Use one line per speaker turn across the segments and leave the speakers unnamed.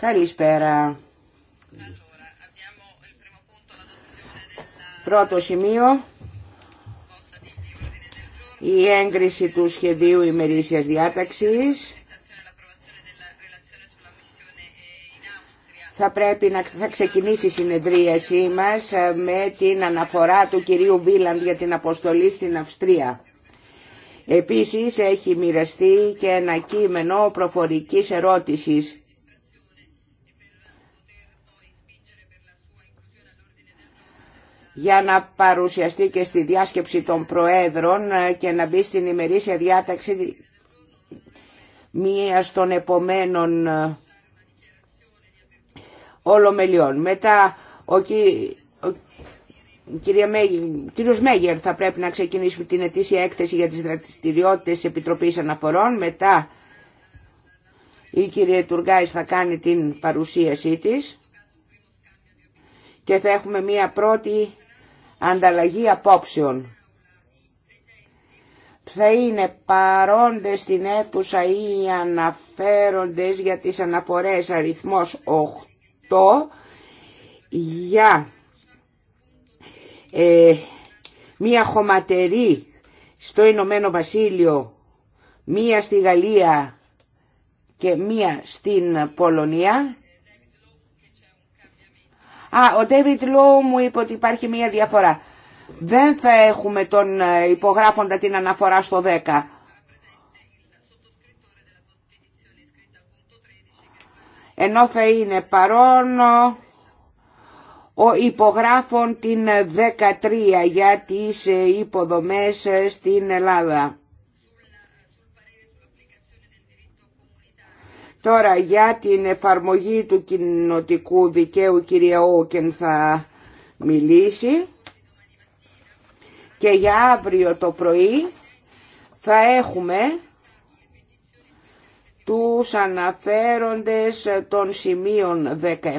Καλησπέρα. Πρώτο σημείο, η έγκριση του σχεδίου ημερήσιας διάταξης. Θα πρέπει να ξεκινήσει η συνεδρίασή μας ε, με την αναφορά του κυρίου Βίλαντ για την αποστολή στην Αυστρία. Επίσης έχει μοιραστεί και ένα κείμενο προφορικής ερώτησης. για να παρουσιαστεί και στη διάσκεψη των Προέδρων ε, και να μπει στην ημερήσια διάταξη μία των επομένων ε, ολομελιών. Μετά ο, κύ... Κυρία Μέγερ, κύριος Μέγερ θα πρέπει να ξεκινήσουμε την ετήσια έκθεση για τις δραστηριότητες της Επιτροπής Αναφορών. Μετά η κυρία Τουργάης θα κάνει την παρουσίασή της και θα έχουμε μία πρώτη ανταλλαγή απόψεων. Θα είναι παρόντες στην αίθουσα ή αναφέροντες για τις αναφορές αριθμός 8 για ε, μία χωματερή στο Ηνωμένο Βασίλειο, μία στη Γαλλία και μία στην Πολωνία. Α, ο Ντέβιτ Λόου μου είπε ότι υπάρχει μία διαφορά. Δεν θα έχουμε τον ε, υπογράφοντα την αναφορά στο 10. Ενώ θα είναι παρόν ο υπογράφων την 13 για τις ε, υποδομές ε, στην Ελλάδα. Τώρα για την εφαρμογή του κοινοτικού δικαίου κυρία Όκεν θα μιλήσει και για αύριο το πρωί θα έχουμε τους αναφέροντες των σημείων 17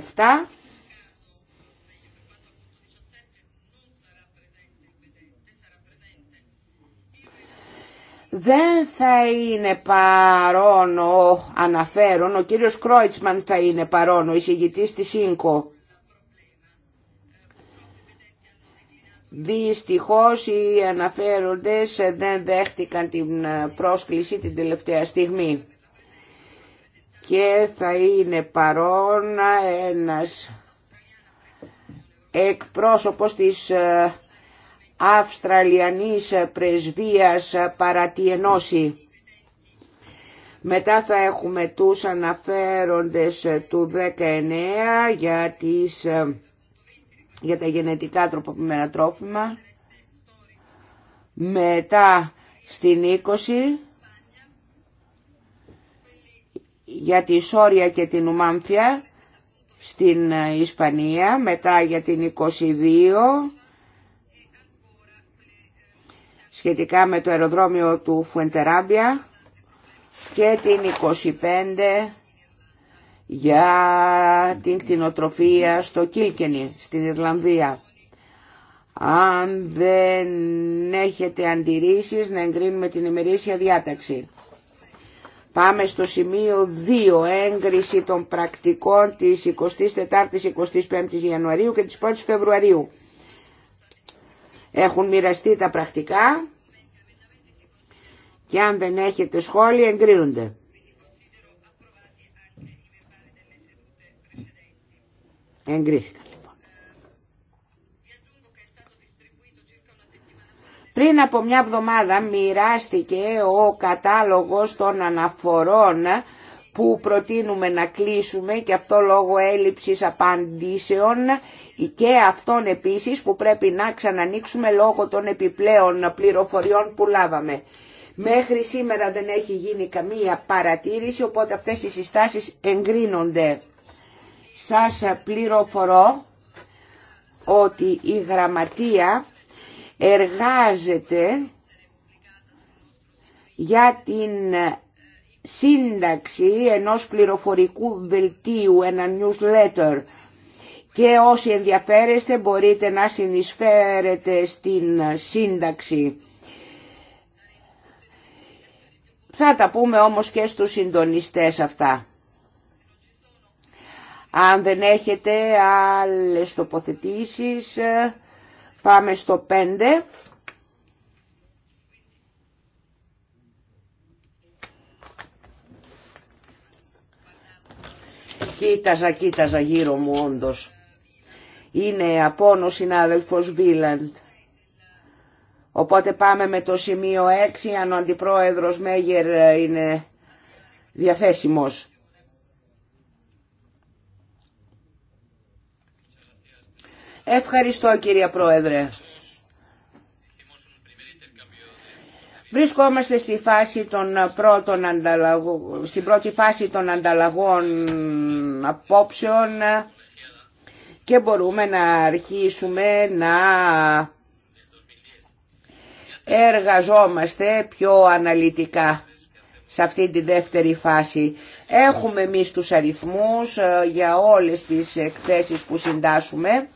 δεν θα είναι παρόν ο αναφέρον, ο κύριος Κρόιτσμαν θα είναι παρόν, ο εισηγητής της ΣΥΝΚΟ. Δυστυχώς οι αναφέροντες δεν δέχτηκαν την πρόσκληση την τελευταία στιγμή. Και θα είναι παρόν ένας εκπρόσωπος της ε, Αυστραλιανής Πρεσβείας Παρατιενώση. Μετά θα έχουμε τους αναφέροντες του 19 για, τις, για τα γενετικά τροποποιημένα τρόφιμα. Μετά στην 20 για τη Σόρια και την Ουμάνθια στην Ισπανία. Μετά για την 22 σχετικά με το αεροδρόμιο του Φουεντεράμπια και την 25 για την κτηνοτροφία στο Κίλκενι, στην Ιρλανδία. Αν δεν έχετε αντιρρήσεις να εγκρίνουμε την ημερήσια διάταξη. Πάμε στο σημείο 2, έγκριση των πρακτικών της 24ης-25ης Ιανουαρίου και της 1ης Φεβρουαρίου. Έχουν μοιραστεί τα πρακτικά και αν δεν έχετε σχόλια εγκρίνονται. Εγκρίθηκαν λοιπόν. Πριν από μια εβδομάδα μοιράστηκε ο κατάλογος των αναφορών που προτείνουμε να κλείσουμε και αυτό λόγω έλλειψης απαντήσεων και αυτόν επίσης που πρέπει να ξανανοίξουμε λόγω των επιπλέον πληροφοριών που λάβαμε. Μέχρι σήμερα δεν έχει γίνει καμία παρατήρηση, οπότε αυτές οι συστάσεις εγκρίνονται. Σας πληροφορώ ότι η γραμματεία εργάζεται για την σύνταξη ενός πληροφορικού δελτίου, ένα newsletter, και όσοι ενδιαφέρεστε μπορείτε να συνεισφέρετε στην σύνταξη. Θα τα πούμε όμως και στους συντονιστές αυτά. Αν δεν έχετε άλλες τοποθετήσεις, πάμε στο 5. Κοίταζα, κοίταζα γύρω μου όντως είναι απόνο ο συνάδελφος Βίλαντ. Οπότε πάμε με το σημείο 6, αν ο αντιπρόεδρος Μέγερ ε, είναι διαθέσιμος. Ευχαριστώ κύριε Πρόεδρε. Βρισκόμαστε στη φάση των πρώτων ανταλλαγών, στην πρώτη φάση των ανταλλαγών απόψεων και μπορούμε να αρχίσουμε να εργαζόμαστε πιο αναλυτικά σε αυτή τη δεύτερη φάση. Έχουμε εμεί τους αριθμούς ε, για όλες τις εκθέσεις που συντάσσουμε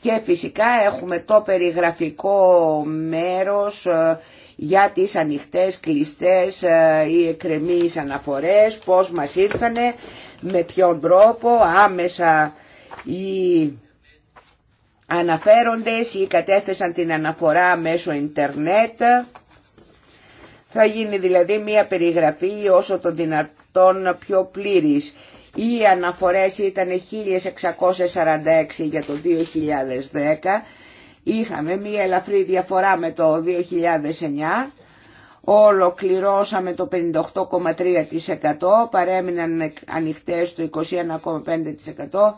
και φυσικά έχουμε το περιγραφικό μέρος ε, για τις ανοιχτές, κλειστές ή ε, εκκρεμείς αναφορές, πώς μας ήρθανε, με ποιον τρόπο, άμεσα οι αναφέροντες ή κατέθεσαν την αναφορά μέσω ίντερνετ. Θα γίνει δηλαδή μια περιγραφή όσο το δυνατόν πιο πλήρης. Οι αναφορές ήταν 1646 για το 2010. Είχαμε μια ελαφρή διαφορά με το 2009. Ολοκληρώσαμε το 58,3%, παρέμειναν ανοιχτές το 21,5%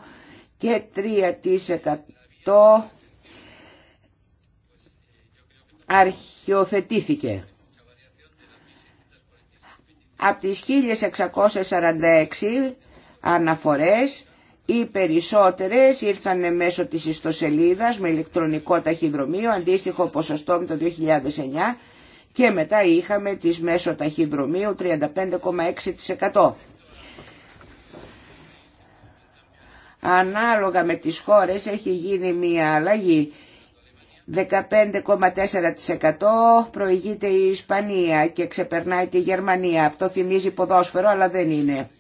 και 3% αρχιοθετήθηκε. Από τις 1646 αναφορές οι περισσότερες ήρθαν μέσω της ιστοσελίδας με ηλεκτρονικό ταχυδρομείο, αντίστοιχο ποσοστό με το 2009 και μετά είχαμε τις μέσω ταχυδρομείου 35,6%. ανάλογα με τις χώρες έχει γίνει μια αλλαγή. 15,4% προηγείται η Ισπανία και ξεπερνάει τη Γερμανία. Αυτό θυμίζει ποδόσφαιρο αλλά δεν είναι.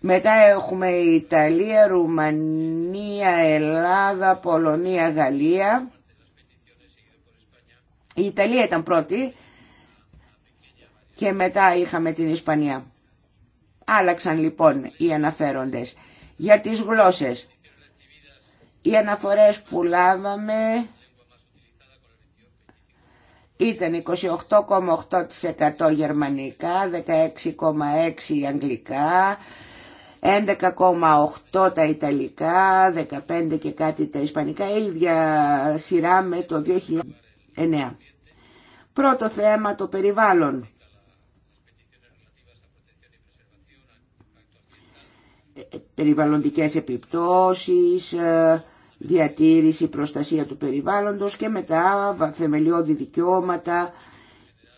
Μετά έχουμε Ιταλία, Ρουμανία, Ελλάδα, Πολωνία, Γαλλία. Η Ιταλία ήταν πρώτη και μετά είχαμε την Ισπανία. Άλλαξαν λοιπόν οι αναφέροντες. Για τις γλώσσες. Οι αναφορές που λάβαμε ήταν 28,8% γερμανικά, 16,6% αγγλικά, 11,8% τα ιταλικά, 15% και κάτι τα ισπανικά, ίδια σειρά με το 2009. Πρώτο θέμα το περιβάλλον. περιβαλλοντικές επιπτώσεις, ε, διατήρηση, προστασία του περιβάλλοντος και μετά θεμελιώδη δικαιώματα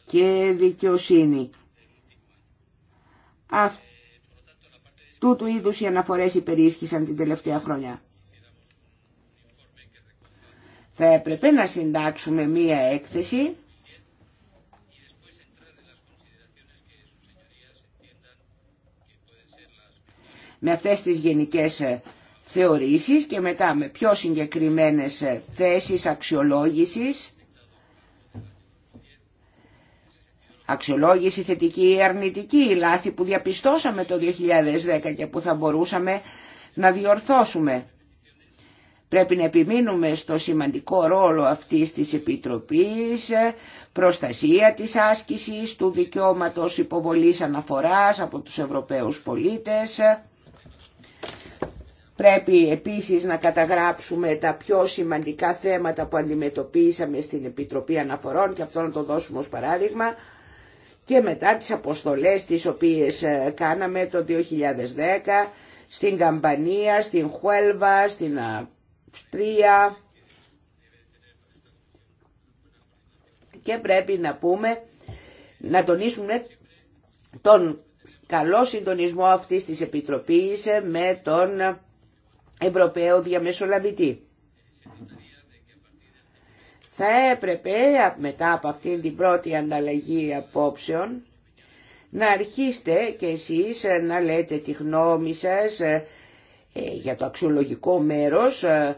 και δικαιοσύνη. Αυτού του είδους οι αναφορές υπερίσχυσαν την τελευταία χρόνια. Θα έπρεπε να συντάξουμε μία έκθεση με αυτές τις γενικές ε, θεωρήσεις και μετά με πιο συγκεκριμένες ε, θέσεις αξιολόγησης αξιολόγηση θετική ή αρνητική, λάθη που διαπιστώσαμε το 2010 και που θα μπορούσαμε να διορθώσουμε. Πρέπει να επιμείνουμε στο σημαντικό ρόλο αυτής της Επιτροπής, ε, προστασία της άσκησης, του δικαιώματος υποβολής αναφοράς από τους Ευρωπαίους πολίτες, Πρέπει επίσης να καταγράψουμε τα πιο σημαντικά θέματα που αντιμετωπίσαμε στην Επιτροπή Αναφορών και αυτό να το δώσουμε ως παράδειγμα και μετά τις αποστολές τις οποίες ε, κάναμε το 2010 στην Καμπανία, στην Χουέλβα, στην Αυστρία και πρέπει να πούμε να τονίσουμε τον καλό συντονισμό αυτής της Επιτροπής ε, με τον Ευρωπαίο διαμεσολαβητή. Θα έπρεπε μετά από αυτήν την πρώτη ανταλλαγή απόψεων να αρχίσετε και εσείς να λέτε τη γνώμη σας ε, για το αξιολογικό μέρος ε,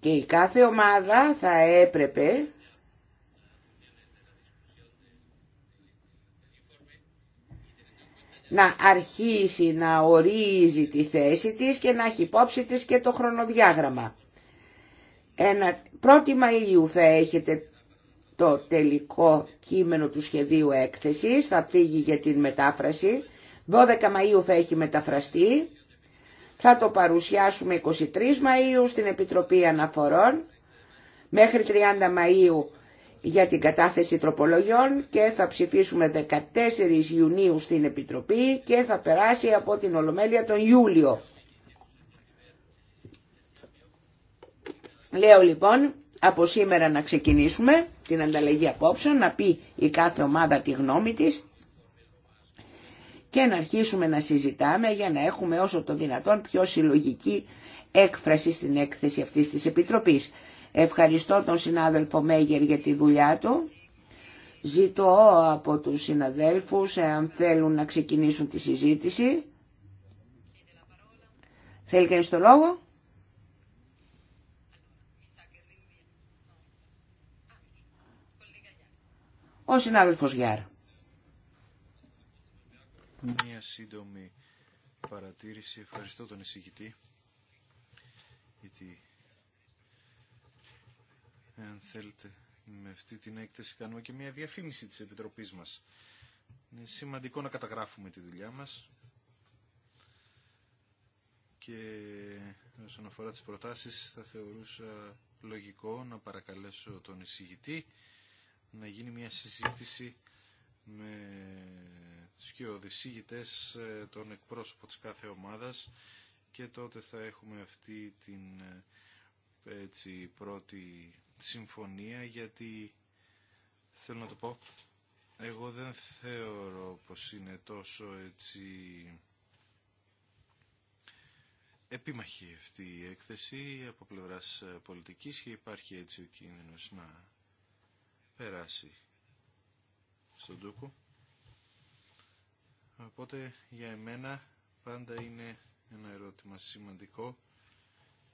και η κάθε ομάδα θα έπρεπε να αρχίσει να ορίζει τη θέση της και να έχει υπόψη της και το χρονοδιάγραμμα. Ένα, 1η Μαΐου θα έχετε το τελικό κείμενο του σχεδίου έκθεσης, θα φύγει για την μετάφραση. 12 Μαΐου θα έχει μεταφραστεί. Θα το παρουσιάσουμε 23 Μαΐου στην Επιτροπή Αναφορών. Μέχρι 30 Μαΐου για την κατάθεση τροπολογιών και θα ψηφίσουμε 14 Ιουνίου στην Επιτροπή και θα περάσει από την Ολομέλεια τον Ιούλιο. Λέω λοιπόν από σήμερα να ξεκινήσουμε την ανταλλαγή απόψεων, να πει η κάθε ομάδα τη γνώμη της και να αρχίσουμε να συζητάμε για να έχουμε όσο το δυνατόν πιο συλλογική έκφραση στην έκθεση αυτής της Επιτροπής. Ευχαριστώ τον συνάδελφο Μέγερ για τη δουλειά του. Ζητώ από τους συναδέλφους, αν θέλουν να ξεκινήσουν τη συζήτηση. Θέλει κανείς το λόγο. Ο συνάδελφος Γιάρ.
Μία σύντομη παρατήρηση. Ευχαριστώ τον εισηγητή γιατί Εάν θέλετε, με αυτή την έκθεση κάνουμε και μια διαφήμιση της Επιτροπής μας. Είναι σημαντικό να καταγράφουμε τη δουλειά μας και όσον αφορά τις προτάσεις θα θεωρούσα λογικό να παρακαλέσω τον εισηγητή να γίνει μια συζήτηση με τους κοιοδησίγητες, ε, τον εκπρόσωπο της κάθε ομάδας και τότε θα έχουμε αυτή την ε, έτσι, πρώτη συμφωνία γιατί θέλω να το πω εγώ δεν θεωρώ πως είναι τόσο έτσι επίμαχη αυτή η έκθεση από πλευράς ε, πολιτικής και υπάρχει έτσι ο κίνδυνος να περάσει στον τούκο. Οπότε για εμένα πάντα είναι ένα ερώτημα σημαντικό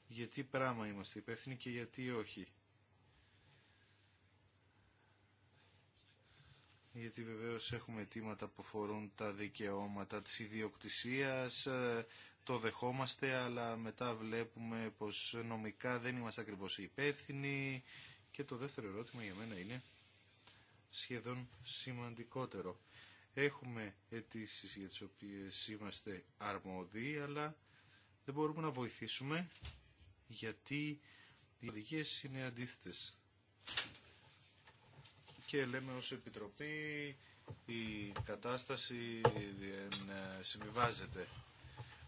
γιατί πράγμα είμαστε υπεύθυνοι και γιατί όχι. γιατί βεβαίως έχουμε αιτήματα που φορούν τα δικαιώματα της ιδιοκτησίας, ε, το δεχόμαστε, αλλά μετά βλέπουμε πως νομικά δεν είμαστε ακριβώς υπεύθυνοι. Και το δεύτερο ερώτημα για μένα είναι σχεδόν σημαντικότερο. Έχουμε αιτήσει για τις οποίες είμαστε αρμόδιοι, αλλά δεν μπορούμε να βοηθήσουμε γιατί οι οδηγίες είναι αντίθετες και λέμε ως Επιτροπή η κατάσταση ε, συμβιβάζεται.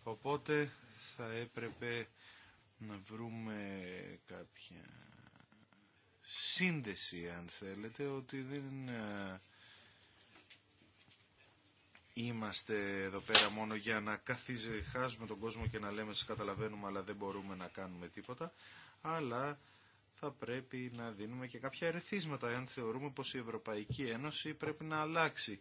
Οπότε θα έπρεπε να βρούμε κάποια σύνδεση αν θέλετε ότι δεν ε, είμαστε εδώ πέρα μόνο για να χάσουμε τον κόσμο και να λέμε σας καταλαβαίνουμε αλλά δεν μπορούμε να κάνουμε τίποτα αλλά θα πρέπει να δίνουμε και κάποια ερεθίσματα αν θεωρούμε πως η Ευρωπαϊκή Ένωση πρέπει να αλλάξει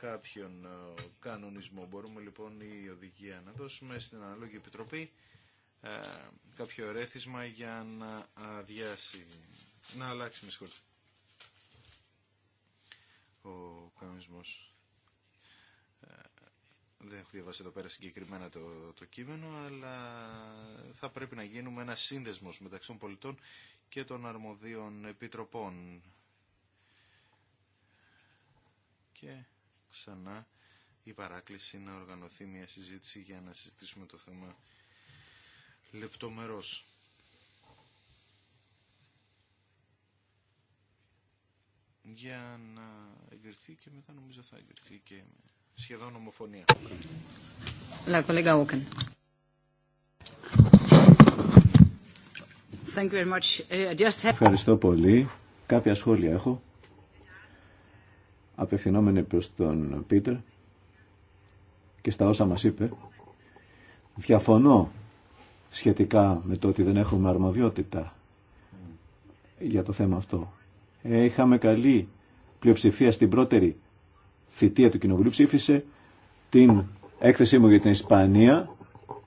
κάποιον ε, κανονισμό. Μπορούμε λοιπόν η οδηγία να δώσουμε στην Αναλόγη Επιτροπή ε, κάποιο ερέθισμα για να αδειάσει, να αλλάξει με σχόλια. ο κανονισμός. Ε, δεν έχω διαβάσει εδώ πέρα συγκεκριμένα το, το κείμενο, αλλά θα πρέπει να γίνουμε ένα σύνδεσμος μεταξύ των πολιτών και των αρμοδίων επιτροπών. Και ξανά η παράκληση να οργανωθεί μια συζήτηση για να συζητήσουμε το θέμα λεπτομερώς. Για να εγκριθεί και μετά νομίζω θα εγκριθεί και σχεδόν ομοφωνία.
Uh,
Ευχαριστώ πολύ. Κάποια σχόλια έχω. Απευθυνόμενοι προς τον Πίτερ και στα όσα μας είπε. Διαφωνώ σχετικά με το ότι δεν έχουμε αρμοδιότητα για το θέμα αυτό. Ε, είχαμε καλή πλειοψηφία στην πρώτερη θητεία του Κοινοβουλίου ψήφισε την έκθεσή μου για την Ισπανία.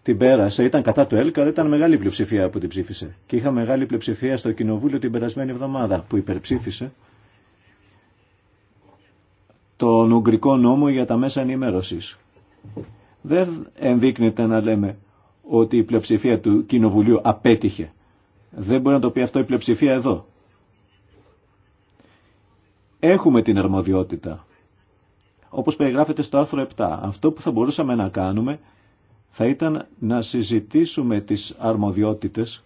Την πέρασε, ήταν κατά το ΕΛΚΑ, αλλά ήταν μεγάλη πλειοψηφία που την ψήφισε. Και είχα μεγάλη πλειοψηφία στο Κοινοβούλιο την περασμένη εβδομάδα που υπερψήφισε τον Ουγγρικό νόμο για τα μέσα ενημέρωση. Δεν ενδείκνεται να λέμε ότι η πλειοψηφία του Κοινοβουλίου απέτυχε. Δεν μπορεί να το πει αυτό η πλειοψηφία εδώ. Έχουμε την αρμοδιότητα όπως περιγράφεται στο άρθρο 7. Αυτό που θα μπορούσαμε να κάνουμε θα ήταν να συζητήσουμε τις αρμοδιότητες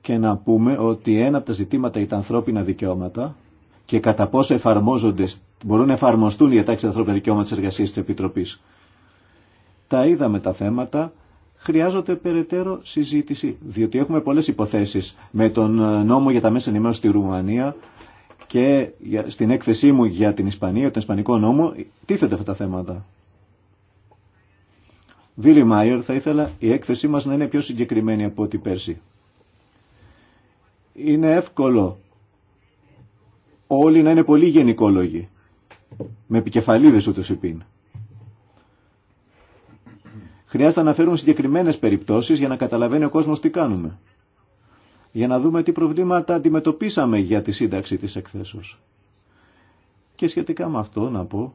και να πούμε ότι ένα από τα ζητήματα για ανθρώπινα δικαιώματα και κατά πόσο εφαρμόζονται, μπορούν να εφαρμοστούν οι ατάξεις ανθρώπινα δικαιώματα της εργασίας της Επιτροπής. Τα είδαμε τα θέματα, χρειάζονται περαιτέρω συζήτηση, διότι έχουμε πολλές υποθέσεις με τον νόμο για τα μέσα ενημέρωση στη Ρουμανία, και στην έκθεσή μου για την Ισπανία, τον Ισπανικό νόμο, τίθεται αυτά τα θέματα. Βίλι Μάιερ, θα ήθελα η έκθεσή μας να είναι πιο συγκεκριμένη από ό,τι πέρσι. Είναι εύκολο όλοι να είναι πολύ γενικόλογοι, με επικεφαλίδες ούτως υπήν. Χρειάζεται να φέρουμε συγκεκριμένες περιπτώσεις για να καταλαβαίνει ο κόσμος τι κάνουμε για να δούμε τι προβλήματα αντιμετωπίσαμε για τη σύνταξη της εκθέσεως. Και σχετικά με αυτό να πω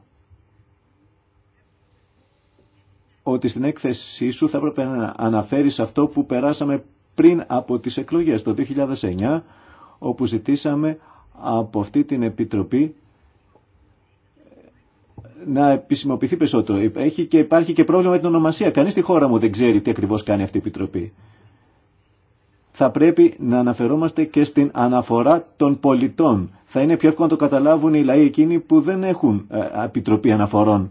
ότι στην έκθεσή σου θα έπρεπε να αναφέρεις αυτό που περάσαμε πριν από τις εκλογές το 2009 όπου ζητήσαμε από αυτή την Επιτροπή να επισημοποιηθεί περισσότερο. Έχει και, υπάρχει και πρόβλημα με την ονομασία. Κανείς στη χώρα μου δεν ξέρει τι ακριβώς κάνει αυτή η Επιτροπή θα πρέπει να αναφερόμαστε και στην αναφορά των πολιτών. Θα είναι πιο εύκολο να το καταλάβουν οι λαοί εκείνοι που δεν έχουν ε, επιτροπή αναφορών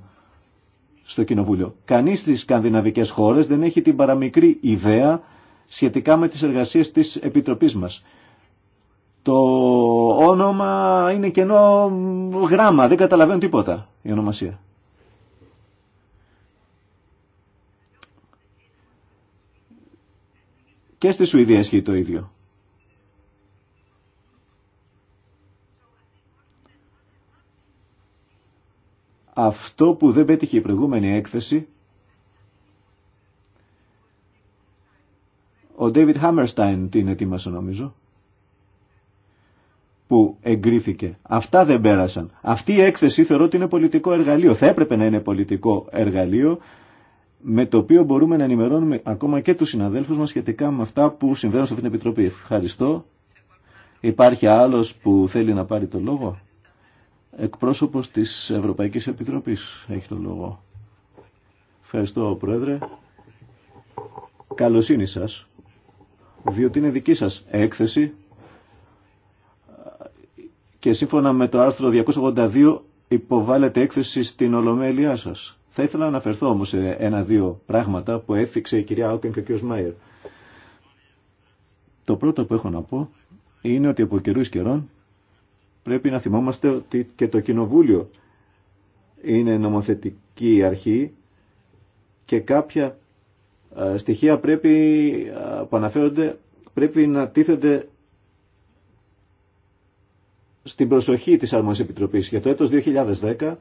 στο Κοινοβούλιο. Κανεί στις σκανδιναβικέ χώρες δεν έχει την παραμικρή ιδέα σχετικά με τις εργασίες της Επιτροπής μας. Το όνομα είναι κενό γράμμα, δεν καταλαβαίνω τίποτα η ονομασία. Και στη Σουηδία ισχύει το ίδιο. Αυτό που δεν πέτυχε η προηγούμενη έκθεση, ο David Hammerstein την ετοίμασε νομίζω, που εγκρίθηκε. Αυτά δεν πέρασαν. Αυτή η έκθεση θεωρώ ότι είναι πολιτικό εργαλείο. Θα έπρεπε να είναι πολιτικό εργαλείο με το οποίο μπορούμε να ενημερώνουμε ακόμα και τους συναδέλφους μας σχετικά με αυτά που συμβαίνουν σε αυτή την Επιτροπή. Ευχαριστώ. Υπάρχει άλλος που θέλει να πάρει το λόγο. Εκπρόσωπος της Ευρωπαϊκής Επιτροπής έχει το λόγο. Ευχαριστώ, Πρόεδρε. Καλοσύνη σας, διότι είναι δική σας έκθεση και σύμφωνα με το άρθρο 282 υποβάλλεται έκθεση στην Ολομέλειά σας. Θα ήθελα να αναφερθώ όμω σε ένα-δύο πράγματα που έφυξε η κυρία Άουκεν και ο κ. Μάιερ. Το πρώτο που έχω να πω είναι ότι από καιρού καιρών πρέπει να θυμόμαστε ότι και το Κοινοβούλιο είναι νομοθετική αρχή και κάποια ε, στοιχεία πρέπει, ε, που αναφέρονται, πρέπει να τίθενται στην προσοχή της Αρμόνης Επιτροπής. Για το έτος 2010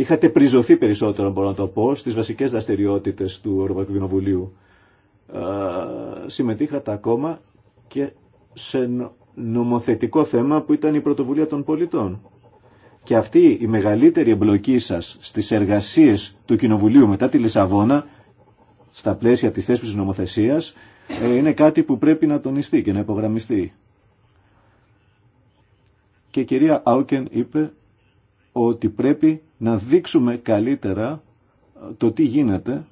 είχατε πριζωθεί περισσότερο, μπορώ να το πω, στις βασικές δραστηριότητες του Ευρωπαϊκού Κοινοβουλίου. συμμετείχατε ακόμα και σε νομοθετικό θέμα που ήταν η πρωτοβουλία των πολιτών. Και αυτή η μεγαλύτερη εμπλοκή σας στις εργασίες του Κοινοβουλίου μετά τη Λισαβόνα, στα πλαίσια της θέσπισης νομοθεσίας, ε, είναι κάτι που πρέπει να τονιστεί και να υπογραμμιστεί. Και η κυρία Άουκεν είπε ότι πρέπει να δείξουμε καλύτερα ε, το τι γίνεται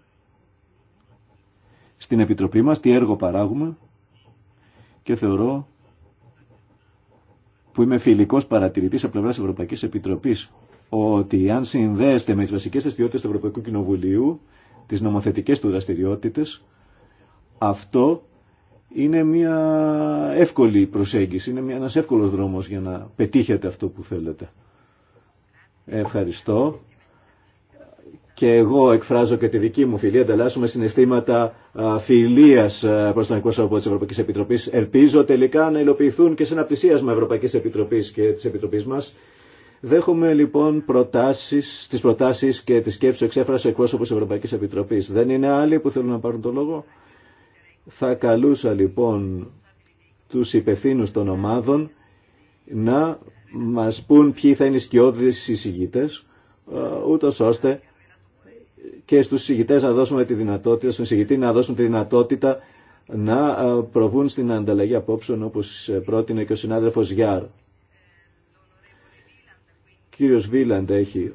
στην Επιτροπή μας, τι έργο παράγουμε και θεωρώ που είμαι φιλικός παρατηρητής από πλευράς Ευρωπαϊκής Επιτροπής ότι αν συνδέεστε με τις βασικές δραστηριότητες του Ευρωπαϊκού Κοινοβουλίου, τις νομοθετικές του δραστηριότητες, αυτό είναι μια εύκολη προσέγγιση, είναι ένας εύκολος δρόμος για να πετύχετε αυτό που θέλετε. Ευχαριστώ. Και εγώ εκφράζω και τη δική μου φιλία, ανταλλάσσουμε συναισθήματα φιλία προ τον εκπρόσωπο τη Ευρωπαϊκή Επιτροπή. Ελπίζω τελικά να υλοποιηθούν και σε ένα πτυσίασμα Ευρωπαϊκή Επιτροπή και τη Επιτροπή μα. Δέχομαι λοιπόν προτάσεις, τις προτάσεις και τις σκέψεις που εξέφρασε ο εκπρόσωπος Ευρωπαϊκής Επιτροπής. Δεν είναι άλλοι που θέλουν να πάρουν το λόγο. Θα καλούσα λοιπόν τους υπευθύνους των ομάδων να μας πούν ποιοι θα είναι οι σκιώδεις συζητητές, ε, ούτως ώστε και στους συζητητές να δώσουμε τη δυνατότητα, στον συζητητή να δώσουν τη δυνατότητα να ε, προβούν στην ανταλλαγή απόψεων όπως πρότεινε και ο συνάδελφος Γιάρ. Κύριος Βίλαντ έχει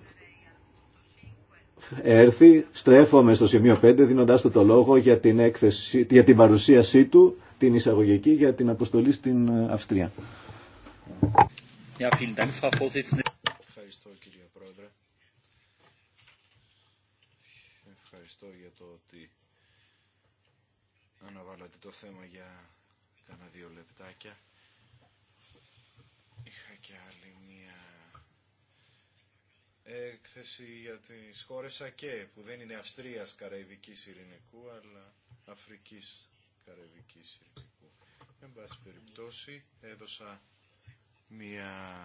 έρθει, στρέφομαι στο σημείο 5 δίνοντάς του το λόγο για την, έκθεση, για την παρουσίασή του, την εισαγωγική για την αποστολή στην ε, Αυστρία.
Ευχαριστώ κύριε Πρόεδρε.
Ευχαριστώ για το ότι αναβάλατε το θέμα για κάνα δύο λεπτάκια. Είχα και άλλη μία έκθεση για τις χώρες ΑΚΕ, που δεν είναι Αυστρίας Καραϊβικής Ειρηνικού, αλλά Αφρικής Καραϊβικής Ειρηνικού. Εν πάση περιπτώσει, έδωσα μια...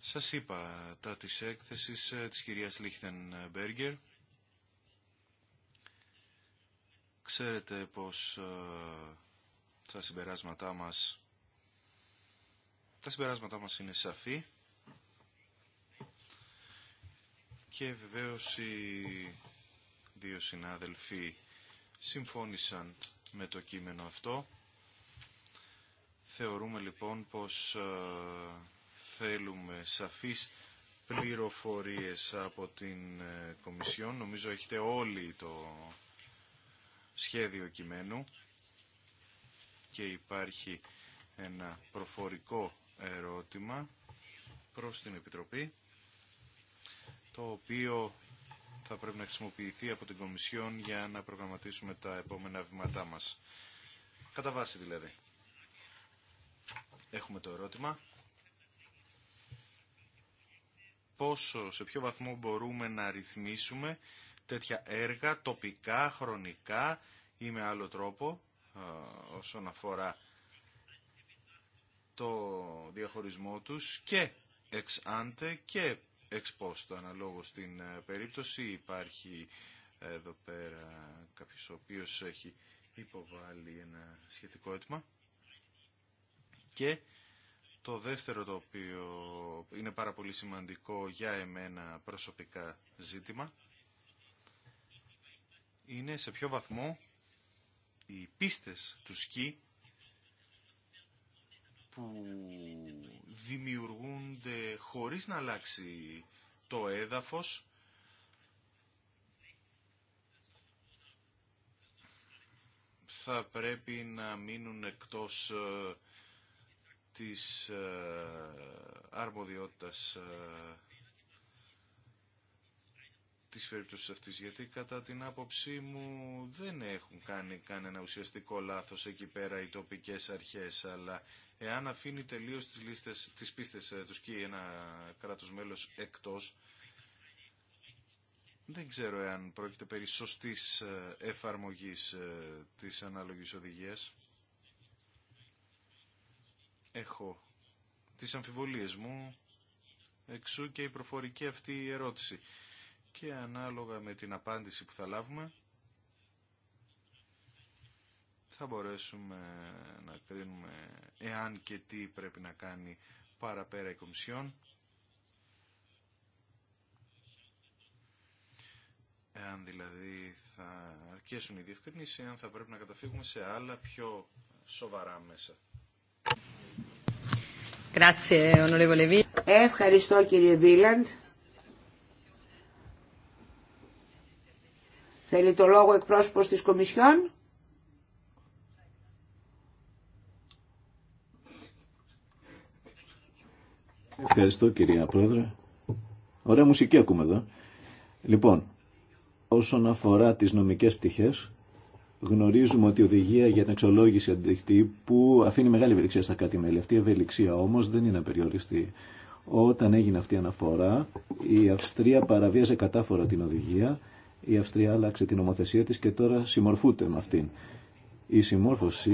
Σας είπα τα της έκθεσης ε, της κυρίας Μπέργκερ Ξέρετε πως ε, τα συμπεράσματά μας τα συμπεράσματά μας είναι σαφή και βεβαίως οι δύο συνάδελφοι συμφώνησαν με το κείμενο αυτό Θεωρούμε λοιπόν πως ε, θέλουμε σαφείς πληροφορίες από την ε, Κομισιόν. Νομίζω έχετε όλοι το σχέδιο κειμένου και υπάρχει ένα προφορικό ερώτημα προς την Επιτροπή το οποίο θα πρέπει να χρησιμοποιηθεί από την Κομισιόν για να προγραμματίσουμε τα επόμενα βήματά μας. Κατά βάση δηλαδή έχουμε το ερώτημα πόσο, σε ποιο βαθμό μπορούμε να ρυθμίσουμε τέτοια έργα τοπικά, χρονικά ή με άλλο τρόπο όσον αφορά το διαχωρισμό τους και εξ άντε και εξ πόστο αναλόγως στην ε, περίπτωση υπάρχει εδώ πέρα κάποιος ο οποίος έχει υποβάλει ένα σχετικό αίτημα. Και το δεύτερο το οποίο είναι πάρα πολύ σημαντικό για εμένα προσωπικά ζήτημα είναι σε ποιο βαθμό οι πίστες του σκι που δημιουργούνται χωρίς να αλλάξει το έδαφος θα πρέπει να μείνουν εκτός ε, της ε, αρμοδιότητας ε, της περίπτωσης αυτής, γιατί κατά την άποψή μου δεν έχουν κάνει κανένα ουσιαστικό λάθος εκεί πέρα οι τοπικές αρχές, αλλά εάν αφήνει τελείως τις, λίστες, τις πίστες ε, του και ένα κράτος μέλος εκτός, δεν ξέρω εάν πρόκειται περί σωστής εφαρμογής της ανάλογης οδηγίας έχω τις αμφιβολίες μου, εξού και η προφορική αυτή ερώτηση. Και ανάλογα με την απάντηση που θα λάβουμε, θα μπορέσουμε να κρίνουμε εάν και τι πρέπει να κάνει παραπέρα η Κομισιόν. Εάν δηλαδή θα αρκέσουν οι διευκρινήσεις, εάν θα πρέπει να καταφύγουμε σε άλλα πιο σοβαρά μέσα.
Ευχαριστώ κύριε Βίλαντ. Θέλει το λόγο εκπρόσωπος της Κομισιόν.
Ευχαριστώ κυρία Πρόεδρε. Ωραία μουσική ακούμε εδώ. Λοιπόν, όσον αφορά τις νομικές πτυχές, Γνωρίζουμε ότι η οδηγία για την αξιολόγηση που αφήνει μεγάλη ευελιξία στα κάτι μελη Αυτή η ευελιξία όμως δεν είναι απεριοριστή. Όταν έγινε αυτή η αναφορά, η Αυστρία παραβίαζε κατάφορα την οδηγία, η Αυστρία άλλαξε την ομοθεσία της και τώρα συμμορφούται με αυτήν. Η συμμόρφωση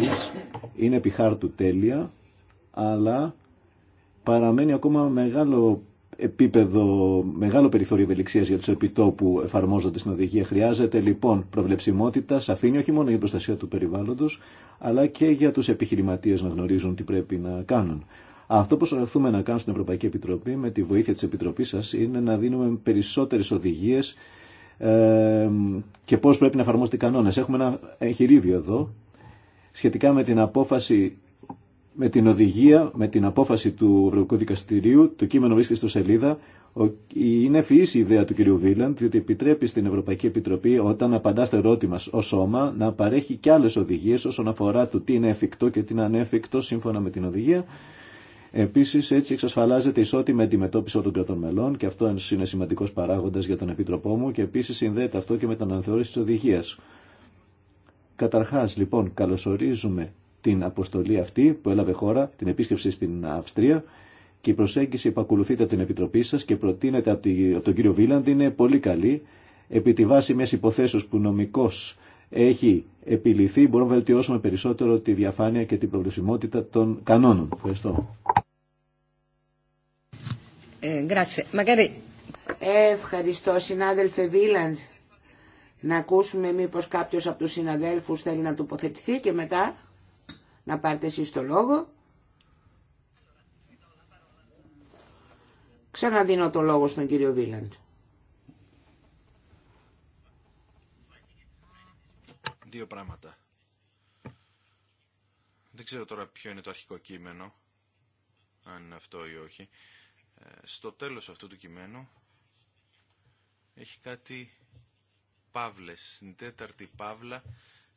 είναι επί χάρτου τέλεια, αλλά παραμένει ακόμα μεγάλο επίπεδο, μεγάλο περιθώριο ευελιξία για του επιτόπου εφαρμόζονται στην οδηγία. Χρειάζεται λοιπόν προβλεψιμότητα, σαφήνεια όχι μόνο για προστασία του περιβάλλοντος, αλλά και για του επιχειρηματίε να γνωρίζουν τι πρέπει να κάνουν. Αυτό που προσπαθούμε να κάνουμε στην Ευρωπαϊκή Επιτροπή με τη βοήθεια τη Επιτροπής σα είναι να δίνουμε περισσότερε οδηγίε ε, και πώ πρέπει να εφαρμόζονται οι κανόνες. Έχουμε ένα εγχειρίδιο εδώ σχετικά με την απόφαση με την οδηγία, με την απόφαση του Ευρωπαϊκού Δικαστηρίου, το κείμενο βρίσκεται στο σελίδα. Είναι ευφυή η ιδέα του κ. Βίλαντ, διότι επιτρέπει στην Ευρωπαϊκή Επιτροπή, όταν απαντά στο ερώτημα ω σώμα, να παρέχει και άλλε οδηγίε όσον αφορά το τι είναι εφικτό και τι είναι ανέφικτο σύμφωνα με την οδηγία. Επίση, έτσι εξασφαλάζεται ισότιμη αντιμετώπιση όλων των κρατών μελών και αυτό είναι σημαντικό παράγοντα για τον Επίτροπό μου και επίση συνδέεται αυτό και με την αναθεώρηση τη οδηγία. Καταρχά, λοιπόν, καλωσορίζουμε την αποστολή αυτή που έλαβε χώρα, την επίσκεψη στην Αυστρία και η προσέγγιση που ακολουθείται από την Επιτροπή σα και προτείνεται από τον κύριο Βίλαντ είναι πολύ καλή. Επί τη βάση μια υποθέσεως που νομικώ έχει επιληθεί, μπορούμε να βελτιώσουμε περισσότερο τη διαφάνεια και την προβλησιμότητα των κανόνων. Ευχαριστώ.
Ε, Ευχαριστώ συνάδελφε Βίλαντ. Να ακούσουμε μήπως κάποιος από τους συναδέλφους θέλει να τοποθετηθεί και μετά να πάρετε εσείς το λόγο. Ξαναδίνω το λόγο στον κύριο Βίλαντ.
Δύο πράγματα. Δεν ξέρω τώρα ποιο είναι το αρχικό κείμενο, αν είναι αυτό ή όχι. Ε, στο τέλος αυτού του κειμένου έχει κάτι παύλες, στην τέταρτη παύλα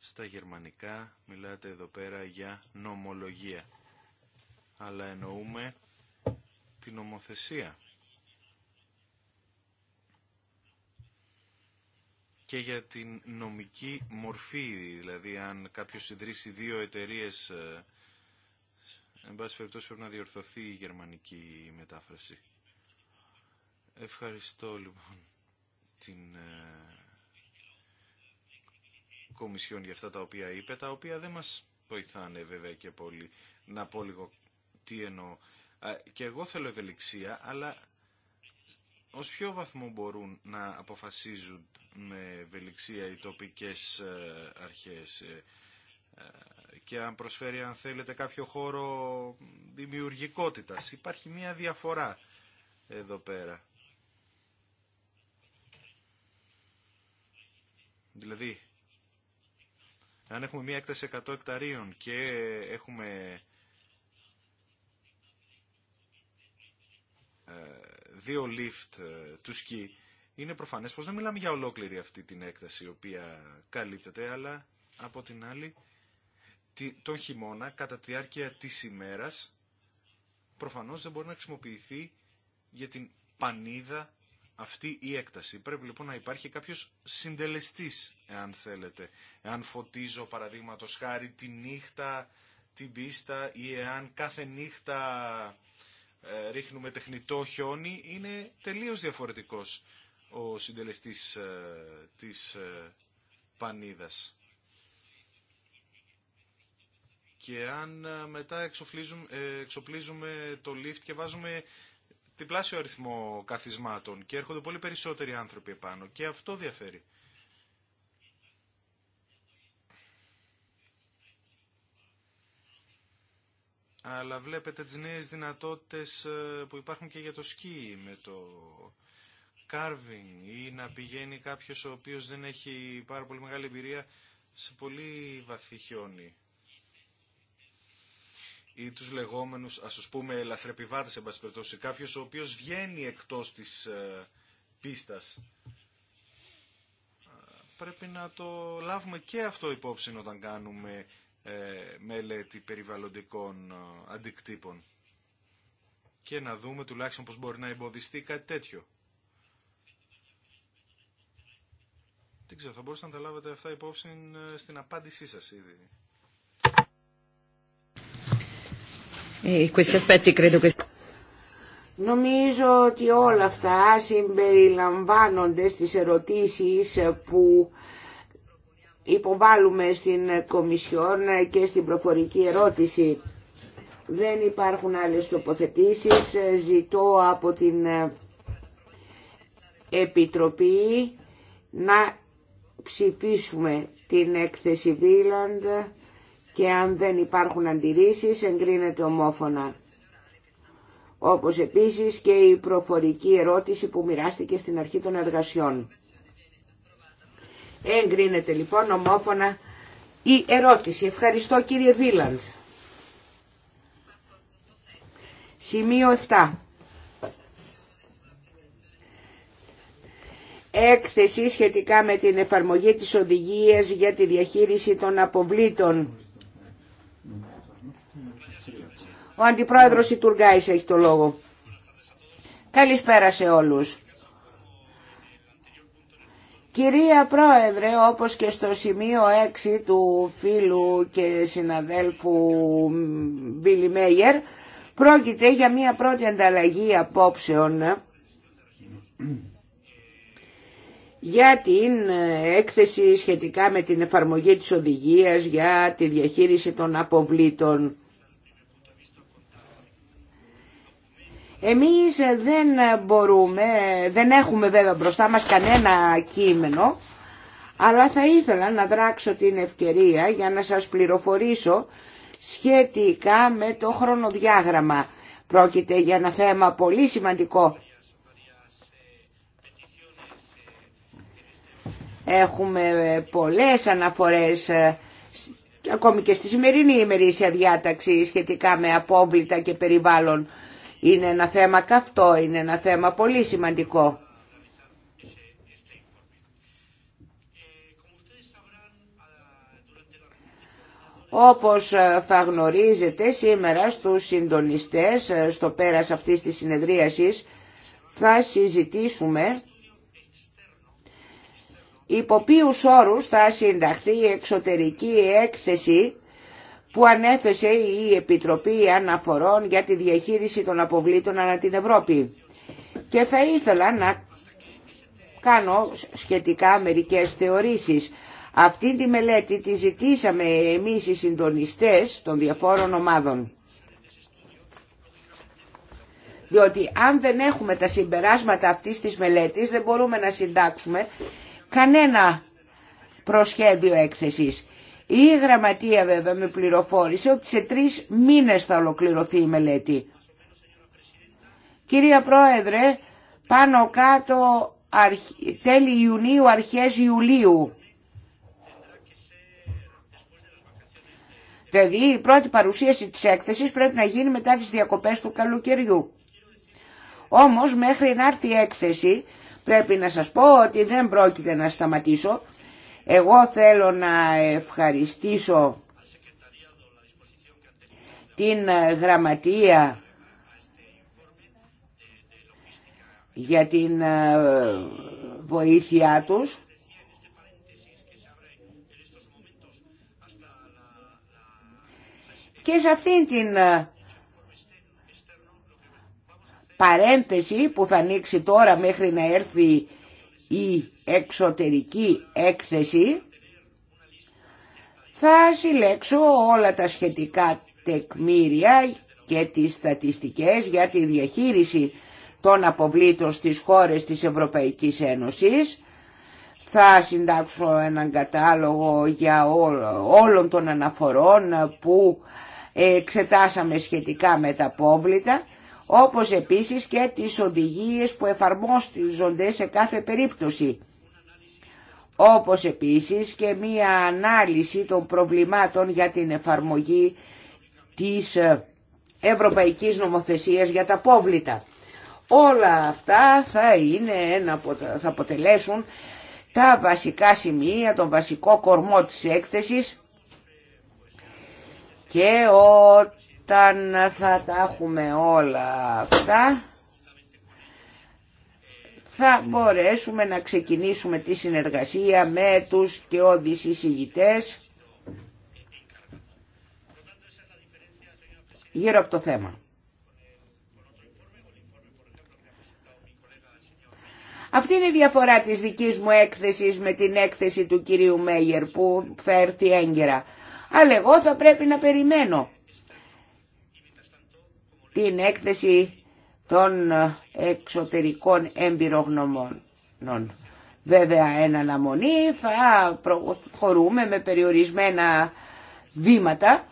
στα γερμανικά μιλάτε εδώ πέρα για νομολογία. Αλλά εννοούμε την νομοθεσία. Και για την νομική μορφή, δηλαδή αν κάποιος ιδρύσει δύο εταιρείες, ε, εν πάση περιπτώσει πρέπει να διορθωθεί η γερμανική μετάφραση. Ευχαριστώ λοιπόν την ε, Κομισιόν για αυτά τα οποία είπε, τα οποία δεν μας βοηθάνε βέβαια και πολύ. Να πω λίγο τι εννοώ. Και εγώ θέλω ευελιξία, αλλά ως ποιο βαθμό μπορούν να αποφασίζουν με ευελιξία οι τοπικές ε, αρχές ε, ε, και αν προσφέρει αν θέλετε κάποιο χώρο δημιουργικότητας. Υπάρχει μια διαφορά εδώ πέρα. Δηλαδή, αν έχουμε μία έκταση 100 εκταρίων και έχουμε ε, δύο lift ε, του σκι, είναι προφανές πως δεν μιλάμε για ολόκληρη αυτή την έκταση η οποία καλύπτεται, αλλά από την άλλη τον χειμώνα κατά τη διάρκεια της ημέρας προφανώς δεν μπορεί να χρησιμοποιηθεί για την πανίδα αυτή η έκταση. Πρέπει λοιπόν να υπάρχει κάποιος συντελεστή εάν θέλετε. Εάν φωτίζω παραδείγματο χάρη τη νύχτα, την πίστα ή εάν κάθε νύχτα ε, ρίχνουμε τεχνητό χιόνι, είναι τελείως διαφορετικός ο συντελεστή ε, της ε, πανίδας. Και αν μετά εξοπλίζουμε, εξοπλίζουμε το lift και βάζουμε διπλάσιο αριθμό καθισμάτων και έρχονται πολύ περισσότεροι άνθρωποι επάνω και αυτό διαφέρει. Αλλά βλέπετε τις νέες δυνατότητες ε, που υπάρχουν και για το σκι με το carving ή να πηγαίνει κάποιος ο οποίος δεν έχει πάρα πολύ μεγάλη εμπειρία σε πολύ βαθύ χιόνι ή τους λεγόμενους, ας το πούμε, ελαφρεπιβάτε εν πάση περιπτώσει, κάποιο ο οποίος βγαίνει εκτός της ε, πίστας. Πρέπει να το λάβουμε και αυτό υπόψη όταν κάνουμε ε, μελέτη περιβαλλοντικών ε, αντικτύπων και να δούμε τουλάχιστον πώς μπορεί να εμποδιστεί κάτι τέτοιο. Δεν ξέρω, θα μπορούσατε να τα λάβετε αυτά υπόψη στην απάντησή σας ήδη.
Ε, Νομίζω ότι όλα αυτά συμπεριλαμβάνονται στις ερωτήσεις που υποβάλλουμε στην Κομισιόν και στην προφορική ερώτηση. Δεν υπάρχουν άλλες τοποθετήσεις. Ζητώ από την Επιτροπή να ψηφίσουμε την έκθεση Βίλαντ και αν δεν υπάρχουν αντιρρήσεις εγκρίνεται ομόφωνα. Όπως επίσης και η προφορική ερώτηση που μοιράστηκε στην αρχή των εργασιών. Εγκρίνεται λοιπόν ομόφωνα η ερώτηση. Ευχαριστώ κύριε Βίλαντ. Σημείο 7. Έκθεση σχετικά με την εφαρμογή της οδηγίας για τη διαχείριση των αποβλήτων. Ο Αντιπρόεδρος Ιτουργάης έχει το λόγο. Καλησπέρα σε όλους. Κυρία Πρόεδρε, όπως και στο σημείο 6 του φίλου και συναδέλφου Μπίλι Μέιερ, πρόκειται για μια πρώτη ανταλλαγή απόψεων για την έκθεση σχετικά με την εφαρμογή της οδηγίας για τη διαχείριση των αποβλήτων. Εμείς δεν μπορούμε, δεν έχουμε βέβαια μπροστά μας κανένα κείμενο, αλλά θα ήθελα να δράξω την ευκαιρία για να σας πληροφορήσω σχετικά με το χρονοδιάγραμμα. Πρόκειται για ένα θέμα πολύ σημαντικό. Έχουμε πολλές αναφορές ακόμη και στη σημερινή ημερήσια διάταξη σχετικά με απόβλητα και περιβάλλον. Είναι ένα θέμα καυτό, είναι ένα θέμα πολύ σημαντικό. Όπως ε, θα γνωρίζετε σήμερα στους συντονιστές ε, στο πέρας αυτής της συνεδρίασης θα συζητήσουμε υπό ποιους όρους θα συνταχθεί η εξωτερική έκθεση που ανέθεσε η Επιτροπή Αναφορών για τη διαχείριση των αποβλήτων ανά την Ευρώπη. Και θα ήθελα να κάνω σχετικά μερικές θεωρήσεις. Αυτή τη μελέτη τη ζητήσαμε εμείς οι συντονιστές των διαφόρων ομάδων. Διότι αν δεν έχουμε τα συμπεράσματα αυτής της μελέτης δεν μπορούμε να συντάξουμε κανένα προσχέδιο έκθεσης. Η γραμματεία βέβαια με πληροφόρησε ότι σε τρεις μήνες θα ολοκληρωθεί η μελέτη. Κυρία Πρόεδρε, πάνω κάτω τέλη Ιουνίου, αρχές Ιουλίου. Δηλαδή η πρώτη παρουσίαση της έκθεσης πρέπει να γίνει μετά τις διακοπές του καλοκαιριού. Όμως μέχρι να έρθει η έκθεση πρέπει να σας πω ότι δεν πρόκειται να σταματήσω εγώ θέλω να ευχαριστήσω την ε, γραμματεία για την ε, βοήθειά τους. Και σε αυτήν την ε, παρένθεση που θα ανοίξει τώρα μέχρι να έρθει η εξωτερική έκθεση θα συλλέξω όλα τα σχετικά τεκμήρια και τις στατιστικές για τη διαχείριση των αποβλήτων στις χώρες της Ευρωπαϊκής Ένωσης. Θα συντάξω έναν κατάλογο για όλων των αναφορών που εξετάσαμε σχετικά με τα απόβλητα, όπως επίσης και τις οδηγίες που εφαρμόζονται σε κάθε περίπτωση όπως επίσης και μία ανάλυση των προβλημάτων για την εφαρμογή της ε, Ευρωπαϊκής Νομοθεσίας για τα πόβλητα. Όλα αυτά θα, είναι θα αποτελέσουν τα βασικά σημεία, τον βασικό κορμό της έκθεσης και όταν θα τα έχουμε όλα αυτά θα μπορέσουμε να ξεκινήσουμε τη συνεργασία με τους και όδης εισηγητές γύρω από το θέμα. Αυτή είναι η διαφορά της δικής μου έκθεσης με την έκθεση του κυρίου Μέγερ που θα έρθει έγκαιρα. Αλλά εγώ θα πρέπει να περιμένω την έκθεση των ε, εξωτερικών εμπειρογνωμών. Βέβαια εν αναμονή θα προχωρούμε με περιορισμένα βήματα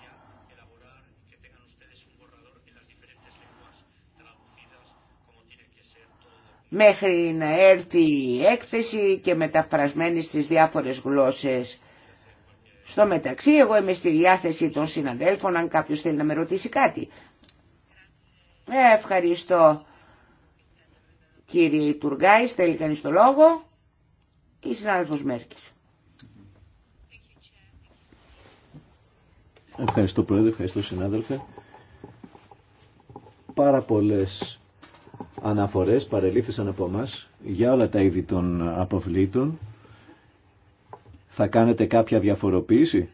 μέχρι να έρθει η έκθεση και μεταφρασμένη στις διάφορες γλώσσες. Στο μεταξύ εγώ είμαι στη διάθεση των συναδέλφων αν κάποιος θέλει να με ρωτήσει κάτι. Ευχαριστώ. Κύριε Τουργάη. θέλει κανείς το λόγο. Η συνάδελφος Μέρκης.
Ευχαριστώ Πρόεδρε, ευχαριστώ συνάδελφε. Πάρα πολλές αναφορές παρελήφθησαν από εμά για όλα τα είδη των αποβλήτων. Θα κάνετε κάποια διαφοροποίηση,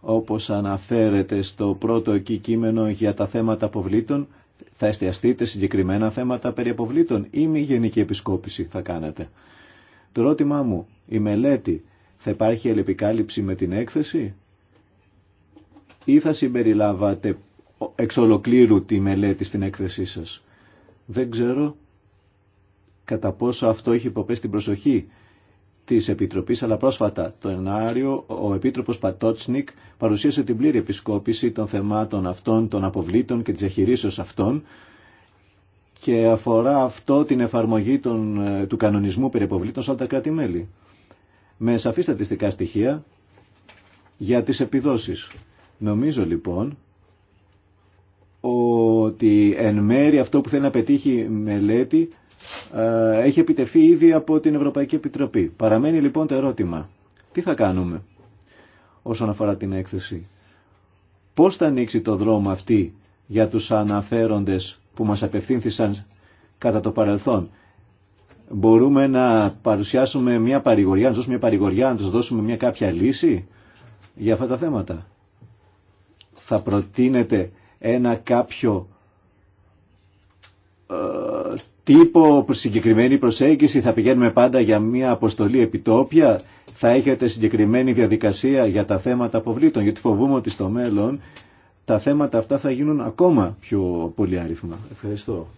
όπως αναφέρεται στο πρώτο εκεί κείμενο για τα θέματα αποβλήτων, θα εστιαστείτε συγκεκριμένα θέματα περί αποβλήτων ή μη γενική επισκόπηση θα κάνετε. Το ερώτημά μου, η μελέτη θα υπάρχει ελεπικάλυψη με την έκθεση ή θα συμπεριλάβατε εξ ολοκλήρου τη μελέτη στην έκθεσή σας. Δεν ξέρω κατά πόσο αυτό έχει υποπέσει την προσοχή Τη επιτροπή, αλλά πρόσφατα Το Ιανουάριο ο επίτροπο Πατότσνικ παρουσίασε την πλήρη επισκόπηση των θεμάτων αυτών, των αποβλήτων και τη διαχειρίσεως αυτών και αφορά αυτό την εφαρμογή των, ε, του κανονισμού περί αποβλήτων σε όλα τα κράτη-μέλη. Με σαφή στατιστικά στοιχεία για τι επιδόσει. Νομίζω λοιπόν ότι εν μέρη αυτό που θέλει να πετύχει η μελέτη έχει επιτευχθεί ήδη από την Ευρωπαϊκή Επιτροπή. Παραμένει λοιπόν το ερώτημα. Τι θα κάνουμε όσον αφορά την έκθεση. Πώς θα ανοίξει το δρόμο αυτή για τους αναφέροντες που μας απευθύνθησαν κατά το παρελθόν. Μπορούμε να παρουσιάσουμε μια παρηγοριά, να δώσουμε μια παρηγοριά, να τους δώσουμε μια κάποια λύση για αυτά τα θέματα. Θα προτείνεται ένα κάποιο ε, τύπο συγκεκριμένη προσέγγιση, θα πηγαίνουμε πάντα για μια αποστολή επιτόπια, θα έχετε συγκεκριμένη διαδικασία για τα θέματα αποβλήτων, γιατί φοβούμαι ότι στο μέλλον τα θέματα αυτά θα γίνουν ακόμα πιο αριθμά. Ευχαριστώ.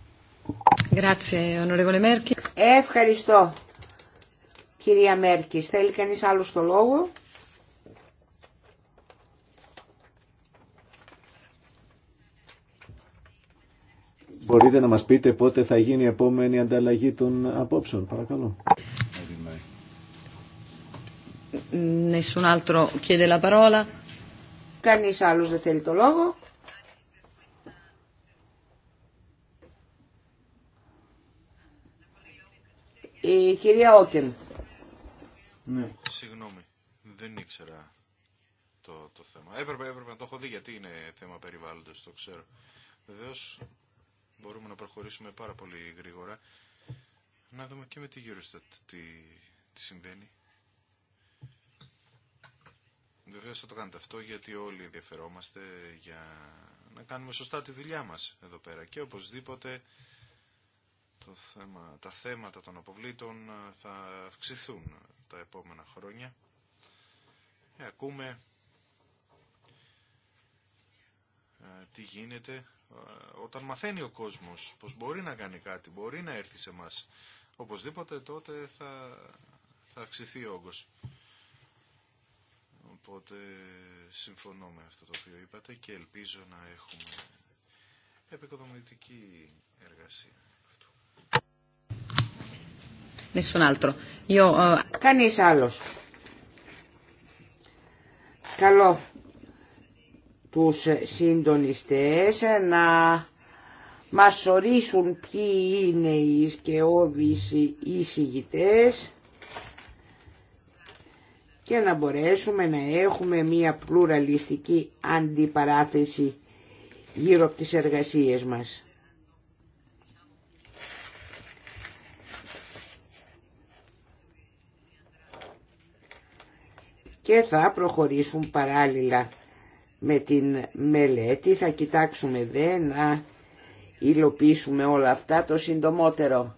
Ευχαριστώ. Κυρία Μέρκη. θέλει κανείς άλλο το λόγο.
Μπορείτε να μας πείτε πότε θα γίνει η επόμενη ανταλλαγή των απόψεων, παρακαλώ.
Nessun άλλο la parola.
Κανείς άλλος δεν θέλει το λόγο. Η κυρία Όκεν.
Ναι. Συγγνώμη, δεν ήξερα το, το θέμα. Έπρεπε, έπρεπε να το έχω δει γιατί είναι θέμα περιβάλλοντος, το ξέρω. Βεβαίως μπορούμε να προχωρήσουμε πάρα πολύ γρήγορα. Να δούμε και με τη γύρω τι, τι συμβαίνει. Βεβαίω θα το κάνετε αυτό γιατί όλοι ενδιαφερόμαστε για να κάνουμε σωστά τη δουλειά μας εδώ πέρα και οπωσδήποτε το θέμα, τα θέματα των αποβλήτων ε, θα αυξηθούν τα επόμενα χρόνια. Ε, ακούμε ε, τι γίνεται ε, όταν μαθαίνει ο κόσμος πως μπορεί να κάνει κάτι, μπορεί να έρθει σε μας, οπωσδήποτε τότε θα, θα αυξηθεί ο όγκος. Οπότε συμφωνώ με αυτό το οποίο είπατε και ελπίζω να έχουμε επικοδομητική εργασία.
Ε, Κανείς άλλος. Καλό τους συντονιστές να μας ορίσουν ποιοι είναι οι σκεώδεις εισηγητές και να μπορέσουμε να έχουμε μία πλουραλιστική αντιπαράθεση γύρω από τις εργασίες μας. Και θα προχωρήσουν παράλληλα με την μελέτη. Θα κοιτάξουμε δε να υλοποιήσουμε όλα αυτά το συντομότερο.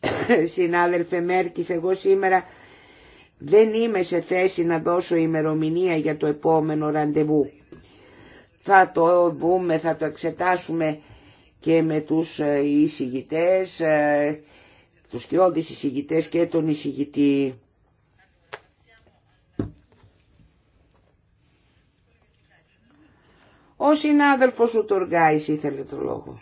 Συνάδελφε Μέρκης, εγώ σήμερα δεν είμαι σε θέση να δώσω ημερομηνία για το επόμενο ραντεβού. Θα το δούμε, θα το εξετάσουμε και με τους ε, εισηγητές, ε, τους κοιόδης εισηγητές και τον εισηγητή. Ο συνάδελφος σου Τουργάης ήθελε το λόγο.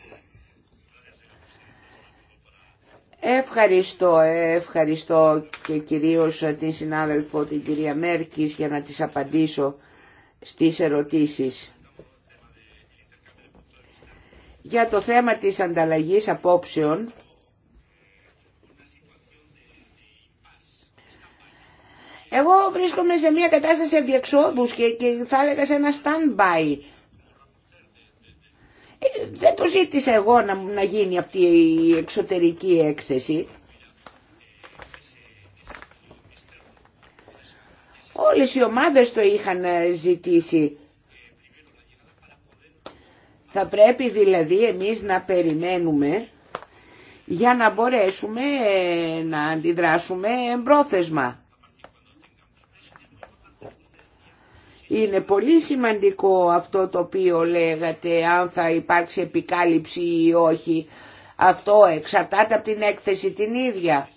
Ευχαριστώ, ευχαριστώ και κυρίως την συνάδελφο την κυρία Μέρκης για να της απαντήσω στις ερωτήσεις. Για το θέμα της ανταλλαγής απόψεων, εγώ βρίσκομαι σε μια κατάσταση αδιεξόδους και, και θα έλεγα σε ένα stand-by δεν το ζήτησα εγώ να, να γίνει αυτή η εξωτερική έκθεση. Όλες οι ομάδες το είχαν ζητήσει. Θα πρέπει δηλαδή εμείς να περιμένουμε για να μπορέσουμε ε, να αντιδράσουμε εμπρόθεσμα. Είναι πολύ σημαντικό αυτό το οποίο λέγατε αν θα υπάρξει επικάλυψη ή όχι. Αυτό εξαρτάται από την έκθεση την ίδια.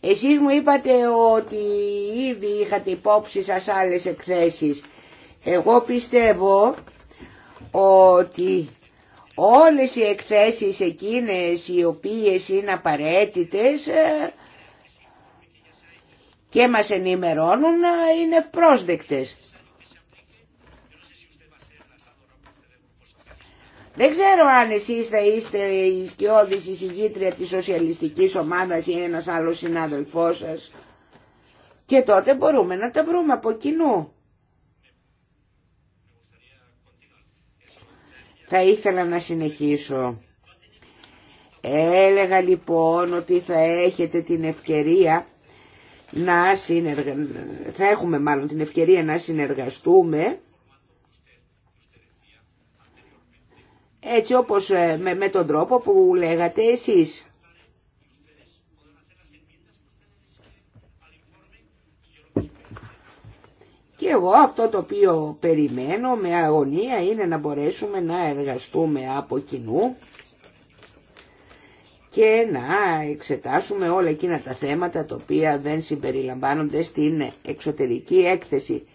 Εσείς μου είπατε ότι ήδη είχατε υπόψη σας άλλες εκθέσεις. Εγώ πιστεύω ότι όλες οι εκθέσεις εκείνες οι οποίες είναι απαραίτητες ε, και μας ενημερώνουν ε, είναι ευπρόσδεκτες. Δεν ξέρω αν εσείς θα είστε η σκιώδης εισηγήτρια της σοσιαλιστικής ομάδας ή ένας άλλος συνάδελφός σας. Και τότε μπορούμε να τα βρούμε από κοινού. Θα ήθελα να συνεχίσω. Έλεγα λοιπόν ότι θα έχετε την ευκαιρία να συνεργα... θα έχουμε μάλλον την ευκαιρία να συνεργαστούμε έτσι όπως ε, με, με τον τρόπο που λέγατε εσείς. Και εγώ αυτό το οποίο περιμένω με αγωνία είναι να μπορέσουμε να εργαστούμε από κοινού και να εξετάσουμε όλα εκείνα τα θέματα τα οποία δεν συμπεριλαμβάνονται στην εξωτερική έκθεση.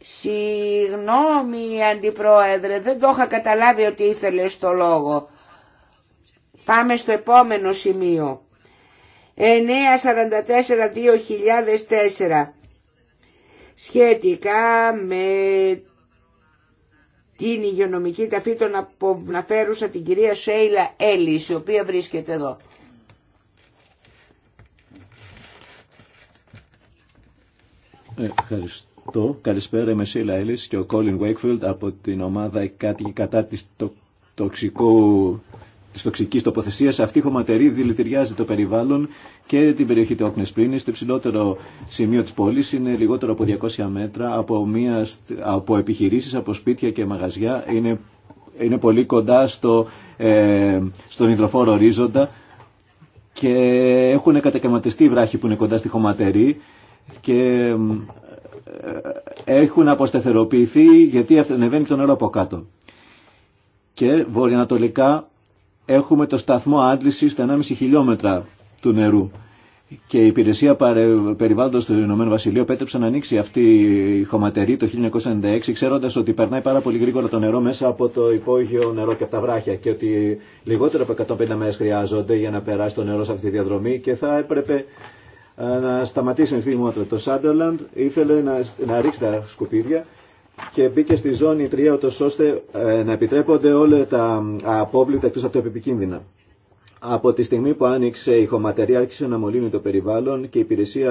Συγγνώμη Αντιπρόεδρε, δεν το είχα καταλάβει ότι ήθελε το λόγο. Πάμε στο επόμενο σημείο. 944-2004 σχετικά με την υγειονομική ταφή των αποναφέρουσα την κυρία Σέιλα Έλλης, η οποία βρίσκεται εδώ.
Ευχαριστώ. Καλησπέρα, είμαι Σέιλα Έλλης και ο Colin Wakefield από την ομάδα κάτι κατά της τοξικού τη τοξική τοποθεσία. Αυτή η χωματερή δηλητηριάζει το περιβάλλον και την περιοχή του Όκνεσπρίνη. Το υψηλότερο σημείο τη πόλη είναι λιγότερο από 200 μέτρα από, από επιχειρήσει, από σπίτια και μαγαζιά. Είναι, είναι πολύ κοντά στο, ε, στον υδροφόρο ορίζοντα και έχουν οι βράχοι που είναι κοντά στη χωματερή και ε, ε, έχουν αποστεθεροποιηθεί γιατί ανεβαίνει το νερό από κάτω. Και βορειοανατολικά έχουμε το σταθμό άντληση στα 1,5 χιλιόμετρα του νερού. Και η υπηρεσία περιβάλλοντος του Ηνωμένου Βασιλείου πέτρεψε να ανοίξει αυτή η χωματερή το 1996, ξέροντα ότι περνάει πάρα πολύ γρήγορα το νερό μέσα από το υπόγειο νερό και από τα βράχια και ότι λιγότερο από 150 μέρε χρειάζονται για να περάσει το νερό σε αυτή τη διαδρομή και θα έπρεπε ε, να σταματήσει αυτή η Το Σάντερλαντ ήθελε να, να ρίξει τα σκουπίδια και μπήκε στη ζώνη 3 ώστε ε, να επιτρέπονται όλα τα απόβλητα εκτός από τα επικίνδυνα. Από τη στιγμή που άνοιξε η χωματερία άρχισε να μολύνει το περιβάλλον και η υπηρεσία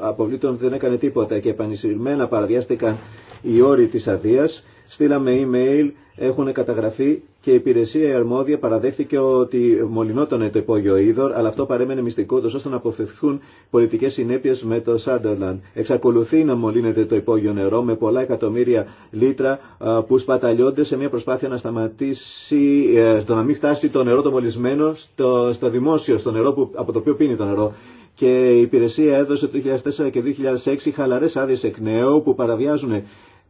ε, αποβλήτων δεν έκανε τίποτα και επανεισυρμένα παραβιάστηκαν οι όροι της αδείας στείλαμε email, έχουν καταγραφεί και η υπηρεσία η αρμόδια παραδέχτηκε ότι μολυνότανε το υπόγειο είδωρ, αλλά αυτό παρέμενε μυστικό, τόσο ώστε να αποφευθούν πολιτικέ συνέπειε με το Σάντερλαντ. Εξακολουθεί να μολύνεται το υπόγειο νερό με πολλά εκατομμύρια λίτρα που σπαταλιώνται σε μια προσπάθεια να σταματήσει, ε, στο να μην φτάσει το νερό το μολυσμένο στο, στο δημόσιο, στο νερό που, από το οποίο πίνει το νερό και η υπηρεσία έδωσε το 2004 και 2006 χαλαρές άδειες εκ νέου που παραβιάζουν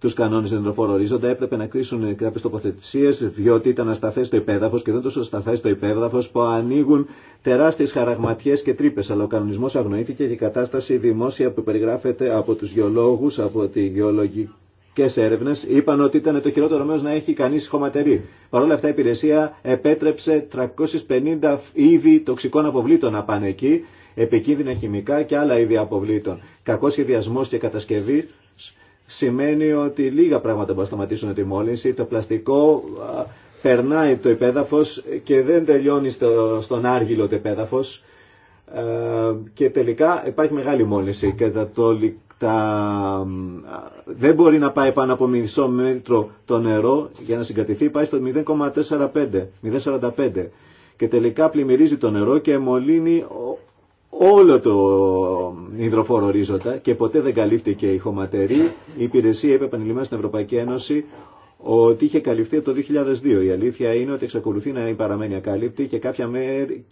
του κανόνε του ενδροφόρου έπρεπε να κλείσουν κάποιε τοποθετησίε, διότι ήταν ασταθέ το υπέδαφο και δεν τόσο ασταθέ το υπέδαφο που ανοίγουν τεράστιε χαραγματιέ και τρύπε. Αλλά ο κανονισμό αγνοήθηκε και η κατάσταση δημόσια που περιγράφεται από του γεωλόγου, από τη γεωλογική και έρευνε είπαν ότι ήταν το χειρότερο μέρο να έχει κανεί χωματερή. Παρ' όλα αυτά η υπηρεσία επέτρεψε 350 είδη τοξικών αποβλήτων να πάνε εκεί, επικίνδυνα χημικά και άλλα είδη αποβλήτων. Κακό σχεδιασμό και κατασκευή σημαίνει ότι λίγα πράγματα μπορούν να σταματήσουν τη μόλυνση. Το πλαστικό περνάει το υπέδαφος και δεν τελειώνει στο, στον άργυλο το υπέδαφος ε, και τελικά υπάρχει μεγάλη μόλυνση και τα, τα, δεν μπορεί να πάει πάνω από μισό μέτρο το νερό για να συγκρατηθεί πάει στο 0,45 0,45 και τελικά πλημμυρίζει το νερό και μολύνει όλο το υδροφόρο ορίζοντα και ποτέ δεν καλύφθηκε η χωματερή. Η υπηρεσία είπε επανειλημμένα στην Ευρωπαϊκή Ένωση ότι είχε καλυφθεί από το 2002. Η αλήθεια είναι ότι εξακολουθεί να παραμένει ακάλυπτη και κάποια μέρη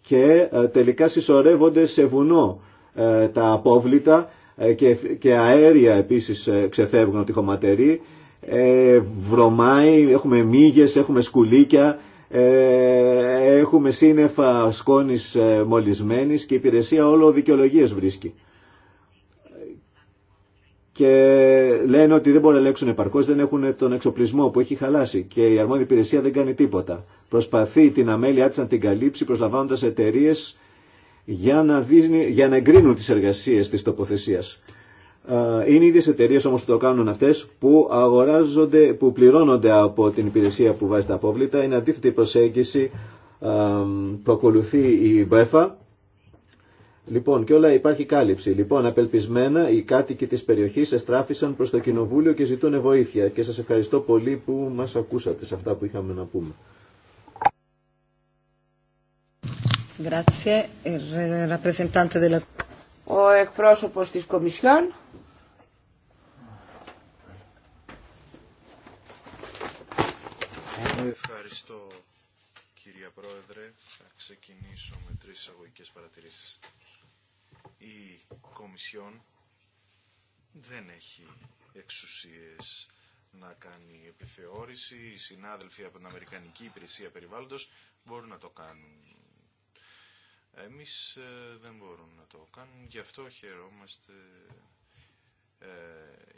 και, ε, τελικά συσσωρεύονται σε βουνό ε, τα απόβλητα ε, και, και αέρια επίσης ξεφεύγουν από τη χωματερή. Ε, βρωμάει, έχουμε μύγες, έχουμε σκουλίκια ε, έχουμε σύννεφα σκόνης ε, μολυσμένης και η υπηρεσία όλο δικαιολογίες βρίσκει. Και λένε ότι δεν μπορούν να ελέγξουν επαρκώ, δεν έχουν τον εξοπλισμό που έχει χαλάσει και η αρμόδια υπηρεσία δεν κάνει τίποτα. Προσπαθεί την αμέλειά τη να την καλύψει προσλαμβάνοντα εταιρείε για, να για να εγκρίνουν τι εργασίε τη τοποθεσία. Ε, είναι ίδιες εταιρείε όμως που το κάνουν αυτές που αγοράζονται, που πληρώνονται από την υπηρεσία που βάζει τα απόβλητα. Είναι αντίθετη προσέγγιση ε, που ακολουθεί η ΜΠΕΦΑ. Λοιπόν, και όλα υπάρχει κάλυψη. Λοιπόν, απελπισμένα οι κάτοικοι της περιοχής εστράφησαν προς το Κοινοβούλιο και ζητούν βοήθεια. Και σας ευχαριστώ πολύ που μας ακούσατε σε αυτά που είχαμε να πούμε.
Eh,
ο εκπρόσωπος της Κομισιόν.
Ευχαριστώ κυρία Πρόεδρε. Θα ξεκινήσω με τρεις εισαγωγικές παρατηρήσεις. Η Κομισιόν δεν έχει εξουσίες να κάνει επιθεώρηση. Οι συνάδελφοι από την Αμερικανική Υπηρεσία Περιβάλλοντος μπορούν να το κάνουν εμείς ε, δεν μπορούμε να το κάνουμε, γι' αυτό χαιρόμαστε ε,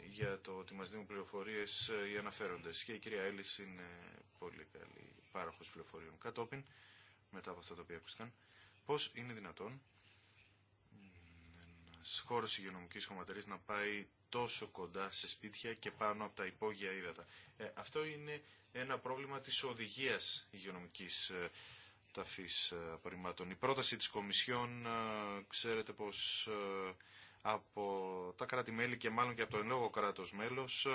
για το ότι μας δίνουν πληροφορίες ε, οι αναφέροντες. Και η κυρία Έλλης είναι πολύ καλή πάροχος πληροφοριών. Κατόπιν, μετά από αυτό το οποίο ακούστηκαν, πώς είναι δυνατόν ένας χώρος υγειονομικής χωματερής να πάει τόσο κοντά σε σπίτια και πάνω από τα υπόγεια ύδατα. αυτό είναι ένα πρόβλημα της οδηγίας υγειονομικής ταφής ε, απορριμμάτων. Η πρόταση της Κομισιόν ε, ξέρετε πως ε, από τα κράτη-μέλη και μάλλον και από το εν κράτος μέλος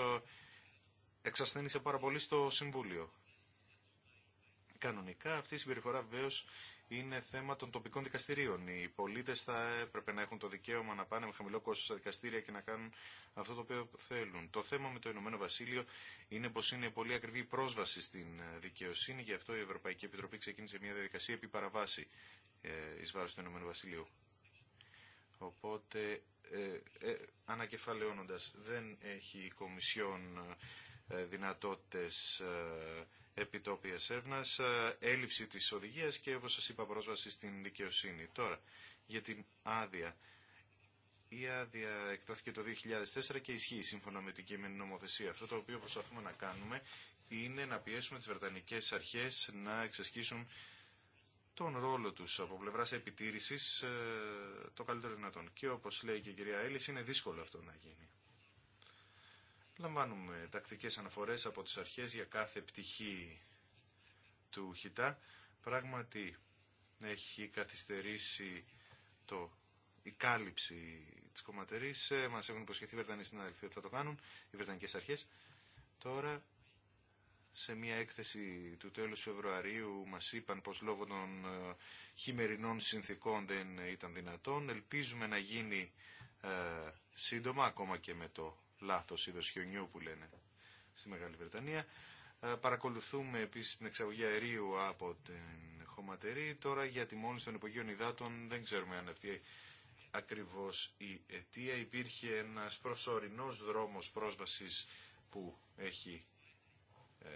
εξασθένησε πάρα πολύ στο Συμβούλιο. Κανονικά αυτή η συμπεριφορά βεβαίω είναι θέμα των τοπικών δικαστηρίων. Οι πολίτε θα έπρεπε να έχουν το δικαίωμα να πάνε με χαμηλό κόστο στα δικαστήρια και να κάνουν αυτό το οποίο θέλουν. Το θέμα με το Ηνωμένο Βασίλειο είναι πω είναι πολύ ακριβή πρόσβαση στην ε, δικαιοσύνη. Γι' αυτό η Ευρωπαϊκή Επιτροπή ξεκίνησε μια διαδικασία επί παραβάση ε, ει βάρο του Ηνωμένου Βασιλείου. Οπότε, ε, ε, ανακεφαλαιώνοντας, δεν έχει η Κομισιόν δυνατότητε. Επιτόπια έρευνα, ε, έλλειψη της οδηγίας και όπως σας είπα πρόσβαση στην δικαιοσύνη. Τώρα, για την άδεια. Η άδεια εκτάθηκε το 2004 και ισχύει σύμφωνα με την κείμενη νομοθεσία. Αυτό το οποίο προσπαθούμε να κάνουμε είναι να πιέσουμε τις Βρετανικές αρχές να εξασκήσουν τον ρόλο τους από πλευράς επιτήρησης ε, το καλύτερο δυνατόν. Και όπως λέει και η κυρία Έλλης, είναι δύσκολο αυτό να γίνει. Λαμβάνουμε τακτικές αναφορές από τις αρχές για κάθε πτυχή του ΧΙΤΑ. Πράγματι έχει καθυστερήσει το, η κάλυψη της κομματερής. Ε, μας έχουν υποσχεθεί οι Βρετανοί συνάδελφοι ότι θα το κάνουν, οι Βρετανικές αρχές. Τώρα σε μια έκθεση του τέλους Φεβρουαρίου μας είπαν πως λόγω των ε, χειμερινών συνθήκων δεν ήταν δυνατόν. Ελπίζουμε να γίνει ε, σύντομα ακόμα και με το λάθος είδος χιονιού που λένε στη Μεγάλη Βρετανία. Ε, παρακολουθούμε επίσης την εξαγωγή αερίου από την χωματερή. Τώρα για τη μόλυνση των υπογείων υδάτων δεν ξέρουμε αν αυτή ακριβώς η αιτία. Υπήρχε ένας προσωρινός δρόμος πρόσβασης που έχει ε,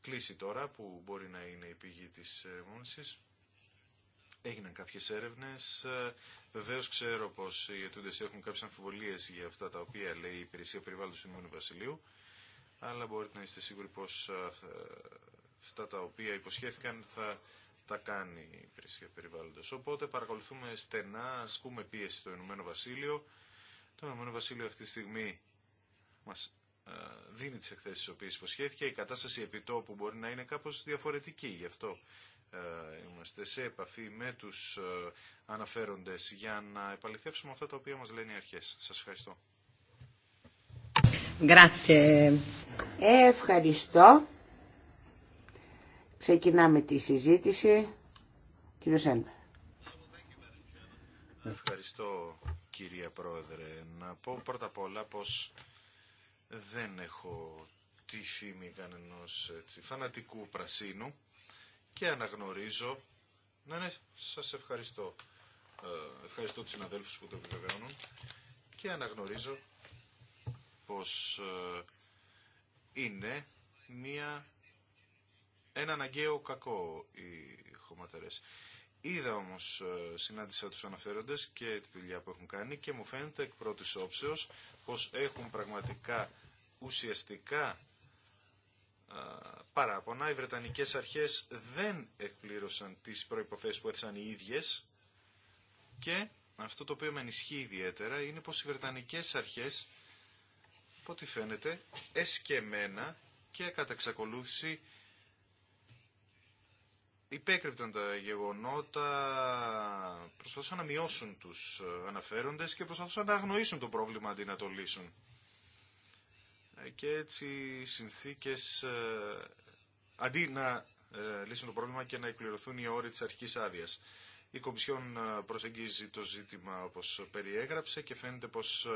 κλείσει τώρα, που μπορεί να είναι η πηγή της ε, μόλυνσης. Έγιναν κάποιες έρευνες, Βεβαίω ξέρω πω οι ετούντε έχουν κάποιε αμφιβολίε για αυτά τα οποία λέει η Υπηρεσία Περιβάλλοντο του Ηνωμένου Βασιλείου, αλλά μπορείτε να είστε σίγουροι πω ε, αυτά τα οποία υποσχέθηκαν θα τα κάνει η Υπηρεσία Περιβάλλοντο. Οπότε παρακολουθούμε στενά, ασκούμε πίεση στο Ηνωμένο Βασίλειο. Το Ηνωμένο Βασίλειο αυτή τη στιγμή μα ε, δίνει τι εκθέσει τι οποίε υποσχέθηκε. Η κατάσταση επιτόπου μπορεί να είναι κάπω διαφορετική. Γι' αυτό ε, είμαστε σε επαφή με τους ε, αναφέροντες για να επαληθεύσουμε αυτά τα οποία μας λένε οι αρχές. Σας ευχαριστώ.
Ευχαριστώ. Ξεκινάμε τη συζήτηση. Κύριο
Ευχαριστώ κυρία Πρόεδρε. Να πω πρώτα απ' όλα πως δεν έχω τη φήμη κανενός έτσι, φανατικού πρασίνου και αναγνωρίζω. Ναι, ναι, σας ευχαριστώ. Ε, ευχαριστώ τους συναδέλφους που το επιβεβαιώνουν και αναγνωρίζω πως ε, είναι μια, ένα αναγκαίο κακό οι χωματερές. Είδα όμως, ε, συνάντησα τους αναφέροντες και τη δουλειά που έχουν κάνει και μου φαίνεται εκ πρώτης όψεως πως έχουν πραγματικά ουσιαστικά ε, παράπονα. Οι Βρετανικές αρχές δεν εκπλήρωσαν τις προϋποθέσεις που έθεσαν οι ίδιες και αυτό το οποίο με ενισχύει ιδιαίτερα είναι πως οι Βρετανικές αρχές, από ό,τι φαίνεται, εσκεμένα και κατά εξακολούθηση υπέκρυπταν τα γεγονότα, προσπαθούσαν να μειώσουν τους αναφέροντες και προσπαθούσαν να αγνοήσουν το πρόβλημα αντί να το λύσουν και έτσι οι συνθήκες ε, αντί να ε, λύσουν το πρόβλημα και να εκπληρωθούν οι όροι της αρχικής άδειας. Η Κομισιόν ε, προσεγγίζει το ζήτημα όπως περιέγραψε και φαίνεται πως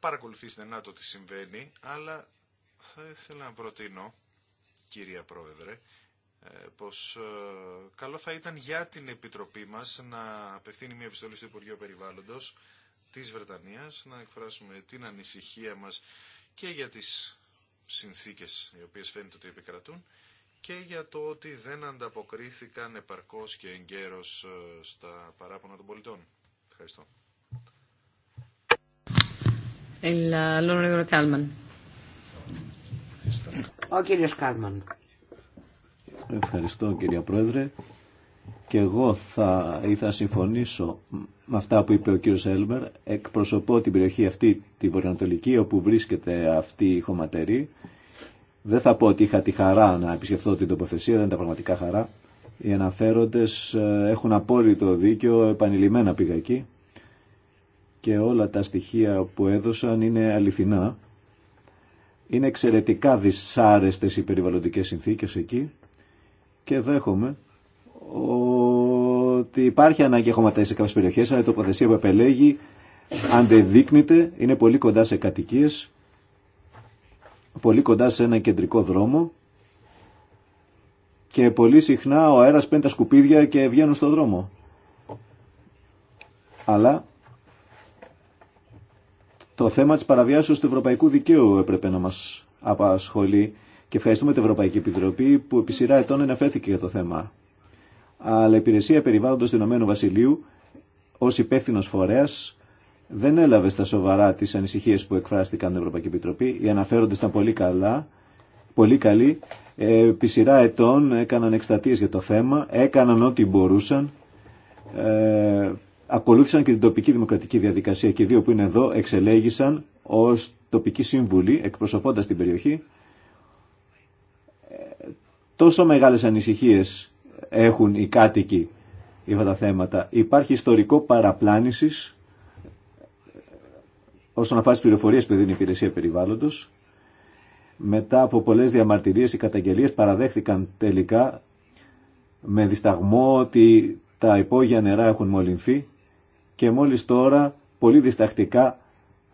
παρακολουθεί στενά το τι συμβαίνει, αλλά θα ήθελα να προτείνω, κυρία Πρόεδρε, πως καλό θα ήταν για την Επιτροπή μας να απευθύνει μια επιστολή στο Υπουργείο Περιβάλλοντος της Βρετανίας, να εκφράσουμε την ανησυχία μας και για τις συνθήκες οι οποίες φαίνεται ότι επικρατούν και για το ότι δεν ανταποκρίθηκαν επαρκώς και εγκαίρως ε, στα παράπονα των πολιτών. Ευχαριστώ.
Ε, Ο κύριος Κάλμαν.
Ευχαριστώ κύριε Πρόεδρε. Και εγώ θα η θα συμφωνήσω με αυτά που είπε ο κύριος Έλμερ. Εκπροσωπώ την περιοχή αυτή, τη βορειοανατολική, όπου βρίσκεται αυτή η χωματερή. Δεν θα πω ότι είχα τη χαρά να επισκεφθώ την τοποθεσία, δεν ήταν τα πραγματικά χαρά. Οι αναφέροντες ε, έχουν απόλυτο δίκιο, επανειλημμένα πήγα εκεί και όλα τα στοιχεία που έδωσαν είναι αληθινά. Είναι εξαιρετικά δυσάρεστες οι περιβαλλοντικές συνθήκες εκεί και δέχομαι ότι υπάρχει ανάγκη χωματάει σε κάποιε περιοχέ, αλλά η τοποθεσία που επελέγει αντεδείκνυται, είναι πολύ κοντά σε κατοικίε, πολύ κοντά σε ένα κεντρικό δρόμο και πολύ συχνά ο αέρα παίρνει τα σκουπίδια και βγαίνουν στο δρόμο. Αλλά το θέμα της παραβιάσεως του ευρωπαϊκού δικαίου έπρεπε να μας απασχολεί και ευχαριστούμε την Ευρωπαϊκή Επιτροπή που επί σειρά ετών αναφέρθηκε για το θέμα αλλά Υπηρεσία Περιβάλλοντος του Ηνωμένου Βασιλείου ως υπεύθυνο φορέας δεν έλαβε στα σοβαρά τις ανησυχίες που εκφράστηκαν στην Ευρωπαϊκή Επιτροπή. Οι αναφέροντες ήταν πολύ καλά, πολύ καλοί. Ε, επί σειρά ετών έκαναν εκστατείες για το θέμα, έκαναν ό,τι μπορούσαν. Ε, ακολούθησαν και την τοπική δημοκρατική διαδικασία και οι δύο που είναι εδώ εξελέγησαν ως τοπική σύμβουλη εκπροσωπώντας την περιοχή. Ε, τόσο μεγάλες ανησυχίες έχουν οι κάτοικοι αυτά τα θέματα. Υπάρχει ιστορικό παραπλάνησης όσον αφορά τι πληροφορίε που δίνει η υπηρεσία περιβάλλοντο. Μετά από πολλέ διαμαρτυρίε, οι καταγγελίε παραδέχθηκαν τελικά με δισταγμό ότι τα υπόγεια νερά έχουν μολυνθεί και μόλις τώρα πολύ διστακτικά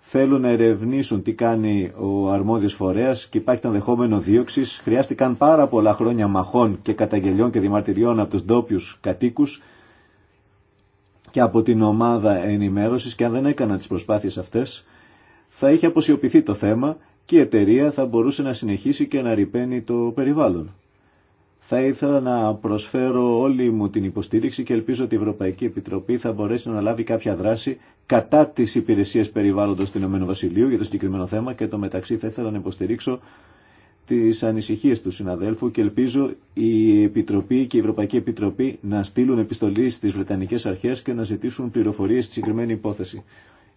θέλουν να ερευνήσουν τι κάνει ο αρμόδιος φορέας και υπάρχει το ενδεχόμενο δίωξη. Χρειάστηκαν πάρα πολλά χρόνια μαχών και καταγγελιών και δημαρτυριών από τους ντόπιου κατοίκους και από την ομάδα ενημέρωσης και αν δεν έκαναν τις προσπάθειες αυτές θα είχε αποσιωπηθεί το θέμα και η εταιρεία θα μπορούσε να συνεχίσει και να ρηπαίνει το περιβάλλον. Θα ήθελα να προσφέρω όλη μου την υποστήριξη και ελπίζω ότι η Ευρωπαϊκή Επιτροπή θα μπορέσει να λάβει κάποια δράση κατά τι υπηρεσίε περιβάλλοντο του Ηνωμένου Βασιλείου για το συγκεκριμένο θέμα και το μεταξύ θα ήθελα να υποστηρίξω τι ανησυχίε του συναδέλφου και ελπίζω η Επιτροπή και η Ευρωπαϊκή Επιτροπή να στείλουν επιστολή στι Βρετανικέ Αρχέ και να ζητήσουν πληροφορίε στη συγκεκριμένη υπόθεση.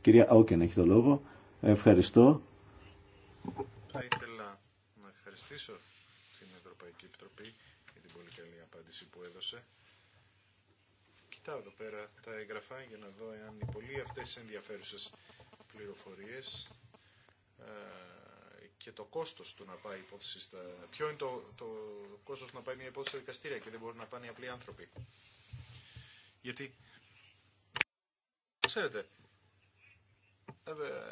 Κυρία Όκεν έχει το λόγο. Ευχαριστώ.
Θα ήθελα να ευχαριστήσω κοιτάω εδώ πέρα τα έγγραφα για να δω εάν οι πολλοί αυτές ενδιαφέρουσες πληροφορίες ε, και το κόστος του να πάει υπόθεση στα... Ποιο είναι το, το κόστος να πάει μια υπόθεση στα δικαστήρια και δεν μπορούν να πάνε οι απλοί άνθρωποι. Γιατί, ξέρετε, ε,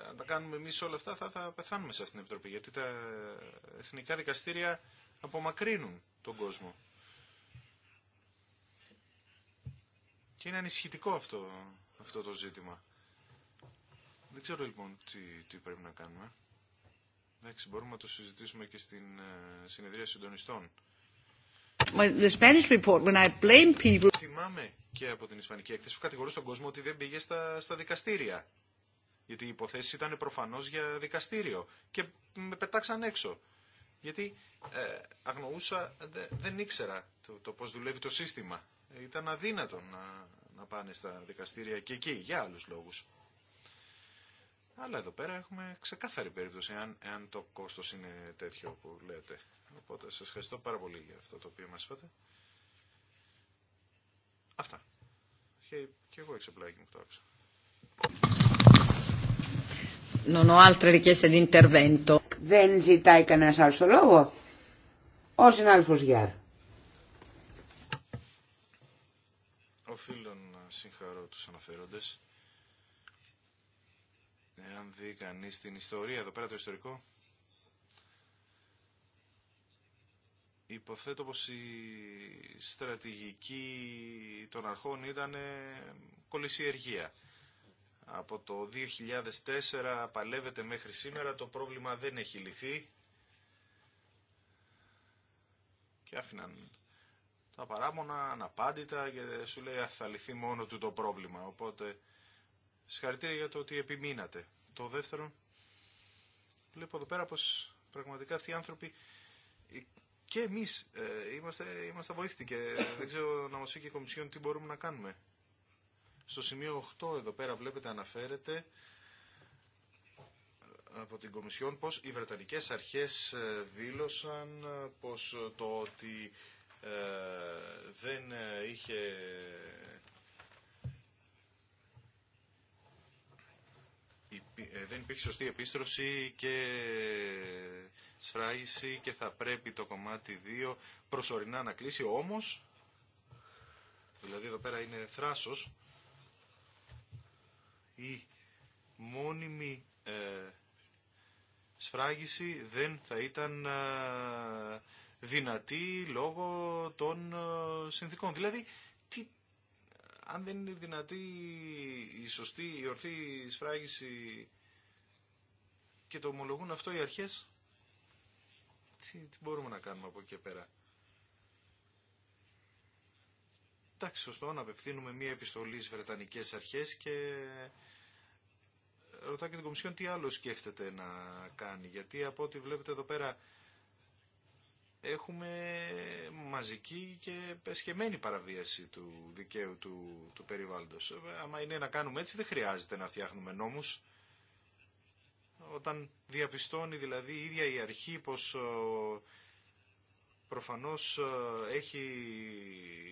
αν τα κάνουμε εμείς όλα αυτά θα, θα πεθάνουμε σε αυτήν την επιτροπή. Γιατί τα εθνικά δικαστήρια απομακρύνουν τον κόσμο. Και είναι ανησυχητικό αυτό, αυτό το ζήτημα. Δεν ξέρω λοιπόν τι, τι πρέπει να κάνουμε. Εντάξει, μπορούμε να το συζητήσουμε και στην ε, συνεδρία συντονιστών.
report, when I blame people...
Θυμάμαι και από την Ισπανική έκθεση που κατηγορούσε τον κόσμο ότι δεν πήγε στα, στα δικαστήρια. Γιατί οι υποθέσει ήταν προφανώ για δικαστήριο. Και με πετάξαν έξω. Γιατί ε, αγνοούσα, δεν ήξερα το, το πώ δουλεύει το σύστημα ήταν αδύνατο να, να πάνε στα δικαστήρια και εκεί για άλλους λόγους. Αλλά εδώ πέρα έχουμε ξεκάθαρη περίπτωση αν, το κόστος είναι τέτοιο που λέτε. Οπότε σας ευχαριστώ πάρα πολύ για αυτό το οποίο μας είπατε. Αυτά. Και, και εγώ εξεπλάγει μου το άκουσα.
Δεν ζητάει κανένα άλλο λόγο. Όσοι είναι Γιάρ.
Οφείλω να συγχαρώ τους αναφέροντες. Εάν δει κανεί την ιστορία, εδώ πέρα το ιστορικό, υποθέτω πως η στρατηγική των αρχών ήταν ε, κολυσιεργία. Από το 2004 παλεύεται μέχρι σήμερα, το πρόβλημα δεν έχει λυθεί και άφηναν τα παράμονα αναπάντητα και σου λέει θα λυθεί μόνο του το πρόβλημα. Οπότε συγχαρητήρια για το ότι επιμείνατε. Το δεύτερο, βλέπω εδώ πέρα πως πραγματικά αυτοί οι άνθρωποι ε, και εμείς ε, είμαστε, είμαστε βοήθητοι και ε, δεν ξέρω να μας φύγει η Κομισιόν τι μπορούμε να κάνουμε. Στο σημείο 8 εδώ πέρα βλέπετε αναφέρεται από την Κομισιόν πως οι Βρετανικές αρχές δήλωσαν πως το ότι ε, δεν ε, είχε ε, δεν υπήρχε σωστή επίστρωση και σφράγιση και θα πρέπει το κομμάτι 2 προσωρινά να κλείσει όμως δηλαδή εδώ πέρα είναι θράσος η μόνιμη ε, σφράγιση δεν θα ήταν δυνατή λόγω των ε, συνθήκων. Δηλαδή, τι, αν δεν είναι δυνατή η σωστή, η ορθή σφράγιση και το ομολογούν αυτό οι αρχές, τι, μπορούμε να κάνουμε από εκεί και πέρα. Εντάξει, σωστό να απευθύνουμε μία επιστολή στις Βρετανικές αρχές και ρωτά και την Κομισιόν τι άλλο σκέφτεται να κάνει. Γιατί από ό,τι βλέπετε εδώ πέρα έχουμε μαζική και πεσχεμένη παραβίαση του δικαίου του, του περιβάλλοντος. Άμα είναι να κάνουμε έτσι δεν χρειάζεται να φτιάχνουμε νόμους. Όταν διαπιστώνει δηλαδή η ίδια η αρχή πως ε, προφανώς ε, έχει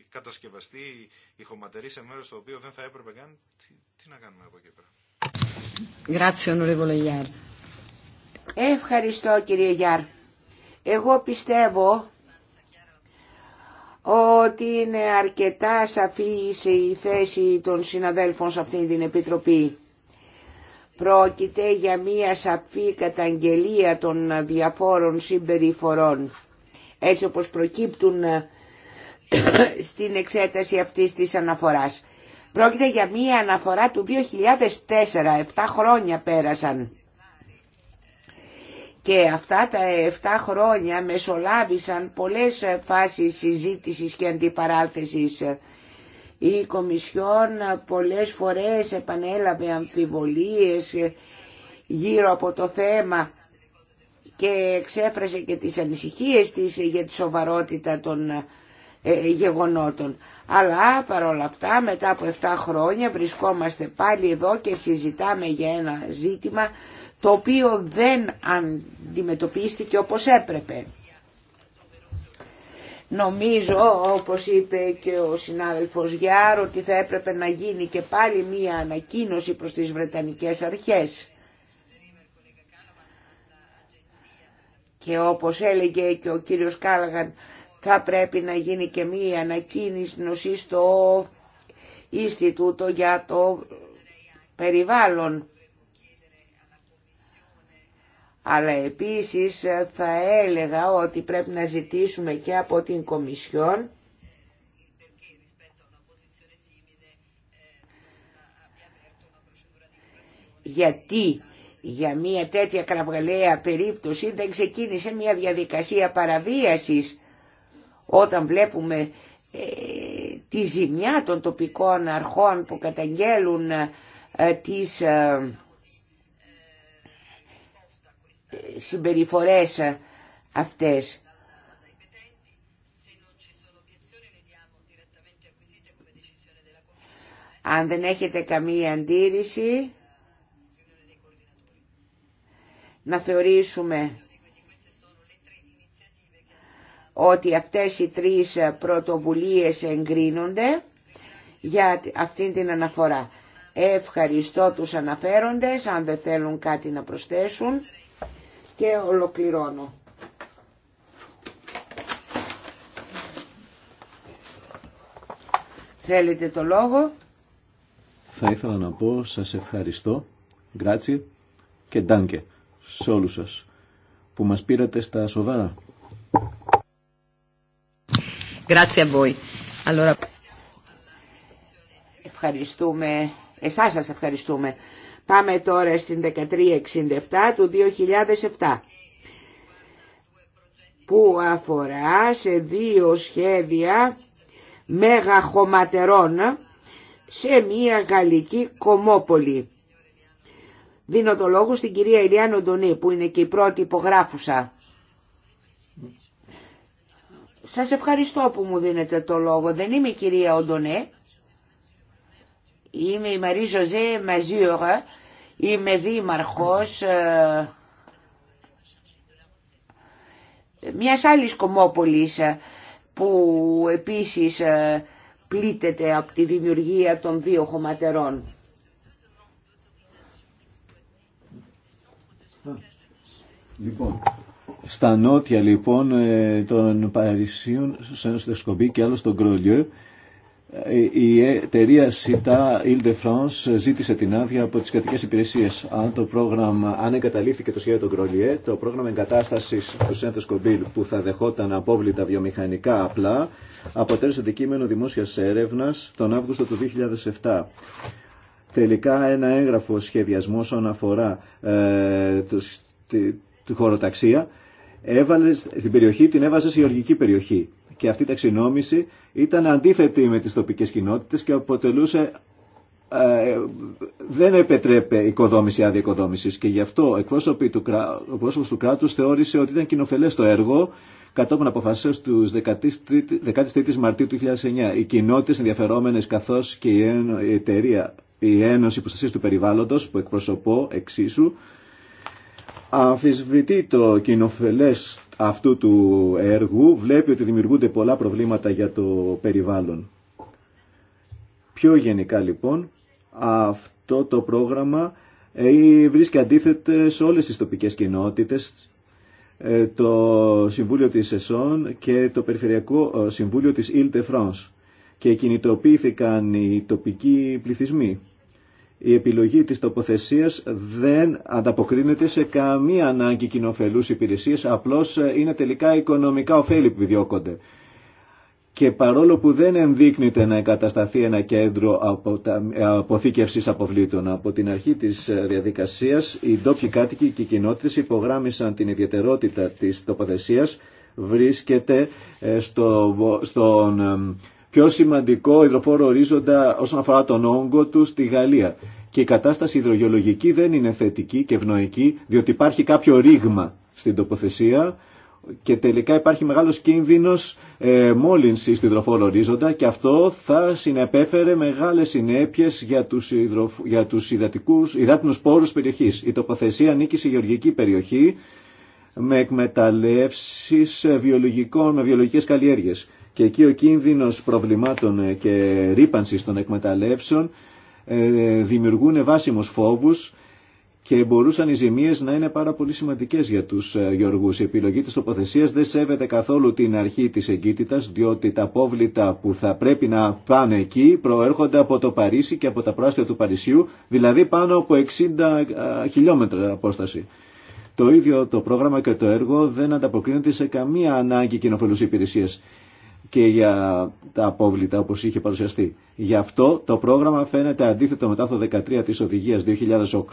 κατασκευαστεί η χωματερή σε μέρος το οποίο δεν θα έπρεπε καν, τι, να κάνουμε από εκεί πέρα.
Ευχαριστώ κύριε Γιάρ. Εγώ πιστεύω ότι είναι αρκετά σαφή η θέση των συναδέλφων σε αυτή την Επιτροπή. Πρόκειται για μία σαφή καταγγελία των διαφόρων συμπεριφορών, έτσι όπως προκύπτουν στην εξέταση αυτής της αναφοράς. Πρόκειται για μία αναφορά του 2004, 7 χρόνια πέρασαν. Και αυτά τα 7 χρόνια μεσολάβησαν πολλές φάσεις συζήτησης και αντιπαράθεσης. Η Κομισιόν πολλές φορές επανέλαβε αμφιβολίες γύρω από το θέμα και εξέφρασε και τις ανησυχίες της για τη σοβαρότητα των ε, γεγονότων. Αλλά παρόλα αυτά μετά από 7 χρόνια βρισκόμαστε πάλι εδώ και συζητάμε για ένα ζήτημα το οποίο δεν αντιμετωπίστηκε όπως έπρεπε. Νομίζω, όπως είπε και ο συνάδελφος Γιάρ, ότι θα έπρεπε να γίνει και πάλι μία ανακοίνωση προς τις Βρετανικές αρχές. Και όπως έλεγε και ο κύριος Κάλαγαν, θα πρέπει να γίνει και μία ανακοίνωση στο Ιστιτούτο για το περιβάλλον. Αλλά επίσης ε, θα έλεγα ότι πρέπει να ζητήσουμε και από την Κομισιόν γιατί για μια τέτοια κραυγαλαία περίπτωση δεν ξεκίνησε μια διαδικασία παραβίασης όταν βλέπουμε ε, τη ζημιά των τοπικών αρχών που καταγγέλουν ε, τις συμπεριφορές αυτές. Αν δεν έχετε καμία αντίρρηση, να θεωρήσουμε ότι αυτές οι τρεις πρωτοβουλίες εγκρίνονται για αυτήν την αναφορά. Ευχαριστώ τους αναφέροντες, αν δεν θέλουν κάτι να προσθέσουν και ολοκληρώνω. Θέλετε το λόγο.
Θα ήθελα να πω σας ευχαριστώ, γκράτσι και ντάνκε σε όλους σας που μας πήρατε στα σοβαρά.
Ευχαριστούμε. Εσάς σας ευχαριστούμε. Πάμε τώρα στην 1367 του 2007 που αφορά σε δύο σχέδια μεγαχωματερών σε μία γαλλική κομμόπολη. Δίνω το λόγο στην κυρία Ηλιά Νοντονή που είναι και η πρώτη υπογράφουσα. Σας ευχαριστώ που μου δίνετε το λόγο. Δεν είμαι η κυρία Οντονέ. Είμαι η Μαρή Ζωζέ Μαζίωρα, είμαι δήμαρχος ε, μιας άλλης κομμόπολης ε, που επίσης ε, πλήττεται από τη δημιουργία των δύο χωματερών.
Λοιπόν, στα νότια λοιπόν των Παρισίων, ένα στεσκοπή και άλλο στον Κρολιό, η εταιρεία ΣΥΤΑ Ile de France ζήτησε την άδεια από τις κρατικές υπηρεσίες. Αν το πρόγραμμα, αν εγκαταλείφθηκε το σχέδιο των Κρολιέ, το πρόγραμμα εγκατάστασης του Σέντος Κομπίλ που θα δεχόταν απόβλητα βιομηχανικά απλά, αποτέλεσε αντικείμενο δημόσιας έρευνας τον Αύγουστο του 2007. Τελικά ένα έγγραφο σχεδιασμό όσον αφορά ε, τη, χωροταξία, έβαλε, την περιοχή την έβαζε σε γεωργική περιοχή και αυτή η ταξινόμηση ήταν αντίθετη με τις τοπικές κοινότητες και αποτελούσε ε, δεν επετρέπε οικοδόμηση άδεια οικοδόμησης και γι' αυτό εκπρόσωποι του, ο του κράτους θεώρησε ότι ήταν κοινοφελές το έργο κατόπιν αποφασίσεως του 13ης Μαρτίου του 2009. Οι κοινότητες ενδιαφερόμενες καθώς και η, Ένω, η εταιρεία, η Ένωση Προστασία του Περιβάλλοντος που εκπροσωπώ εξίσου αμφισβητεί το κοινοφελές αυτού του έργου βλέπει ότι δημιουργούνται πολλά προβλήματα για το περιβάλλον. Πιο γενικά λοιπόν αυτό το πρόγραμμα ε, βρίσκει αντίθετε σε όλες τις τοπικές κοινότητες ε, το Συμβούλιο της ΕΣΟΝ και το Περιφερειακό ε, Συμβούλιο της Ile de France και κινητοποιήθηκαν οι τοπικοί πληθυσμοί η επιλογή της τοποθεσίας δεν ανταποκρίνεται σε καμία ανάγκη κοινοφελούς υπηρεσίες, απλώς ε, είναι τελικά οικονομικά ωφέλη που διώκονται. Και παρόλο που δεν ενδείκνεται να εγκατασταθεί ένα κέντρο ε, αποθήκευσης αποβλήτων από την αρχή της ε, διαδικασίας, οι ντόπιοι κάτοικοι και οι κοινότητες υπογράμμισαν την ιδιαιτερότητα της τοποθεσίας, βρίσκεται στο, στον πιο σημαντικό υδροφόρο ορίζοντα όσον αφορά τον όγκο του στη Γαλλία. Και η κατάσταση υδρογεολογική δεν είναι θετική και ευνοϊκή, διότι υπάρχει κάποιο ρήγμα στην τοποθεσία και τελικά υπάρχει μεγάλος κίνδυνος ε, μόλυνσης του υδροφόρου ορίζοντα και αυτό θα συνεπέφερε μεγάλες συνέπειες για τους, υδροφο- για τους υδατικούς, υδάτινους πόρους περιοχής. Η τοποθεσία ανήκει σε γεωργική περιοχή με εκμεταλλεύσεις ε, βιολογικών, με βιολογικές καλλιέργειες και εκεί ο κίνδυνος προβλημάτων ε, και ρήπανσης των εκμεταλλεύσεων ε, δημιουργούν βάσιμους φόβους και μπορούσαν οι ζημίες να είναι πάρα πολύ σημαντικές για τους ε, γεωργούς. Η επιλογή της τοποθεσίας δεν σέβεται καθόλου την αρχή της εγκύτητας, διότι τα απόβλητα που θα πρέπει να πάνε εκεί προέρχονται από το Παρίσι και από τα πράστια του Παρισιού, δηλαδή πάνω από 60 χιλιόμετρα απόσταση. Το ίδιο το πρόγραμμα και το έργο δεν ανταποκρίνεται σε καμία ανάγκη κοινοφελούς υπηρεσίες και για τα απόβλητα όπω είχε παρουσιαστεί. Γι' αυτό το πρόγραμμα φαίνεται αντίθετο μετά το 13 της οδηγία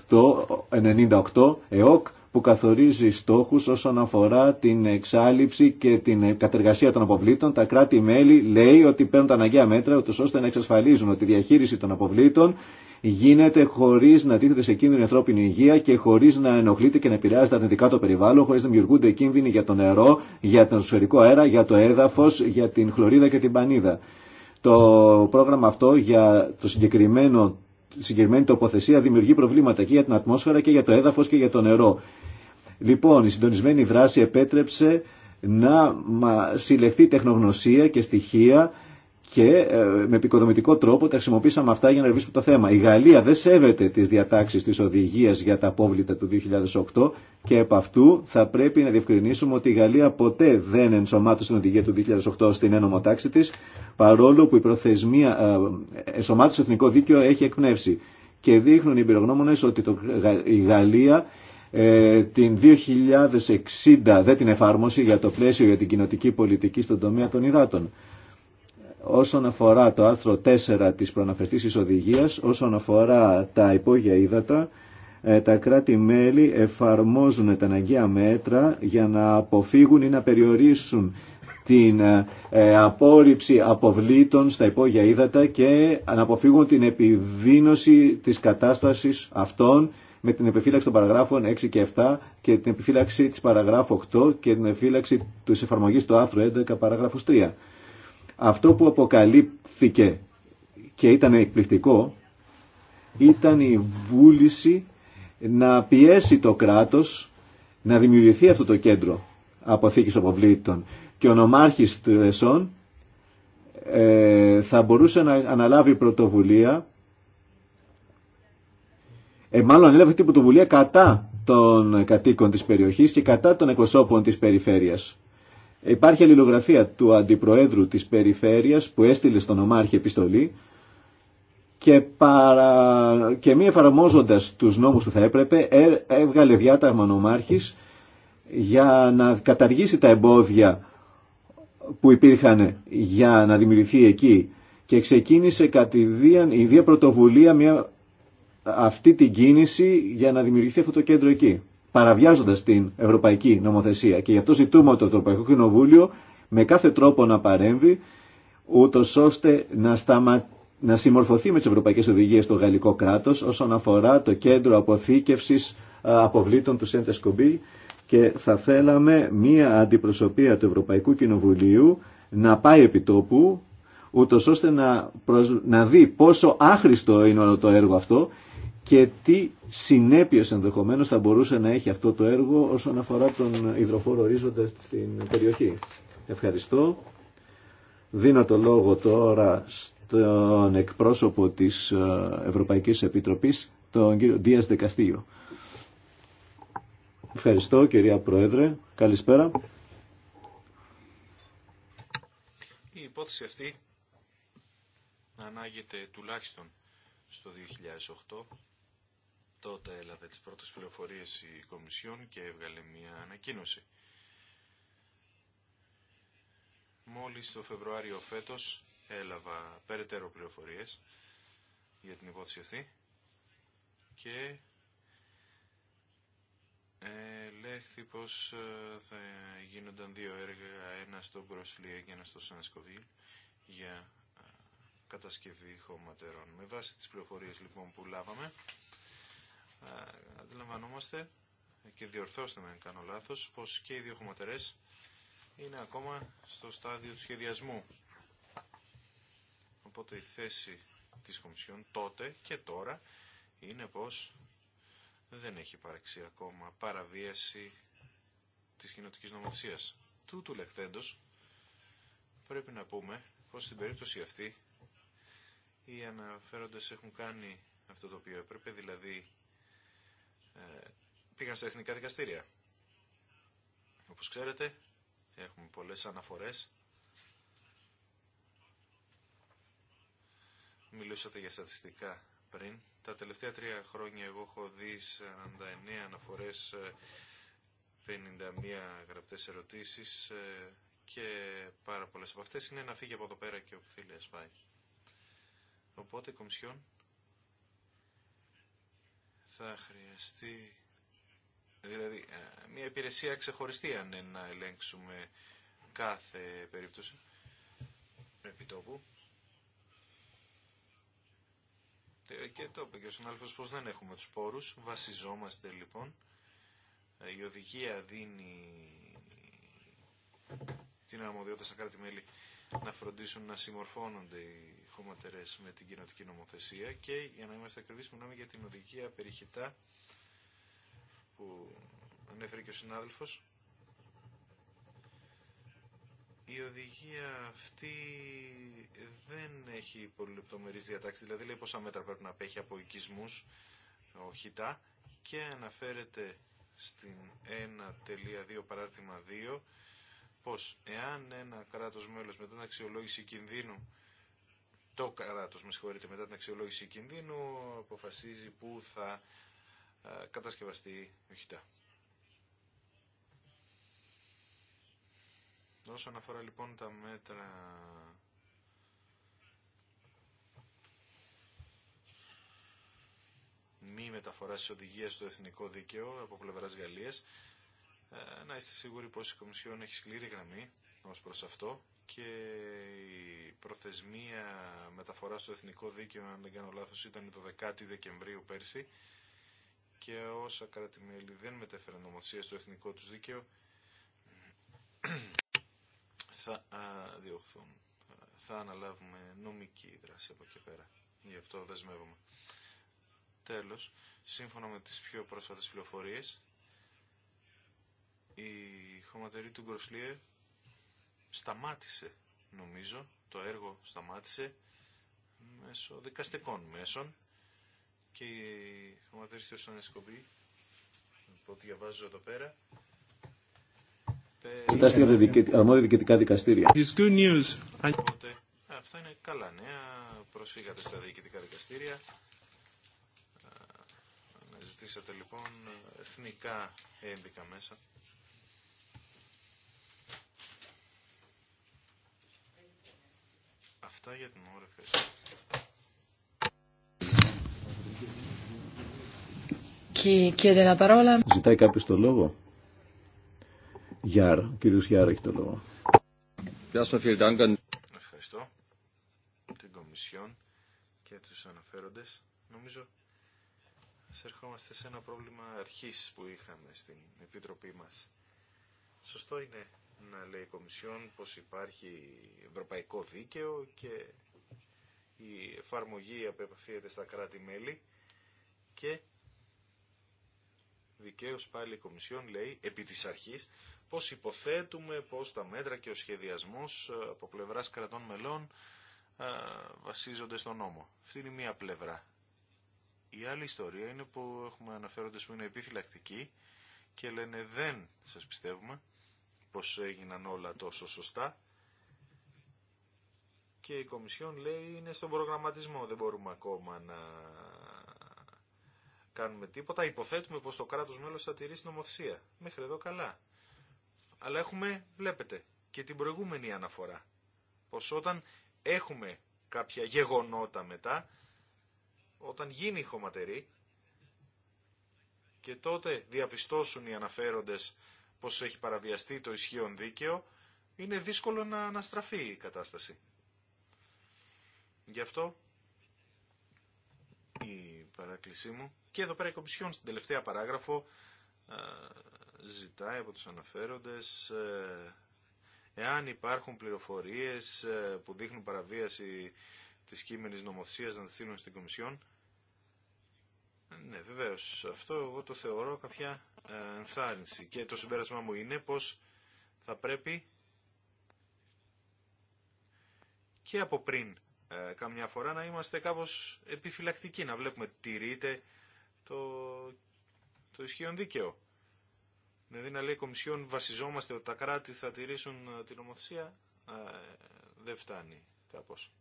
2008 2008-98 ΕΟΚ που καθορίζει στόχους όσον αφορά την εξάλληψη και την κατεργασία των αποβλήτων. Τα κράτη-μέλη λέει ότι παίρνουν τα αναγκαία μέτρα ούτως ώστε να εξασφαλίζουν ότι η διαχείριση των αποβλήτων γίνεται χωρί να τίθεται σε κίνδυνο η ανθρώπινη υγεία και χωρί να ενοχλείται και να επηρεάζεται αρνητικά το περιβάλλον, χωρί να δημιουργούνται κίνδυνοι για το νερό, για τον σφαιρικό αέρα, για το έδαφος, για την χλωρίδα και την πανίδα. Το πρόγραμμα αυτό για το συγκεκριμένο συγκεκριμένη τοποθεσία δημιουργεί προβλήματα και για την ατμόσφαιρα και για το έδαφος και για το νερό. Λοιπόν, η συντονισμένη δράση επέτρεψε να συλλεχθεί τεχνογνωσία και στοιχεία και ε, με επικοδομητικό τρόπο τα χρησιμοποίησαμε αυτά για να ρεβίσουμε το θέμα. Η Γαλλία δεν σέβεται τις διατάξεις της οδηγίας για τα απόβλητα του 2008 και επ' αυτού θα πρέπει να διευκρινίσουμε ότι η Γαλλία ποτέ δεν ενσωμάτωσε την οδηγία του 2008 στην ένομο τάξη της παρόλο που η προθεσμία ε, ενσωμάτωση εθνικό δίκαιο έχει εκπνεύσει. Και δείχνουν οι εμπειρογνώμονες ότι η Γαλλία ε, την 2060 δεν την εφάρμοσε για το πλαίσιο για την κοινοτική πολιτική στον τομέα των υδάτων όσον αφορά το άρθρο 4 της προαναφερθής οδηγίας, όσον αφορά τα υπόγεια ύδατα, ε, τα κράτη-μέλη εφαρμόζουν τα αναγκαία μέτρα για να αποφύγουν ή να περιορίσουν την ε, ε, απόρριψη αποβλήτων στα υπόγεια ύδατα και να αποφύγουν την επιδίνωση της κατάστασης αυτών με την επιφύλαξη των παραγράφων 6 και 7 και την επιφύλαξη της παραγράφου 8 και την επιφύλαξη της εφαρμογής του άρθρου 11 παραγράφους 3. Αυτό που αποκαλύφθηκε και ήταν εκπληκτικό ήταν η βούληση να πιέσει το κράτος να δημιουργηθεί αυτό το κέντρο αποθήκης αποβλήτων και ο νομάρχης Τρεσόν ε, θα μπορούσε να αναλάβει πρωτοβουλία ε, μάλλον ανέλαβε την πρωτοβουλία κατά των κατοίκων της περιοχής και κατά των εκπροσώπων της περιφέρειας. Υπάρχει αλληλογραφία του αντιπροέδρου της περιφέρειας που έστειλε στον Ομάρχη επιστολή και, παρα... και μη εφαρμόζοντας τους νόμους που θα έπρεπε ε- έβγαλε διάταγμα νομάρχης για να καταργήσει τα εμπόδια που υπήρχαν για να δημιουργηθεί εκεί και ξεκίνησε κατηδίαν η ίδια πρωτοβουλία μια... αυτή την κίνηση για να δημιουργηθεί αυτό το κέντρο εκεί παραβιάζοντας την ευρωπαϊκή νομοθεσία. Και γι' αυτό ζητούμε το Ευρωπαϊκό Κοινοβούλιο με κάθε τρόπο να παρέμβει, ούτω ώστε να, σταμα... να συμμορφωθεί με τι ευρωπαϊκέ οδηγίε το γαλλικό κράτος όσον αφορά το κέντρο αποθήκευση αποβλήτων του Σκομπί και θα θέλαμε μία αντιπροσωπεία του Ευρωπαϊκού Κοινοβουλίου να πάει επί τόπου, ούτως ώστε να, να δει πόσο άχρηστο είναι όλο το έργο αυτό και τι συνέπειε ενδεχομένως θα μπορούσε να έχει αυτό το έργο όσον αφορά τον υδροφόρο ορίζοντα στην περιοχή. Ευχαριστώ. Δίνω το λόγο τώρα στον εκπρόσωπο της ε, Ευρωπαϊκής Επιτροπής, τον κύριο Δίας Δεκαστήγιο. Ευχαριστώ κυρία Πρόεδρε. Καλησπέρα.
Η υπόθεση αυτή ανάγεται τουλάχιστον στο 2008 Τότε έλαβε τις πρώτες πληροφορίες η Κομισιόν και έβγαλε μια ανακοίνωση. Μόλις το Φεβρουάριο φέτος έλαβα περαιτέρω πληροφορίες για την υπόθεση αυτή και ελέγχθη πως ε, θα γίνονταν δύο έργα, ένα στο Μπροσλία και ένα στο Σανσκοβίλ για ε, κατασκευή χωματερών. Με βάση τις πληροφορίες λοιπόν που λάβαμε αντιλαμβανόμαστε και διορθώστε με αν κάνω λάθος πως και οι δύο χωματερές είναι ακόμα στο στάδιο του σχεδιασμού. Οπότε η θέση της Κομισιόν τότε και τώρα είναι πως δεν έχει υπάρξει ακόμα παραβίαση της κοινωτικής νομοθεσίας. Τούτου λεχθέντος πρέπει να πούμε πως στην περίπτωση αυτή οι αναφέροντες έχουν κάνει αυτό το οποίο έπρεπε, δηλαδή ε, πήγαν στα εθνικά δικαστήρια. Όπως ξέρετε, έχουμε πολλές αναφορές. Μιλούσατε για στατιστικά πριν. Τα τελευταία τρία χρόνια εγώ έχω δει 49 αναφορές, 51 ε, γραπτές ερωτήσεις ε, και πάρα πολλές από αυτές είναι να φύγει από εδώ πέρα και ο θέλει να Οπότε Κομισιόν θα χρειαστεί δηλαδή ε, μια υπηρεσία ξεχωριστή αν είναι να ελέγξουμε κάθε περίπτωση επιτόπου. Ε, και το είπε και ο πως δεν έχουμε τους πόρους, βασιζόμαστε λοιπόν. Ε, η οδηγία δίνει την αρμοδιότητα στα κράτη-μέλη να φροντίσουν να συμμορφώνονται οι χωματερέ με την κοινοτική νομοθεσία και για να είμαστε ακριβεί, μιλάμε για την οδηγία περιχητά που ανέφερε και ο συνάδελφο. Η οδηγία αυτή δεν έχει πολύ λεπτομερής διατάξεις, δηλαδή λέει πόσα μέτρα πρέπει να απέχει από οικισμούς, και αναφέρεται στην 1.2 παράρτημα 2 πως εάν ένα κράτος μέλος μετά την αξιολόγηση κινδύνου το κράτος, με συγχωρείτε, μετά την αξιολόγηση κινδύνου αποφασίζει που θα κατασκευαστεί οχητά. Όσον αφορά λοιπόν τα μέτρα μη μεταφορά τη οδηγία στο εθνικό δίκαιο από πλευρά Γαλλία. Ε, να είστε σίγουροι πως η Κομισιόν έχει σκληρή γραμμή ως προς αυτό και η προθεσμία μεταφορά στο εθνικό δίκαιο, αν δεν κάνω λάθος, ήταν το 10 Δεκεμβρίου πέρσι και όσα κράτη-μέλη δεν μετέφεραν νομοθεσία στο εθνικό τους δίκαιο θα διωχθούν. Θα αναλάβουμε νομική δράση από εκεί πέρα. Γι' αυτό δεσμεύομαι. Τέλος, σύμφωνα με τις πιο πρόσφατες πληροφορίες, η χωματερή του Γκροσλίε σταμάτησε, νομίζω, το έργο σταμάτησε μέσω δικαστικών μέσων και η χωματερή του Σανεσκοπή, τι διαβάζω εδώ πέρα, Κοιτάστε από
αρμόδια δικαστήρια.
Οπότε, αυτά είναι καλά νέα. Προσφύγατε στα διοικητικά δικαστήρια. Ε, Ζητήσατε λοιπόν εθνικά ένδικα μέσα Αυτά για την ώρα. Ευχαριστώ.
Ζητάει κάποιος το λόγο. Γιάρα, ο κύριος Γιάρα έχει το λόγο.
Ευχαριστώ την Κομισιόν και τους αναφέροντες. Νομίζω σε ερχόμαστε σε ένα πρόβλημα αρχής που είχαμε στην Επιτροπή μας. Σωστό είναι να λέει η Κομισιόν πως υπάρχει ευρωπαϊκό δίκαιο και η εφαρμογή απευθύνεται στα κράτη-μέλη και δικαίως πάλι η Κομισιόν λέει επί της αρχής πως υποθέτουμε πως τα μέτρα και ο σχεδιασμός ε, από πλευράς κρατών μελών ε, βασίζονται στον νόμο. Αυτή είναι μία πλευρά. Η άλλη ιστορία είναι που έχουμε αναφέροντες που είναι επιφυλακτικοί και λένε δεν σας πιστεύουμε πως έγιναν όλα τόσο σωστά και η Κομισιόν λέει είναι στον προγραμματισμό, δεν μπορούμε ακόμα να κάνουμε τίποτα. Υποθέτουμε πως το κράτος μέλος θα τηρήσει νομοθεσία. Μέχρι εδώ καλά. Αλλά έχουμε, βλέπετε, και την προηγούμενη αναφορά. Πως όταν έχουμε κάποια γεγονότα μετά, όταν γίνει η χωματερή και τότε διαπιστώσουν οι αναφέροντες πως έχει παραβιαστεί το ισχύον δίκαιο, είναι δύσκολο να αναστραφεί η κατάσταση. Γι' αυτό η παράκλησή μου και εδώ πέρα η Κομισιόν στην τελευταία παράγραφο ε, ζητάει από τους αναφέροντες ε, εάν υπάρχουν πληροφορίες ε, που δείχνουν παραβίαση της κείμενης νομοθεσίας να τη στείλουν στην Κομισιόν. Ναι, βεβαίως. Αυτό εγώ το θεωρώ κάποια και το συμπέρασμά μου είναι πως θα πρέπει και από πριν ε, καμιά φορά να είμαστε κάπως επιφυλακτικοί, να βλέπουμε τηρείται το, το ισχύον δίκαιο. Δηλαδή να λέει η Κομισιόν βασιζόμαστε ότι τα κράτη θα τηρήσουν ε, την νομοθεσία, ε, δεν φτάνει κάπως.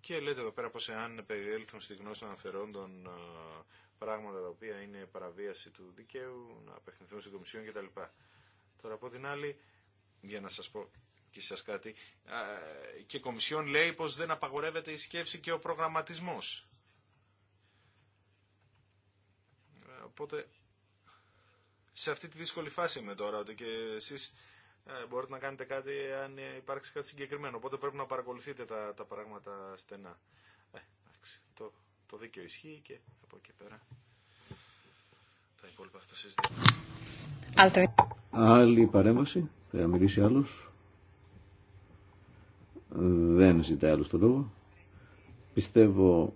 Και λέτε εδώ πέρα πως εάν περιέλθουν στη γνώση των αναφερόντων ε, πράγματα τα οποία είναι παραβίαση του δικαίου, να απευθυνθούν στην Κομισιόν κτλ. Τώρα από την άλλη, για να σας πω και σας κάτι, ε, και η Κομισιόν λέει πως δεν απαγορεύεται η σκέψη και ο προγραμματισμός. Ε, οπότε, σε αυτή τη δύσκολη φάση είμαι τώρα, ότι και εσείς ε, μπορείτε να κάνετε κάτι αν υπάρξει κάτι συγκεκριμένο. Οπότε πρέπει να παρακολουθείτε τα, τα πράγματα στενά. Ε, εντάξει, το, το δίκαιο ισχύει και από εκεί πέρα τα υπόλοιπα αυτά
συζητήσουμε. Άλλη παρέμβαση. Θα μιλήσει άλλος. Ε, δεν ζητάει άλλο το λόγο. Πιστεύω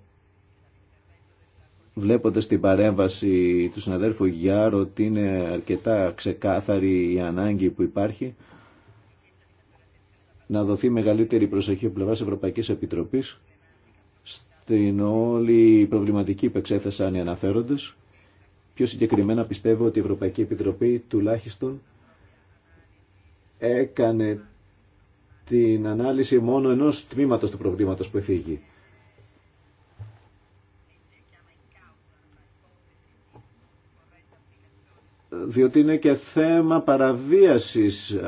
βλέποντας την παρέμβαση του συναδέλφου Γιάρο ότι είναι αρκετά ξεκάθαρη η ανάγκη που υπάρχει να δοθεί μεγαλύτερη προσοχή από πλευράς Ευρωπαϊκής Επιτροπής στην όλη προβληματική που εξέθεσαν οι αναφέροντες. Πιο συγκεκριμένα πιστεύω ότι η Ευρωπαϊκή Επιτροπή τουλάχιστον έκανε την ανάλυση μόνο ενός τμήματος του προβλήματος που εφήγει διότι είναι και θέμα παραβίασης,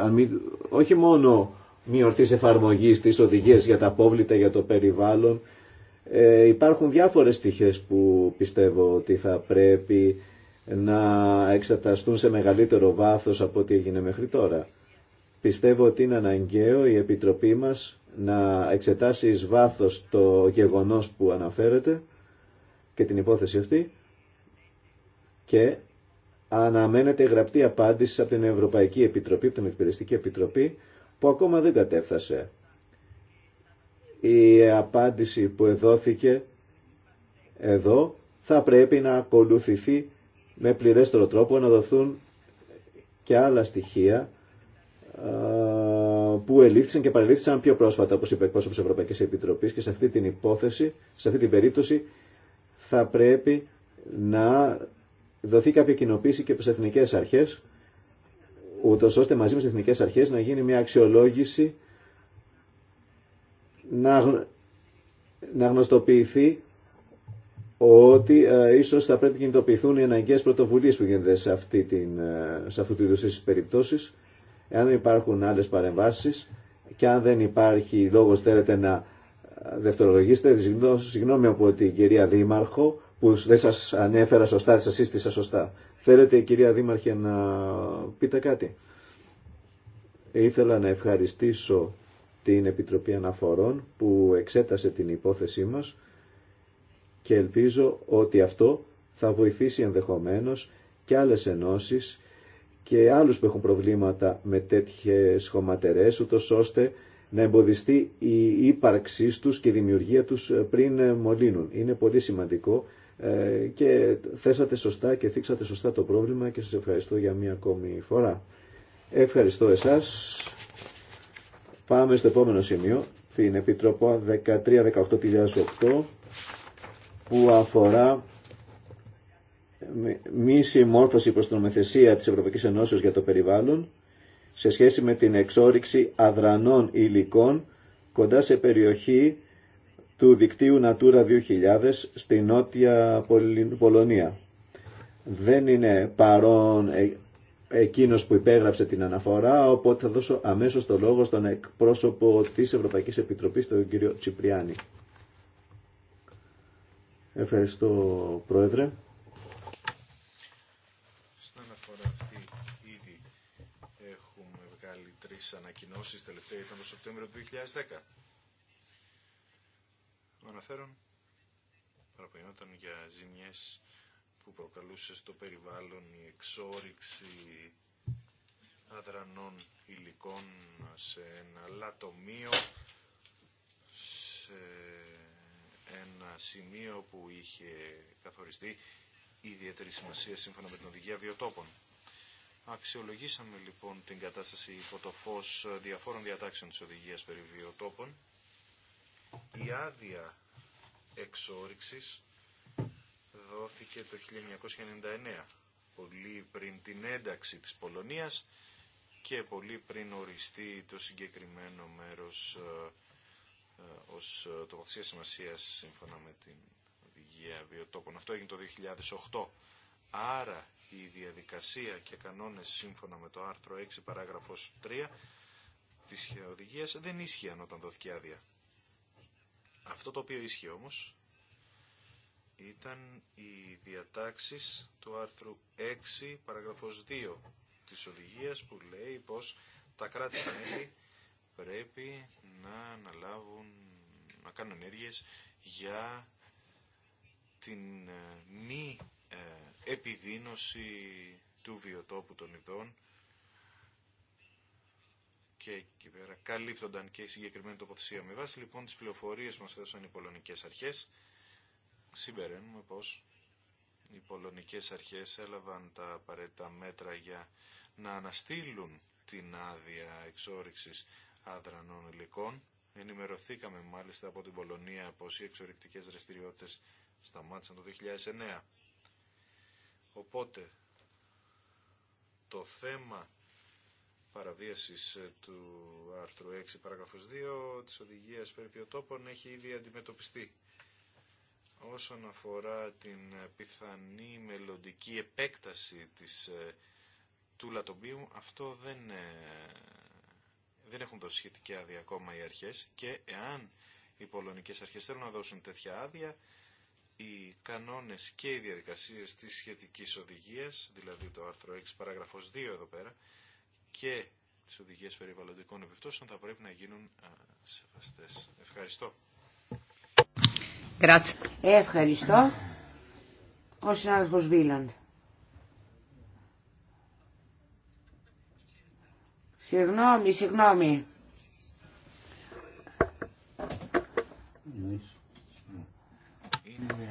όχι μόνο μη ορθής εφαρμογής της οδηγίας για τα απόβλητα, για το περιβάλλον. Ε, υπάρχουν διάφορες στοιχές που πιστεύω ότι θα πρέπει να εξεταστούν σε μεγαλύτερο βάθος από ό,τι έγινε μέχρι τώρα. Πιστεύω ότι είναι αναγκαίο η Επιτροπή μας να εξετάσει εις βάθος το γεγονός που αναφέρεται και την υπόθεση αυτή και αναμένεται γραπτή απάντηση από την Ευρωπαϊκή Επιτροπή, από την Εκτελεστική Επιτροπή, που ακόμα δεν κατέφθασε. Η απάντηση που εδόθηκε εδώ θα πρέπει να ακολουθηθεί με πληρέστερο τρόπο να δοθούν και άλλα στοιχεία που ελήφθησαν και παρελήφθησαν πιο πρόσφατα, όπως είπε εκπρόσωπος Ευρωπαϊκής Επιτροπής και σε αυτή την υπόθεση, σε αυτή την περίπτωση θα πρέπει να δοθεί κάποια κοινοποίηση και στι εθνικές εθνικέ αρχέ, ώστε μαζί με τι εθνικέ αρχέ να γίνει μια αξιολόγηση, να, γνωστοποιηθεί ότι ε, ίσως θα πρέπει να κινητοποιηθούν οι αναγκαίες πρωτοβουλίες που γίνονται σε, αυτή την, ε, σε αυτού του είδους τις περιπτώσεις, εάν δεν υπάρχουν άλλες παρεμβάσεις και αν δεν υπάρχει λόγος θέλετε να ε, δευτερολογήσετε, συγγνώμη από την κυρία Δήμαρχο, που δεν σας ανέφερα σωστά, σας σύστησα σωστά. Θέλετε κυρία Δήμαρχε να πείτε κάτι. Ήθελα να ευχαριστήσω την Επιτροπή Αναφορών που εξέτασε την υπόθεσή μας και ελπίζω ότι αυτό θα βοηθήσει ενδεχομένως και άλλες ενώσεις και άλλους που έχουν προβλήματα με τέτοιες χωματερές, ούτως ώστε να εμποδιστεί η ύπαρξή τους και η δημιουργία τους πριν μολύνουν. Είναι πολύ σημαντικό ε, και θέσατε σωστά και θίξατε σωστά το πρόβλημα και σας ευχαριστώ για μία ακόμη φορά. Ευχαριστώ εσάς. Πάμε στο επόμενο σημείο, την Επιτροπό 13-18-2008 που αφορά μη συμμόρφωση προς την ομεθεσία της Ευρωπαϊκής Ενώσεως για το περιβάλλον σε σχέση με την εξόριξη αδρανών υλικών κοντά σε περιοχή του δικτύου Natura 2000 στη Νότια Πολωνία. Δεν είναι παρόν ε, εκείνος που υπέγραψε την αναφορά, οπότε θα δώσω αμέσως το λόγο στον εκπρόσωπο της Ευρωπαϊκής Επιτροπής, τον κύριο Τσιπριάνη. Ευχαριστώ, Πρόεδρε. Στην αναφορά
αυτή ήδη έχουμε βγάλει τρεις ανακοινώσεις, τελευταία ήταν το Σεπτέμβριο του 2010. Αναφέρον, παραπονιόταν για ζημιές που προκαλούσε στο περιβάλλον η εξόριξη αδρανών υλικών σε ένα λατομείο, σε ένα σημείο που είχε καθοριστεί ιδιαίτερη σημασία σύμφωνα με την οδηγία βιοτόπων. Αξιολογήσαμε λοιπόν την κατάσταση υπό το φως διαφόρων διατάξεων της οδηγίας περί η άδεια εξόριξης δόθηκε το 1999, πολύ πριν την ένταξη της Πολωνίας και πολύ πριν οριστεί το συγκεκριμένο μέρος ε, ε, ως τοποθεσία σημασία σύμφωνα με την οδηγία βιοτόπων. Αυτό έγινε το 2008. Άρα η διαδικασία και κανόνες σύμφωνα με το άρθρο 6 παράγραφος 3 της οδηγίας δεν ίσχυαν όταν δόθηκε άδεια. Αυτό το οποίο ίσχυε όμως ήταν οι διατάξεις του άρθρου 6 παραγραφός 2 της οδηγίας που λέει πως τα κράτη-μέλη πρέπει να αναλάβουν, να κάνουν ενέργειες για την ε, μη ε, επιδίνωση του βιοτόπου των ειδών και εκεί πέρα καλύπτονταν και η συγκεκριμένη τοποθεσία. Με βάση λοιπόν τις πληροφορίες που μας έδωσαν οι πολωνικές αρχές, συμπεραίνουμε πως οι πολωνικές αρχές έλαβαν τα απαραίτητα μέτρα για να αναστείλουν την άδεια εξόριξης άδρανων υλικών. Ενημερωθήκαμε μάλιστα από την Πολωνία πως οι εξορυκτικές δραστηριότητες σταμάτησαν το 2009. Οπότε το θέμα παραβίασης ε, του άρθρου 6 παραγραφος 2 της οδηγίας περί ποιοτόπων έχει ήδη αντιμετωπιστεί. Όσον αφορά την ε, πιθανή μελλοντική επέκταση της, ε, του λατομπίου, αυτό δεν, δεν έχουν δώσει σχετική άδεια ακόμα οι αρχές και εάν οι πολωνικές αρχές θέλουν να δώσουν τέτοια άδεια, οι κανόνες και οι διαδικασίες της σχετική οδηγίας, δηλαδή το άρθρο 6 παράγραφος 2 εδώ πέρα, και τι οδηγίες περιβαλλοντικών επιπτώσεων θα πρέπει να γίνουν σεβαστές. Ευχαριστώ.
Ε, ευχαριστώ. Ο συνάδελφο Βίλαντ. Συγγνώμη, συγγνώμη.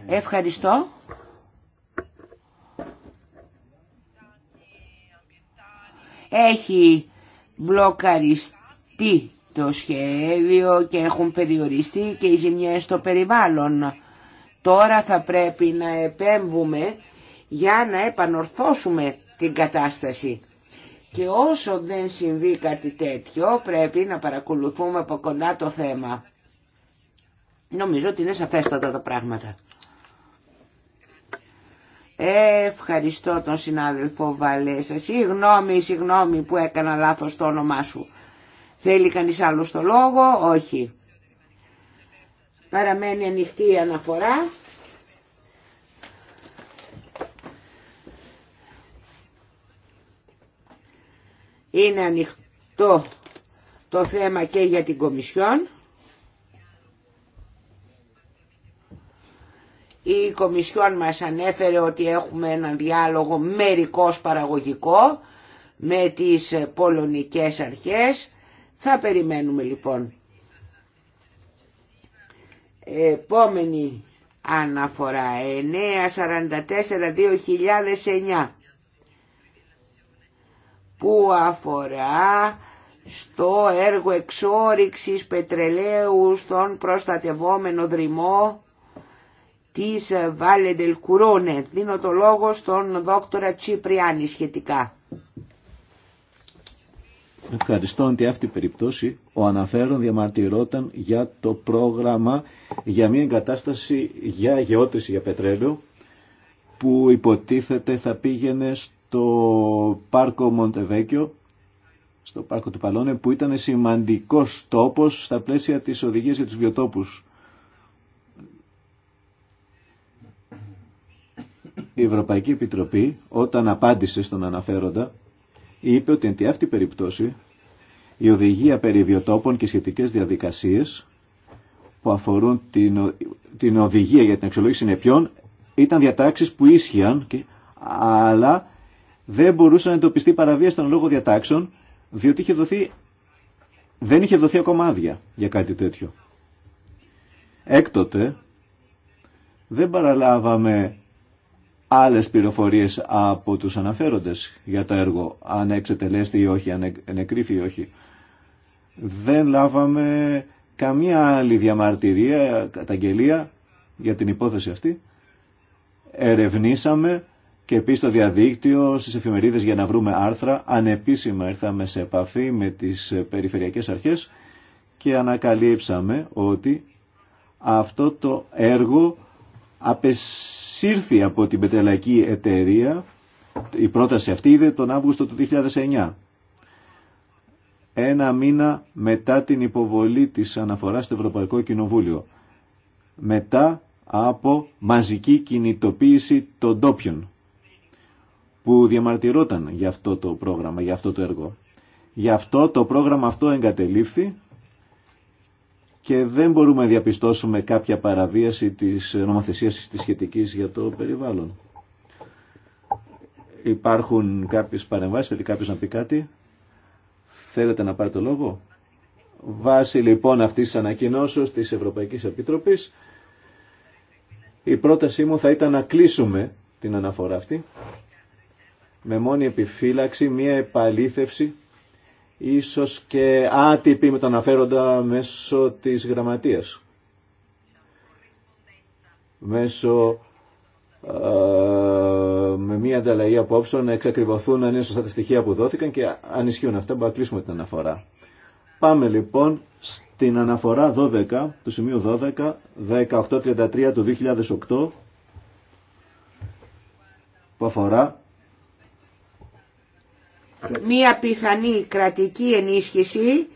Ευχαριστώ. Έχει μπλοκαριστεί το σχέδιο και έχουν περιοριστεί και οι ζημιές στο περιβάλλον. Τώρα θα πρέπει να επέμβουμε για να επανορθώσουμε την κατάσταση. Και όσο δεν συμβεί κάτι τέτοιο πρέπει να παρακολουθούμε από κοντά το θέμα. Νομίζω ότι είναι σαφέστατα τα πράγματα. Ευχαριστώ τον συνάδελφο Βαλέσσα. Συγγνώμη, συγγνώμη που έκανα λάθος το όνομά σου. Θέλει κανείς άλλο το λόγο, όχι. Παραμένει ανοιχτή η αναφορά. Είναι ανοιχτό το θέμα και για την Κομισιόν. Η Κομισιόν μας ανέφερε ότι έχουμε έναν διάλογο μερικός παραγωγικό με τις πολωνικές αρχές. Θα περιμένουμε λοιπόν. Επόμενη αναφορά 944-2009 που αφορά στο έργο εξόριξης πετρελαίου στον προστατευόμενο δρυμό της ε, Βάλεντελ κουρώνε Δίνω το λόγο στον δόκτορα Τσίπριάνη σχετικά.
Ευχαριστώ ότι αυτή η περιπτώση ο αναφέρον διαμαρτυρόταν για το πρόγραμμα για μια εγκατάσταση για γεώτρηση για πετρέλαιο που υποτίθεται θα πήγαινε στο πάρκο Μοντεβέκιο στο πάρκο του Παλώνε που ήταν σημαντικός τόπος στα πλαίσια της οδηγίας για τους βιοτόπους Η Ευρωπαϊκή Επιτροπή όταν απάντησε στον αναφέροντα είπε ότι εν τη αυτή περιπτώση η οδηγία περί και σχετικές διαδικασίες που αφορούν την, την οδηγία για την αξιολόγηση συνεπιών ήταν διατάξεις που ίσχυαν αλλά δεν μπορούσε να εντοπιστεί παραβία στον λόγο διατάξεων διότι είχε δοθεί, δεν είχε δοθεί ακόμα άδεια για κάτι τέτοιο. Έκτοτε δεν παραλάβαμε άλλες πληροφορίες από τους αναφέροντες για το έργο, αν εξετελέστη ή όχι, αν ενεκρίθη ή όχι. Δεν λάβαμε καμία άλλη διαμαρτυρία, καταγγελία για την υπόθεση αυτή. Ερευνήσαμε και επίσης στο διαδίκτυο, στις εφημερίδες για να βρούμε άρθρα. Ανεπίσημα ήρθαμε σε επαφή με τις περιφερειακές αρχές και ανακαλύψαμε ότι αυτό το έργο απεσύρθη από την πετρελαϊκή εταιρεία, η πρόταση αυτή είδε τον Αύγουστο του 2009. Ένα μήνα μετά την υποβολή της αναφοράς στο Ευρωπαϊκό Κοινοβούλιο. Μετά από μαζική κινητοποίηση των ντόπιων που διαμαρτυρόταν για αυτό το πρόγραμμα, για αυτό το έργο. Γι' αυτό το πρόγραμμα αυτό εγκατελείφθη και δεν μπορούμε να διαπιστώσουμε κάποια παραβίαση της νομοθεσίας της σχετικής για το περιβάλλον. Υπάρχουν κάποιες παρεμβάσεις, θέλει κάποιος να πει κάτι. Θέλετε να πάρετε το λόγο. Βάσει λοιπόν αυτή τη ανακοινώσεω τη Ευρωπαϊκή Επιτροπής, η πρότασή μου θα ήταν να κλείσουμε την αναφορά αυτή με μόνη επιφύλαξη μία επαλήθευση ίσως και άτυποι με το αναφέροντα μέσω της γραμματείας. Μέσω ε, με μία ανταλλαγή απόψεων να εξακριβωθούν αν είναι σωστά τα στοιχεία που δόθηκαν και αν ισχύουν αυτά που να την αναφορά. Πάμε λοιπόν στην αναφορά 12, του σημείου 12, 1833 του 2008 που αφορά
μία πιθανή κρατική ενίσχυση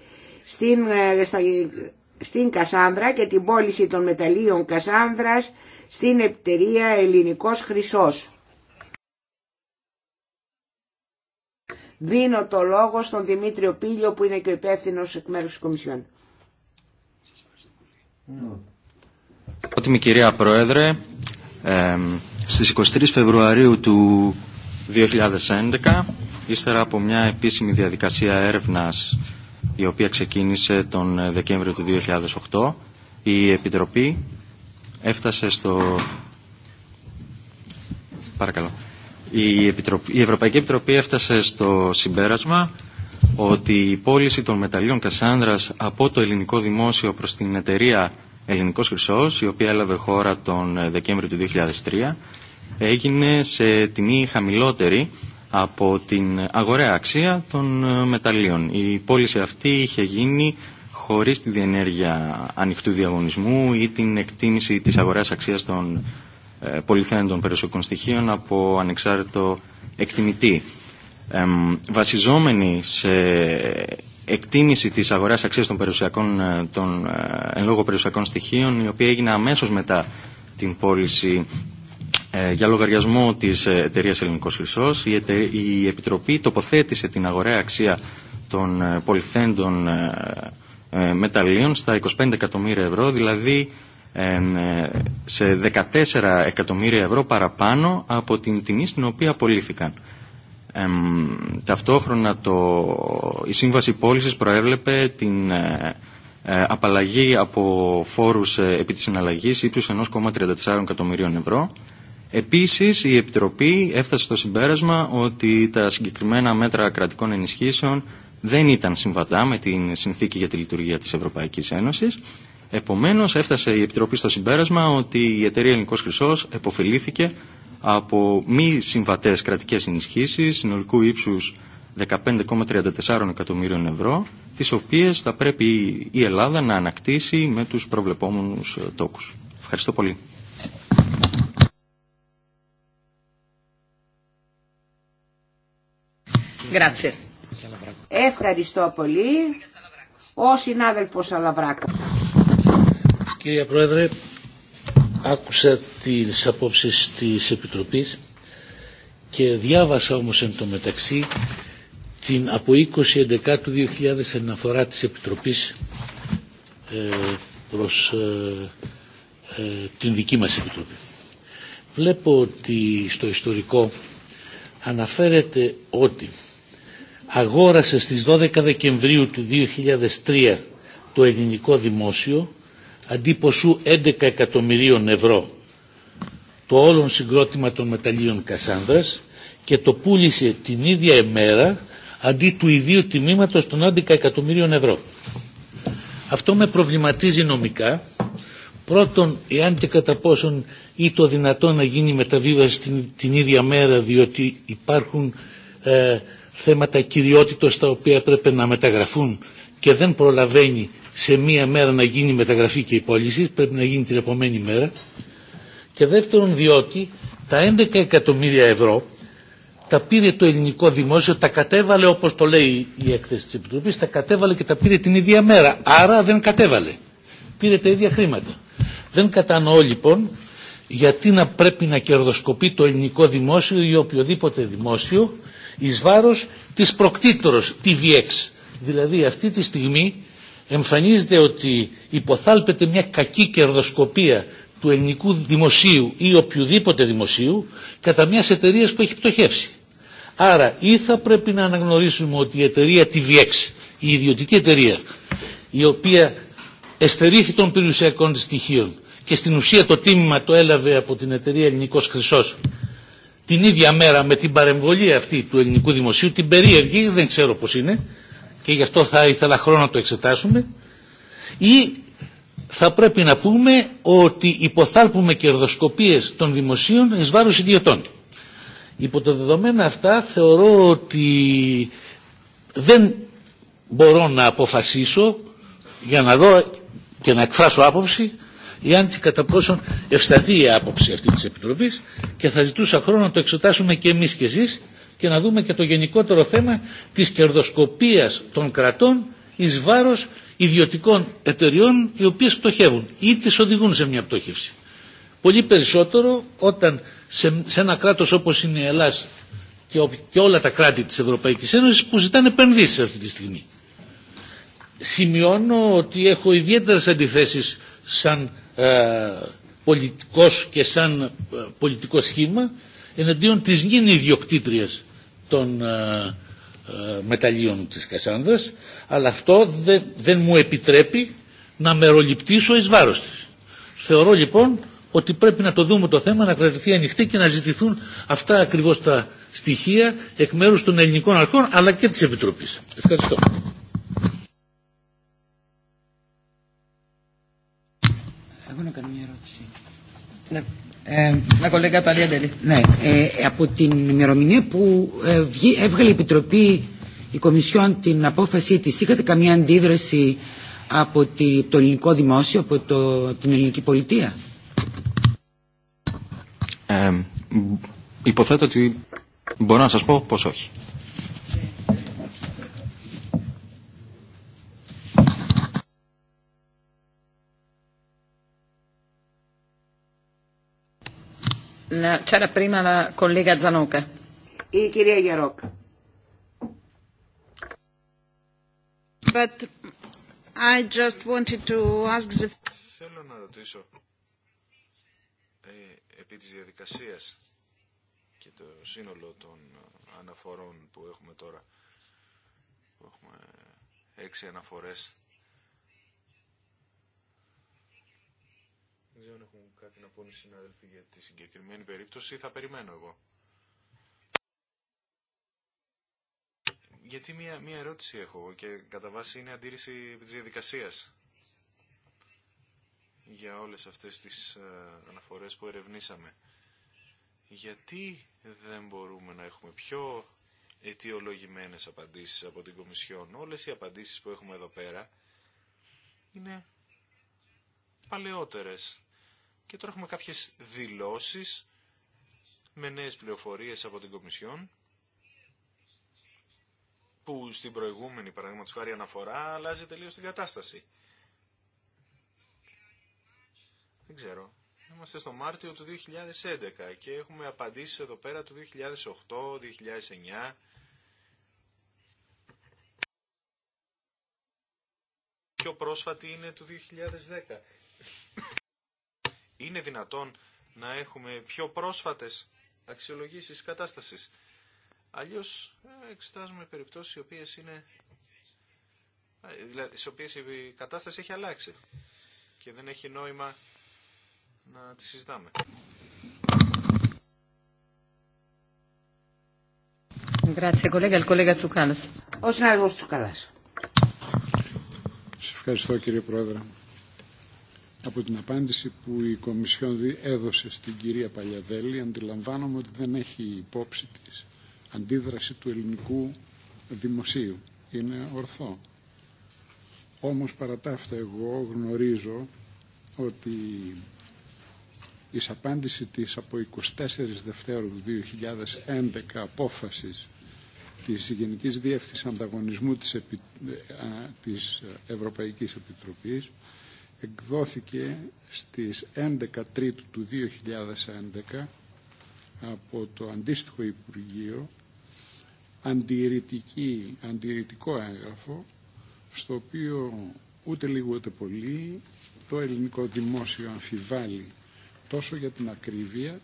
στην, ε, στην Κασάνδρα και την πώληση των μεταλλίων Κασάνδρας στην εταιρεία Ελληνικός Χρυσός. Δίνω το λόγο στον Δημήτριο Πύλιο που είναι και ο υπεύθυνο εκ μέρους της Κομισιόν.
Ότιμη κυρία Πρόεδρε, ε, στις 23 Φεβρουαρίου του 2011 ύστερα από μια επίσημη διαδικασία έρευνας η οποία ξεκίνησε τον Δεκέμβριο του 2008, η Επιτροπή έφτασε στο... Παρακαλώ. Η, Επιτροπή, η Ευρωπαϊκή Επιτροπή έφτασε στο συμπέρασμα ότι η πώληση των μεταλλίων Κασάνδρας από το ελληνικό δημόσιο προς την εταιρεία Ελληνικός Χρυσός, η οποία έλαβε χώρα τον Δεκέμβριο του 2003, έγινε σε τιμή χαμηλότερη από την αγοραία αξία των ε, μεταλλίων. Η πώληση αυτή είχε γίνει χωρίς τη διενέργεια ανοιχτού διαγωνισμού ή την εκτίμηση της αγοράς αξίας των ε, πολυθέντων περιουσιακών στοιχείων από ανεξάρτητο εκτιμητή. βασιζόμενοι σε εκτίμηση της αγοράς αξίας των, περιουσιακών, ε, των εν λόγω περιουσιακών στοιχείων, η οποία έγινε αμέσως μετά την πώληση ε, για λογαριασμό της ε, εταιρεία Ελληνικός Χρυσός, η Επιτροπή τοποθέτησε την αγοραία αξία των ε, πολυθέντων μεταλλίων στα 25 εκατομμύρια ευρώ, δηλαδή σε 14 εκατομμύρια ευρώ παραπάνω από την τιμή στην οποία απολύθηκαν. Ταυτόχρονα το, η Σύμβαση Πώλησης προέβλεπε την απαλλαγή από φόρους επί της συναλλαγής ύψους 1,34 εκατομμυρίων ευρώ Επίσης, η Επιτροπή έφτασε στο συμπέρασμα ότι τα συγκεκριμένα μέτρα κρατικών ενισχύσεων δεν ήταν συμβατά με την συνθήκη για τη λειτουργία της Ευρωπαϊκής Ένωσης. Επομένως, έφτασε η Επιτροπή στο συμπέρασμα ότι η εταιρεία Ελληνικός Χρυσός εποφελήθηκε από μη συμβατές κρατικές ενισχύσεις συνολικού ύψους 15,34 εκατομμύριων ευρώ, τις οποίες θα πρέπει η Ελλάδα να ανακτήσει με τους προβλεπόμενους τόκους. Ευχαριστώ πολύ.
Ευχαριστώ πολύ. Ο συνάδελφος Αλαβράκα.
Κύριε Πρόεδρε, άκουσα τις απόψεις της Επιτροπής και διάβασα όμως εν τω μεταξύ την από 20 του 2000 αναφορά της Επιτροπής ε, προς ε, ε, την δική μας Επιτροπή. Βλέπω ότι στο ιστορικό αναφέρεται ότι αγόρασε στις 12 Δεκεμβρίου του 2003 το ελληνικό δημόσιο αντί ποσού 11 εκατομμυρίων ευρώ το όλον συγκρότημα των μεταλλίων Κασάνδρας και το πούλησε την ίδια ημέρα αντί του ιδίου τιμήματος των 11 εκατομμυρίων ευρώ. Αυτό με προβληματίζει νομικά. Πρώτον, εάν και κατά πόσον ή το δυνατόν να γίνει μεταβίβαση την, την ίδια μέρα διότι υπάρχουν ε, θέματα κυριότητος τα οποία πρέπει να μεταγραφούν και δεν προλαβαίνει σε μία μέρα να γίνει μεταγραφή και η πώληση, πρέπει να γίνει την επόμενη μέρα. Και δεύτερον διότι τα 11 εκατομμύρια ευρώ τα πήρε το ελληνικό δημόσιο, τα κατέβαλε όπως το λέει η έκθεση της Επιτροπής, τα κατέβαλε και τα πήρε την ίδια μέρα. Άρα δεν κατέβαλε. Πήρε τα ίδια χρήματα. Δεν κατανοώ λοιπόν γιατί να πρέπει να κερδοσκοπεί το ελληνικό δημόσιο ή οποιοδήποτε δημόσιο εις βάρος της προκτήτωρος TVX. Δηλαδή αυτή τη στιγμή εμφανίζεται ότι υποθάλπεται μια κακή κερδοσκοπία του ελληνικού δημοσίου ή οποιοδήποτε δημοσίου κατά μια εταιρεία που έχει πτωχεύσει. Άρα ή θα πρέπει να αναγνωρίσουμε ότι η εταιρεία TVX, η ιδιωτική εταιρεία, η οποία εστερήθη των περιουσιακών στοιχείων και στην ουσία το τίμημα το έλαβε από την εταιρεία Ελληνικός Χρυσός την ίδια μέρα με την παρεμβολή αυτή του ελληνικού δημοσίου, την περίεργη, δεν ξέρω πώς είναι, και γι' αυτό θα ήθελα χρόνο να το εξετάσουμε, ή θα πρέπει να πούμε ότι υποθάλπουμε κερδοσκοπίες των δημοσίων εις βάρος ιδιωτών. Υπό τα δεδομένα αυτά θεωρώ ότι δεν μπορώ να αποφασίσω για να δω και να εκφράσω άποψη ή αν κατά πόσο ευσταθεί η και κατά πόσον ευσταθεί η άποψη αυτή της Επιτροπής και θα ζητούσα χρόνο να το εξετάσουμε και εμείς και εσείς και να δούμε και το γενικότερο θέμα της κερδοσκοπίας των κρατών εις βάρος ιδιωτικών εταιριών οι οποίες πτωχεύουν ή τις οδηγούν σε μια πτώχευση. Πολύ περισσότερο όταν σε, ένα κράτος όπως είναι η Ελλάς και, όλα τα κράτη της Ευρωπαϊκής Ένωσης που ζητάνε επενδύσεις αυτή τη στιγμή. Σημειώνω ότι έχω ιδιαίτερες αντιθέσεις σαν ε, πολιτικός και σαν ε, πολιτικό σχήμα εναντίον της γίνει ιδιοκτήτριας των ε, μεταλλίων της Κασάνδρας αλλά αυτό δεν, δεν μου επιτρέπει να μεροληπτήσω εις βάρος της. Θεωρώ λοιπόν ότι πρέπει να το δούμε το θέμα, να κρατηθεί ανοιχτή και να ζητηθούν αυτά ακριβώς τα στοιχεία εκ μέρους των ελληνικών αρχών αλλά και της Επιτροπής. Ευχαριστώ.
Ναι. Ε, ναι, ε, από την ημερομηνία που ε, έβγαλε η Επιτροπή η Κομισιόν την απόφασή της, είχατε καμία αντίδραση από το ελληνικό δημόσιο, από, την ελληνική πολιτεία.
υποθέτω ότι μπορώ να σας πω πως όχι.
C'era prima la collega Zanoca.
Η Kiria Γερόκα. But I just wanted to ask the...
Θέλω να ρωτήσω ε, επί της διαδικασίας και το σύνολο των ε, αναφορών που έχουμε τώρα. Που έχουμε έξι αναφορές Δεν ξέρω αν έχουν κάτι να πούν οι συνάδελφοι για τη συγκεκριμένη περίπτωση. Θα περιμένω εγώ. Γιατί μία, μία ερώτηση έχω και κατά βάση είναι αντίρρηση της διαδικασίας για όλες αυτές τις ε, αναφορές που ερευνήσαμε. Γιατί δεν μπορούμε να έχουμε πιο αιτιολογημένες απαντήσεις από την Κομισιόν. Όλες οι απαντήσεις που έχουμε εδώ πέρα είναι παλαιότερες. Και τώρα έχουμε κάποιες δηλώσεις με νέες πληροφορίες από την Κομισιόν που στην προηγούμενη παραδείγματος χάρη αναφορά αλλάζει τελείως την κατάσταση. Δεν ξέρω. Είμαστε στο Μάρτιο του 2011 και έχουμε απαντήσει εδώ πέρα του 2008-2009 πιο πρόσφατη είναι του 2010. Είναι δυνατόν να έχουμε πιο πρόσφατες αξιολογήσεις κατάστασης. Αλλιώς ε, εξετάζουμε περιπτώσεις οι οποίες είναι ε, δηλαδή, στις οποίες η κατάσταση έχει αλλάξει και δεν έχει νόημα να τη συζητάμε.
ευχαριστώ κύριε Πρόεδρε από την απάντηση που η Κομισιόν έδωσε στην κυρία Παλιαδέλη αντιλαμβάνομαι ότι δεν έχει υπόψη της αντίδραση του ελληνικού δημοσίου. Είναι ορθό. Όμως παρά τα αυτά εγώ γνωρίζω ότι η απάντηση της από 24 Δευτέρου 2011 απόφασης της Γενικής Διεύθυνσης Ανταγωνισμού της, ε, της Ευρωπαϊκής Επιτροπής εκδόθηκε στις 11 Τρίτου του 2011 από το αντίστοιχο Υπουργείο αντιρρητική, αντιρρητικό έγγραφο στο οποίο ούτε λίγο ούτε πολύ το ελληνικό δημόσιο αμφιβάλλει τόσο για την ακρίβεια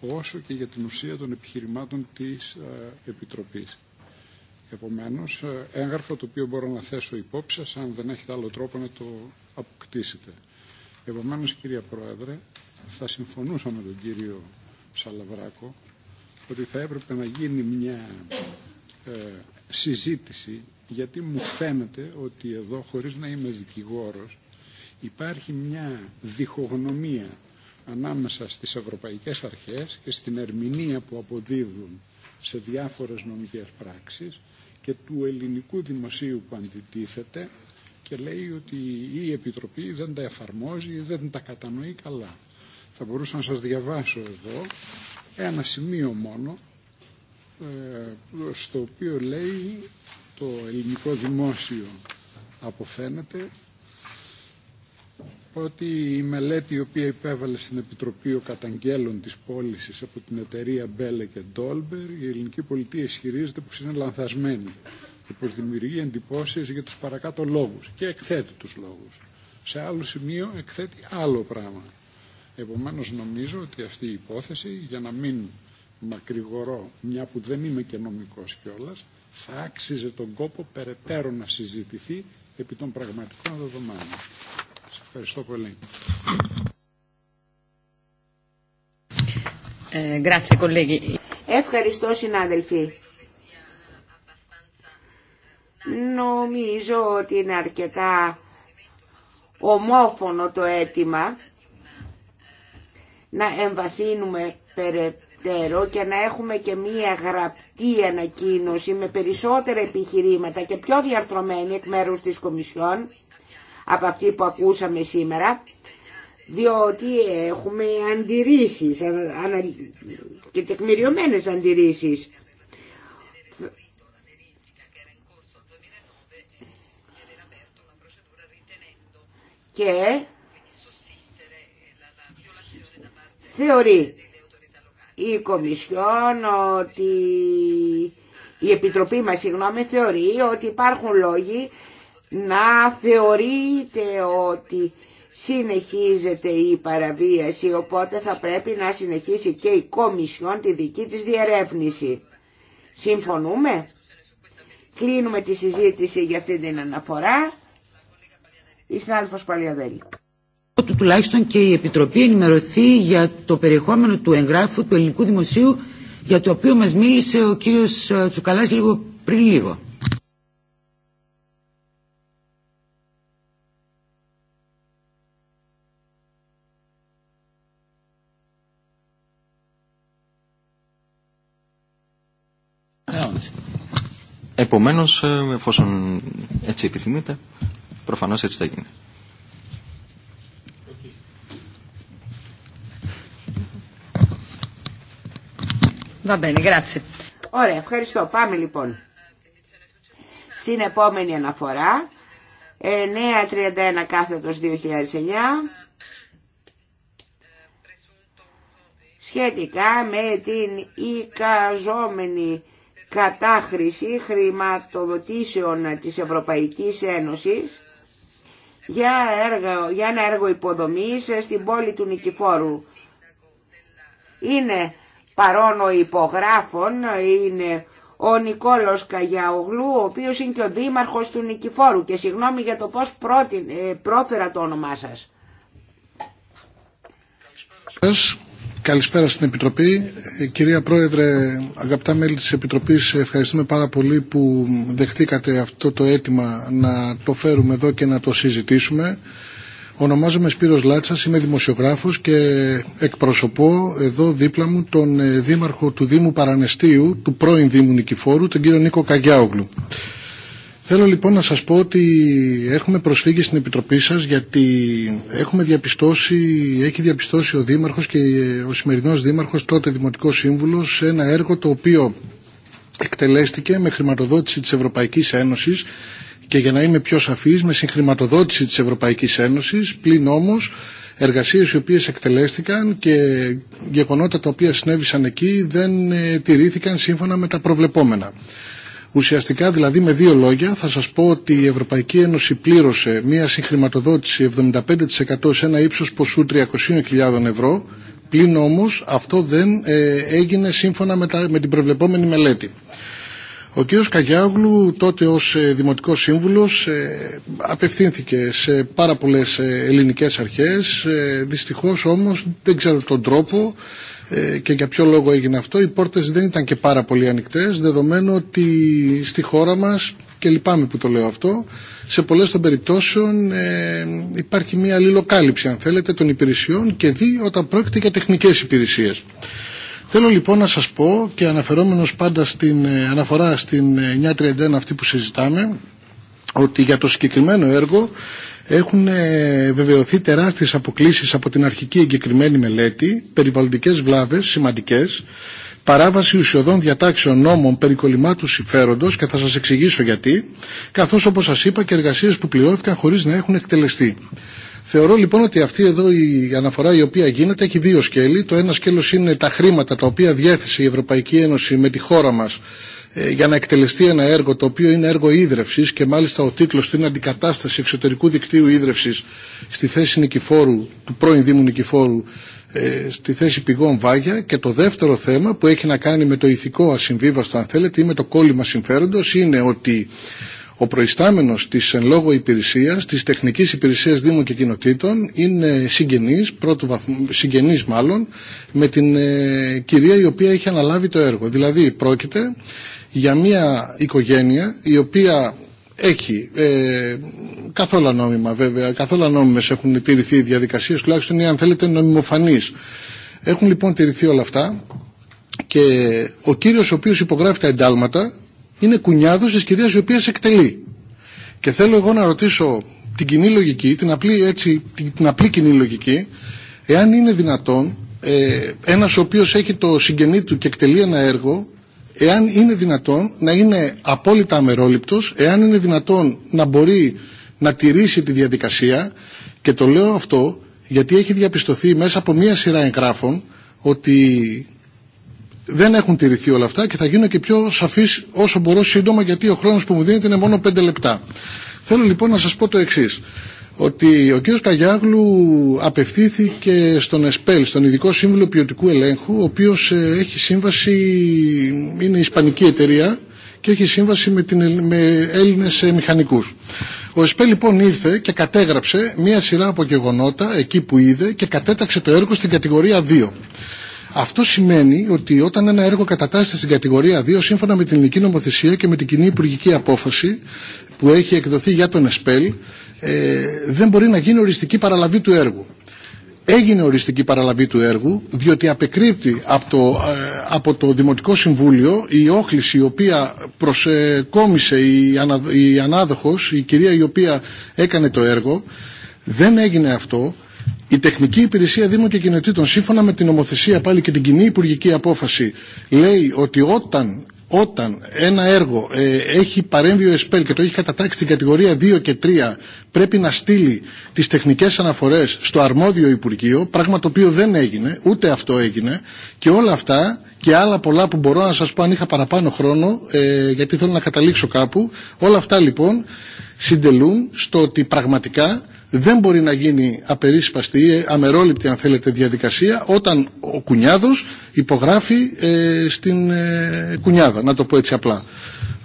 όσο και για την ουσία των επιχειρημάτων της ε, Επιτροπής. Επομένως, ε, έγγραφο το οποίο μπορώ να θέσω υπόψη σας, αν δεν έχετε άλλο τρόπο να το αποκτήσετε. Επομένως, κυρία Πρόεδρε, θα συμφωνούσα με τον κύριο Σαλαβράκο ότι θα έπρεπε να γίνει μια ε, συζήτηση γιατί μου φαίνεται ότι εδώ, χωρίς να είμαι δικηγόρος, υπάρχει μια διχογνωμία ανάμεσα στις ευρωπαϊκές αρχές και στην ερμηνεία που αποδίδουν σε διάφορες νομικές πράξεις και του ελληνικού δημοσίου που αντιτίθεται και λέει ότι η Επιτροπή δεν τα εφαρμόζει, δεν τα κατανοεί καλά. Θα μπορούσα να σας διαβάσω εδώ ένα σημείο μόνο ε, στο οποίο λέει το ελληνικό δημόσιο αποφαίνεται ότι η μελέτη η οποία υπέβαλε στην Επιτροπή ο καταγγέλων της πώληση από την εταιρεία Μπέλε και Ντόλμπερ, η ελληνική πολιτεία ισχυρίζεται πως είναι λανθασμένη και πως δημιουργεί εντυπώσεις για τους παρακάτω λόγους και εκθέτει τους λόγους. Σε άλλο σημείο εκθέτει άλλο πράγμα. Επομένως νομίζω ότι αυτή η υπόθεση, για να μην μακρηγορώ, μια που δεν είμαι και νομικός κιόλα, θα άξιζε τον κόπο περαιτέρω να συζητηθεί επί των πραγματικών δεδομένων. Ευχαριστώ πολύ.
Ε, Ευχαριστώ συνάδελφοι. Νομίζω ότι είναι αρκετά ομόφωνο το αίτημα να εμβαθύνουμε περαιτέρω και να έχουμε και μία γραπτή ανακοίνωση με περισσότερα επιχειρήματα και πιο διαρθρωμένη εκ μέρους της Κομισιόν από αυτή που ακούσαμε σήμερα, διότι έχουμε αντιρρήσεις και τεκμηριωμένες αντιρρήσεις. Και θεωρεί η Κομισιόν ότι η Επιτροπή μας, συγγνώμη, θεωρεί ότι υπάρχουν λόγοι να θεωρείτε ότι συνεχίζεται η παραβίαση, οπότε θα πρέπει να συνεχίσει και η Κομισιόν τη δική της διερεύνηση. Συμφωνούμε. Κλείνουμε τη συζήτηση για αυτή την αναφορά. Η συνάδελφος Παλιαδέλη.
τουλάχιστον και η Επιτροπή ενημερωθεί για το περιεχόμενο του εγγράφου του ελληνικού δημοσίου για το οποίο μας μίλησε ο κύριος ε, Τσουκαλάς λίγο πριν λίγο.
Επομένως, ε, εφόσον έτσι επιθυμείτε, προφανώς έτσι θα γίνει.
Ωραία, ευχαριστώ. Πάμε λοιπόν. Στην επόμενη αναφορά, 931 ε, κάθετος 2009, σχετικά με την εικαζόμενη κατάχρηση χρηματοδοτήσεων της Ευρωπαϊκής Ένωσης για, έργο, για ένα έργο υποδομής στην πόλη του Νικηφόρου. Είναι παρόν ο υπογράφων, είναι ο Νικόλος Καγιαογλού, ο οποίος είναι και ο δήμαρχος του Νικηφόρου και συγγνώμη για το πώς ε, πρόφερα το όνομά σας.
Καλησπέρα στην Επιτροπή. Ε, κυρία Πρόεδρε, αγαπητά μέλη της Επιτροπής, ευχαριστούμε πάρα πολύ που δεχτήκατε αυτό το αίτημα να το φέρουμε εδώ και να το συζητήσουμε. Ονομάζομαι Σπύρος Λάτσας, είμαι δημοσιογράφος και εκπροσωπώ εδώ δίπλα μου τον ε, δήμαρχο του Δήμου Παρανεστίου, του πρώην Δήμου Νικηφόρου, τον κύριο Νίκο Καγιάογλου. Θέλω λοιπόν να σας πω ότι έχουμε προσφύγει στην Επιτροπή σας γιατί έχουμε διαπιστώσει, έχει διαπιστώσει ο Δήμαρχος και ο σημερινός Δήμαρχος, τότε Δημοτικός Σύμβουλος, σε ένα έργο το οποίο εκτελέστηκε με χρηματοδότηση της Ευρωπαϊκής Ένωσης και για να είμαι πιο σαφής με συγχρηματοδότηση της Ευρωπαϊκής Ένωσης πλην όμως εργασίες οι οποίες εκτελέστηκαν και γεγονότα τα οποία συνέβησαν εκεί δεν ε, τηρήθηκαν σύμφωνα με τα προβλεπόμενα. Ουσιαστικά δηλαδή με δύο λόγια θα σας πω ότι η Ευρωπαϊκή Ένωση πλήρωσε μία συγχρηματοδότηση 75% σε ένα ύψος ποσού 300.000 ευρώ πλην όμως αυτό δεν ε, έγινε σύμφωνα με την προβλεπόμενη μελέτη. Ο κ. Καγιάγλου τότε ως ε, δημοτικό Σύμβουλος ε, απευθύνθηκε σε πάρα πολλές ε, ελληνικές αρχές. Δυστυχώς όμως δεν ξέρω τον τρόπο και για ποιο λόγο έγινε αυτό. Οι πόρτες δεν ήταν και πάρα πολύ ανοιχτές δεδομένου ότι στη χώρα μας και λυπάμαι που το λέω αυτό, σε πολλές των περιπτώσεων υπάρχει μια αλληλοκάλυψη αν θέλετε των υπηρεσιών και δι' όταν πρόκειται για τεχνικές υπηρεσίες. Θέλω λοιπόν να σας πω και αναφερόμενος πάντα στην ε, αναφορά στην 931 ε, αυτή που συζητάμε ότι για το συγκεκριμένο έργο έχουν ε, βεβαιωθεί τεράστιες αποκλήσεις από την αρχική εγκεκριμένη μελέτη, περιβαλλοντικές βλάβες σημαντικές, παράβαση ουσιοδών διατάξεων νόμων περί κολλημάτου συμφέροντος και θα σας εξηγήσω γιατί, καθώς όπως σας είπα και εργασίες που πληρώθηκαν χωρίς να έχουν εκτελεστεί. Θεωρώ λοιπόν ότι αυτή εδώ η αναφορά η οποία γίνεται έχει δύο σκέλη. Το ένα σκέλος είναι τα χρήματα τα οποία διέθεσε η Ευρωπαϊκή Ένωση με τη χώρα μα ε, για να εκτελεστεί ένα έργο το οποίο είναι έργο ίδρυυση και μάλιστα ο τίτλο του είναι Αντικατάσταση εξωτερικού δικτύου ίδρυυση στη θέση νικηφόρου, του πρώην Δήμου Νικηφόρου, ε, στη θέση πηγών Βάγια. Και το δεύτερο θέμα που έχει να κάνει με το ηθικό ασυμβίβαστο, αν θέλετε, ή με το κόλλημα συμφέροντο είναι ότι ο προϊστάμενος τη εν λόγω υπηρεσία, τη τεχνική υπηρεσία Δήμων και Κοινοτήτων είναι συγγενής, πρώτου βαθμού, συγγενής μάλλον, με την ε, κυρία η οποία έχει αναλάβει το έργο. Δηλαδή πρόκειται για μια οικογένεια η οποία έχει ε, καθόλου ανώμημα βέβαια, καθόλου ανώμημες έχουν τηρηθεί οι διαδικασίε, τουλάχιστον ή αν θέλετε νομιμοφανεί. Έχουν λοιπόν τηρηθεί όλα αυτά και ο κύριο ο οποίο υπογράφει τα εντάλματα είναι κουνιάδος της κυρίας η οποία εκτελεί. Και θέλω εγώ να ρωτήσω την κοινή λογική, την απλή, έτσι, την, απλή κοινή λογική, εάν είναι δυνατόν ε, ένας ο οποίος έχει το συγγενή του και εκτελεί ένα έργο, εάν είναι δυνατόν να είναι απόλυτα αμερόληπτος, εάν είναι δυνατόν να μπορεί να τηρήσει τη διαδικασία και το λέω αυτό γιατί έχει διαπιστωθεί μέσα από μία σειρά εγγράφων ότι δεν έχουν τηρηθεί όλα αυτά και θα γίνω και πιο σαφής όσο μπορώ σύντομα γιατί ο χρόνος που μου δίνεται είναι μόνο πέντε λεπτά. Θέλω λοιπόν να σας πω το εξής ότι ο κ. Καγιάγλου απευθύνθηκε στον ΕΣΠΕΛ, στον Ειδικό Σύμβουλο Ποιοτικού Ελέγχου, ο οποίος ε, έχει σύμβαση, είναι ισπανική εταιρεία και έχει σύμβαση με, την, με Έλληνες ε, μηχανικούς. Ο ΕΣΠΕΛ λοιπόν ήρθε και κατέγραψε μία σειρά από γεγονότα εκεί που είδε και κατέταξε το έργο στην κατηγορία 2. Αυτό σημαίνει ότι όταν ένα έργο κατατάσσεται στην κατηγορία 2 σύμφωνα με την ελληνική νομοθεσία και με την κοινή υπουργική απόφαση που έχει εκδοθεί για τον ΕΣΠΕΛ ε, δεν μπορεί να γίνει οριστική παραλαβή του έργου. Έγινε οριστική παραλαβή του έργου διότι απεκρύπτει από το, ε, από το Δημοτικό Συμβούλιο η όχληση η οποία προσεκόμισε η, ανα, η ανάδοχος, η κυρία η οποία έκανε το έργο. Δεν έγινε αυτό η Τεχνική Υπηρεσία Δήμων και Κοινοτήτων, σύμφωνα με την νομοθεσία πάλι και την κοινή υπουργική απόφαση, λέει ότι όταν όταν ένα έργο ε, έχει παρέμβει ο ΕΣΠΕΛ και το έχει κατατάξει στην κατηγορία 2 και 3 πρέπει να στείλει τις τεχνικές αναφορές στο αρμόδιο Υπουργείο, πράγμα το οποίο δεν έγινε, ούτε αυτό έγινε και όλα αυτά και άλλα πολλά που μπορώ να σας πω αν είχα παραπάνω χρόνο, ε, γιατί θέλω να καταλήξω κάπου. Όλα αυτά λοιπόν συντελούν στο ότι πραγματικά δεν μπορεί να γίνει απερίσπαστη, ή ε, αμερόληπτη αν θέλετε διαδικασία όταν ο κουνιάδος υπογράφει ε, στην κουνιάδα, να το πω έτσι απλά.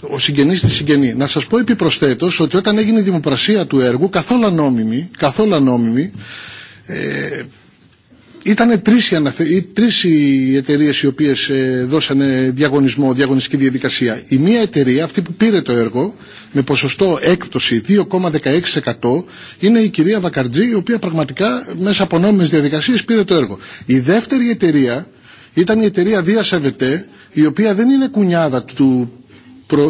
Ο συγγενής στη συγγενή. Να σας πω επιπροσθέτως ότι όταν έγινε η δημοπρασία του έργου, καθόλου ανώμημη, καθόλου ε, ήταν τρεις οι, αναθε... τρεις οι εταιρείες οι οποίες ε, δώσανε διαγωνισμό, διαγωνιστική διαδικασία. Η μία εταιρεία, αυτή που πήρε το έργο, με ποσοστό έκπτωση 2,16% είναι η κυρία Βακαρτζή, η οποία πραγματικά μέσα από νόμιμες διαδικασίες πήρε το έργο. Η δεύτερη εταιρεία ήταν η εταιρεία Δία Σεβετέ, η οποία δεν είναι κουνιάδα του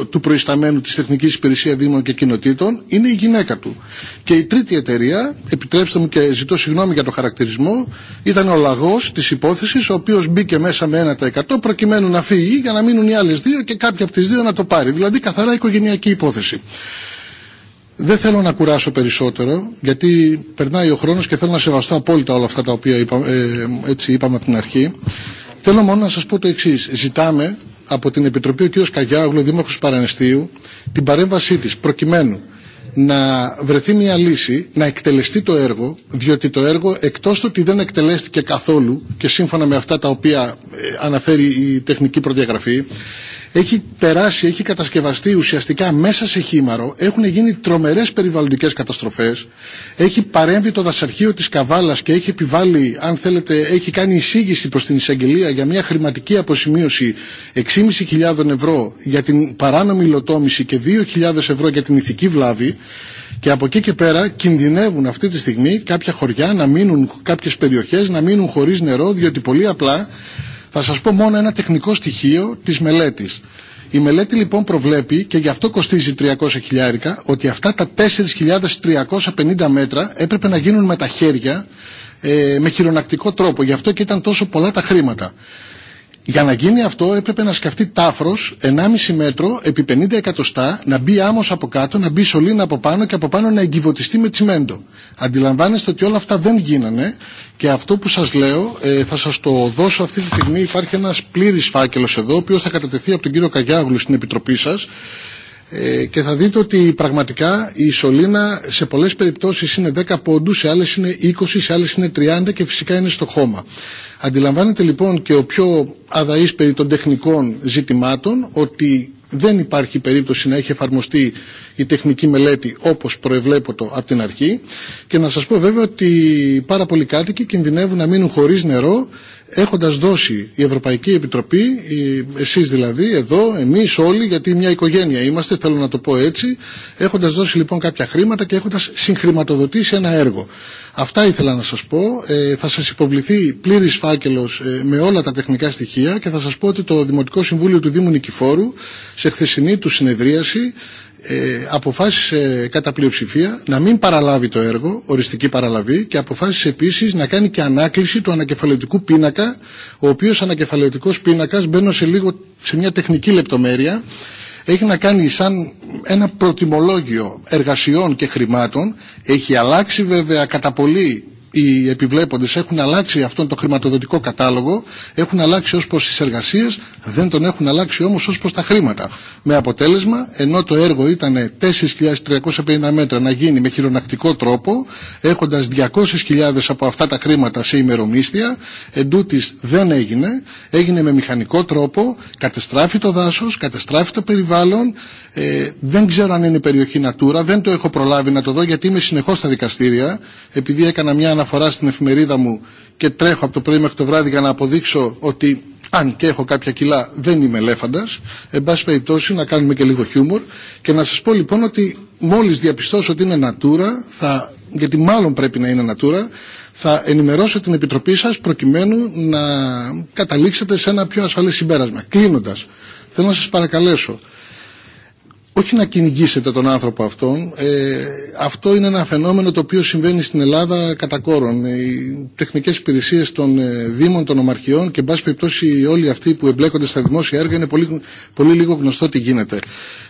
του προϊσταμένου της Εθνικής Υπηρεσία Δήμων και Κοινοτήτων είναι η γυναίκα του. Και η τρίτη εταιρεία, επιτρέψτε μου και ζητώ συγγνώμη για το χαρακτηρισμό, ήταν ο λαγός της υπόθεσης, ο οποίος μπήκε μέσα με 1% προκειμένου να φύγει για να μείνουν οι άλλες δύο και κάποια από τις δύο να το πάρει. Δηλαδή καθαρά οικογενειακή υπόθεση. Δεν θέλω να κουράσω περισσότερο, γιατί περνάει ο χρόνος και θέλω να σεβαστώ απόλυτα όλα αυτά τα οποία είπα, ε, έτσι είπαμε από την αρχή. Θέλω μόνο να σας πω το εξής. Ζητάμε από την Επιτροπή ο κ. Καγιάγλου, Δήμαρχος Παρανεστίου, την παρέμβασή της προκειμένου να βρεθεί μια λύση, να εκτελεστεί το έργο, διότι το έργο εκτός του ότι δεν εκτελέστηκε καθόλου και σύμφωνα με αυτά τα οποία ε, αναφέρει η τεχνική προδιαγραφή, έχει περάσει, έχει κατασκευαστεί ουσιαστικά μέσα σε χήμαρο, έχουν γίνει τρομερές περιβαλλοντικές καταστροφές, έχει παρέμβει το δασαρχείο της Καβάλας και έχει επιβάλει, αν θέλετε, έχει κάνει εισήγηση προς την εισαγγελία για μια χρηματική αποσημείωση 6.500 ευρώ για την παράνομη υλοτόμηση και 2.000 ευρώ για την ηθική βλάβη και από εκεί και πέρα κινδυνεύουν αυτή τη στιγμή κάποια χωριά να μείνουν, κάποιες περιοχές να μείνουν χωρίς νερό διότι πολύ απλά θα σας πω μόνο ένα τεχνικό στοιχείο της μελέτης. Η μελέτη λοιπόν προβλέπει και γι' αυτό κοστίζει 300 χιλιάρικα ότι αυτά τα 4.350 μέτρα έπρεπε να γίνουν με τα χέρια ε, με χειρονακτικό τρόπο. Γι' αυτό και ήταν τόσο πολλά τα χρήματα. Για να γίνει αυτό έπρεπε να σκαφτεί τάφρος 1,5 μέτρο επί 50 εκατοστά, να μπει άμμος από κάτω, να μπει σωλήνα από πάνω και από πάνω να εγκυβωτιστεί με τσιμέντο. Αντιλαμβάνεστε ότι όλα αυτά δεν γίνανε και αυτό που σας λέω ε, θα σας το δώσω αυτή τη στιγμή. Υπάρχει ένας πλήρης φάκελος εδώ, ο οποίος θα κατατεθεί από τον κύριο Καγιάγλου στην Επιτροπή σας ε, και θα δείτε ότι πραγματικά η σωλήνα σε πολλές περιπτώσεις είναι 10 πόντους, σε άλλες είναι 20, σε άλλες είναι 30 και φυσικά είναι στο χώμα. Αντιλαμβάνεται λοιπόν και ο πιο αδαής περί των τεχνικών ζητημάτων ότι δεν υπάρχει περίπτωση να έχει εφαρμοστεί η τεχνική μελέτη όπως το από την αρχή και να σας πω βέβαια ότι πάρα πολλοί κάτοικοι κινδυνεύουν να μείνουν χωρίς νερό έχοντας δώσει η Ευρωπαϊκή Επιτροπή, εσείς δηλαδή, εδώ, εμείς όλοι, γιατί μια οικογένεια είμαστε, θέλω να το πω έτσι, έχοντας δώσει λοιπόν κάποια χρήματα και έχοντας συγχρηματοδοτήσει ένα έργο. Αυτά ήθελα να σας πω. Ε, θα σας υποβληθεί πλήρης φάκελος ε, με όλα τα τεχνικά στοιχεία και θα σας πω ότι το Δημοτικό Συμβούλιο του Δήμου Νικηφόρου σε χθεσινή του συνεδρίαση ε, αποφάσισε κατά πλειοψηφία να μην παραλάβει το έργο, οριστική παραλαβή και αποφάσισε επίσης να κάνει και ανάκληση του ανακεφαλαιτικού πίνακα πίνακα, ο οποίος ανακεφαλαιωτικός πίνακας, μπαίνω σε λίγο σε μια τεχνική λεπτομέρεια, έχει να κάνει σαν ένα προτιμολόγιο εργασιών και χρημάτων, έχει αλλάξει βέβαια κατά πολύ οι επιβλέποντε έχουν αλλάξει αυτόν τον χρηματοδοτικό κατάλογο, έχουν αλλάξει ως προς τι εργασίε, δεν τον έχουν αλλάξει όμως ως προς τα χρήματα. Με αποτέλεσμα, ενώ το έργο ήταν 4.350 μέτρα να γίνει με χειρονακτικό τρόπο, έχοντας 200.000 από αυτά τα χρήματα σε ημερομίσθια, Εντούτοι δεν έγινε, έγινε με μηχανικό τρόπο, κατεστράφει το δάσο, κατεστράφει το περιβάλλον, ε, δεν ξέρω αν είναι περιοχή Νατούρα δεν το έχω προλάβει να το δω γιατί είμαι συνεχώς στα δικαστήρια επειδή έκανα μια αναφορά στην εφημερίδα μου και τρέχω από το πρωί μέχρι το βράδυ για να αποδείξω ότι αν και έχω κάποια κιλά δεν είμαι ελέφαντας εν πάση περιπτώσει να κάνουμε και λίγο χιούμορ και να σας πω λοιπόν ότι μόλις διαπιστώσω ότι είναι Νατούρα θα, γιατί μάλλον πρέπει να είναι Νατούρα θα ενημερώσω την Επιτροπή σας προκειμένου να καταλήξετε σε ένα πιο ασφαλέ συμπέρασμα Κλείνοντα. θέλω να σας παρακαλέσω όχι να κυνηγήσετε τον άνθρωπο αυτόν. Ε, αυτό είναι ένα φαινόμενο το οποίο συμβαίνει στην Ελλάδα κατά κόρον. Ε, οι τεχνικές υπηρεσίες των ε, Δήμων, των Ομαρχιών και εν πάση περιπτώσει όλοι αυτοί που εμπλέκονται στα δημόσια έργα είναι πολύ, πολύ λίγο γνωστό τι γίνεται.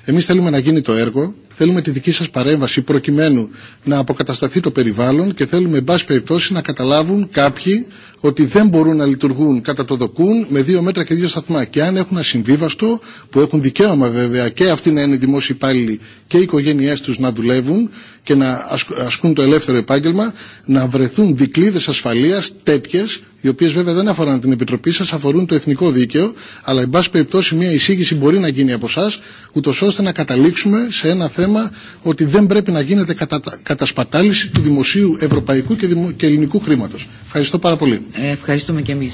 Εμείς θέλουμε να γίνει το έργο, θέλουμε τη δική σας παρέμβαση προκειμένου να αποκατασταθεί το περιβάλλον και θέλουμε εν πάση περιπτώσει να καταλάβουν κάποιοι ότι δεν μπορούν να λειτουργούν κατά το δοκούν με δύο μέτρα και δύο σταθμά. Και αν έχουν ασυμβίβαστο, που έχουν δικαίωμα βέβαια και αυτοί να είναι δημόσιοι υπάλληλοι και οι οικογένειές τους να δουλεύουν, και να ασκούν το ελεύθερο επάγγελμα να βρεθούν δικλείδες ασφαλείας τέτοιε, οι οποίε βέβαια δεν αφορούν την Επιτροπή σα, αφορούν το εθνικό δίκαιο, αλλά εν πάση περιπτώσει μια εισήγηση μπορεί να γίνει από εσά, ούτω ώστε να καταλήξουμε σε ένα θέμα ότι δεν πρέπει να γίνεται κατα... κατασπατάληση του δημοσίου ευρωπαϊκού και, ελληνικού χρήματο. Ευχαριστώ πάρα πολύ. Ε, ευχαριστούμε και εμεί.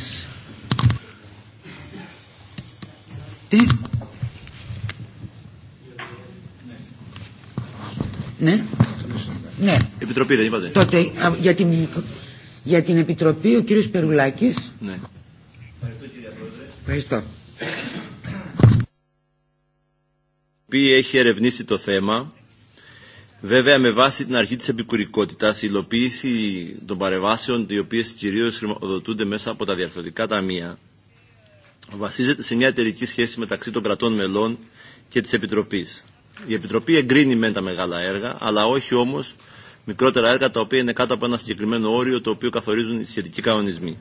Ναι. Ναι.
Επιτροπή δεν είπατε.
Τότε για την, για την Επιτροπή ο κύριος Περουλάκης.
Ναι. Ευχαριστώ κύριε Πρόεδρε. Ευχαριστώ. έχει ερευνήσει το θέμα. Βέβαια, με βάση την αρχή της επικουρικότητας, η υλοποίηση των παρεμβάσεων, οι οποίες κυρίως χρηματοδοτούνται μέσα από τα διαρθρωτικά ταμεία, βασίζεται σε μια εταιρική σχέση μεταξύ των κρατών μελών και της Επιτροπής. Η Επιτροπή εγκρίνει μεν τα μεγάλα έργα, αλλά όχι όμω μικρότερα έργα τα οποία είναι κάτω από ένα συγκεκριμένο όριο το οποίο καθορίζουν οι σχετικοί κανονισμοί.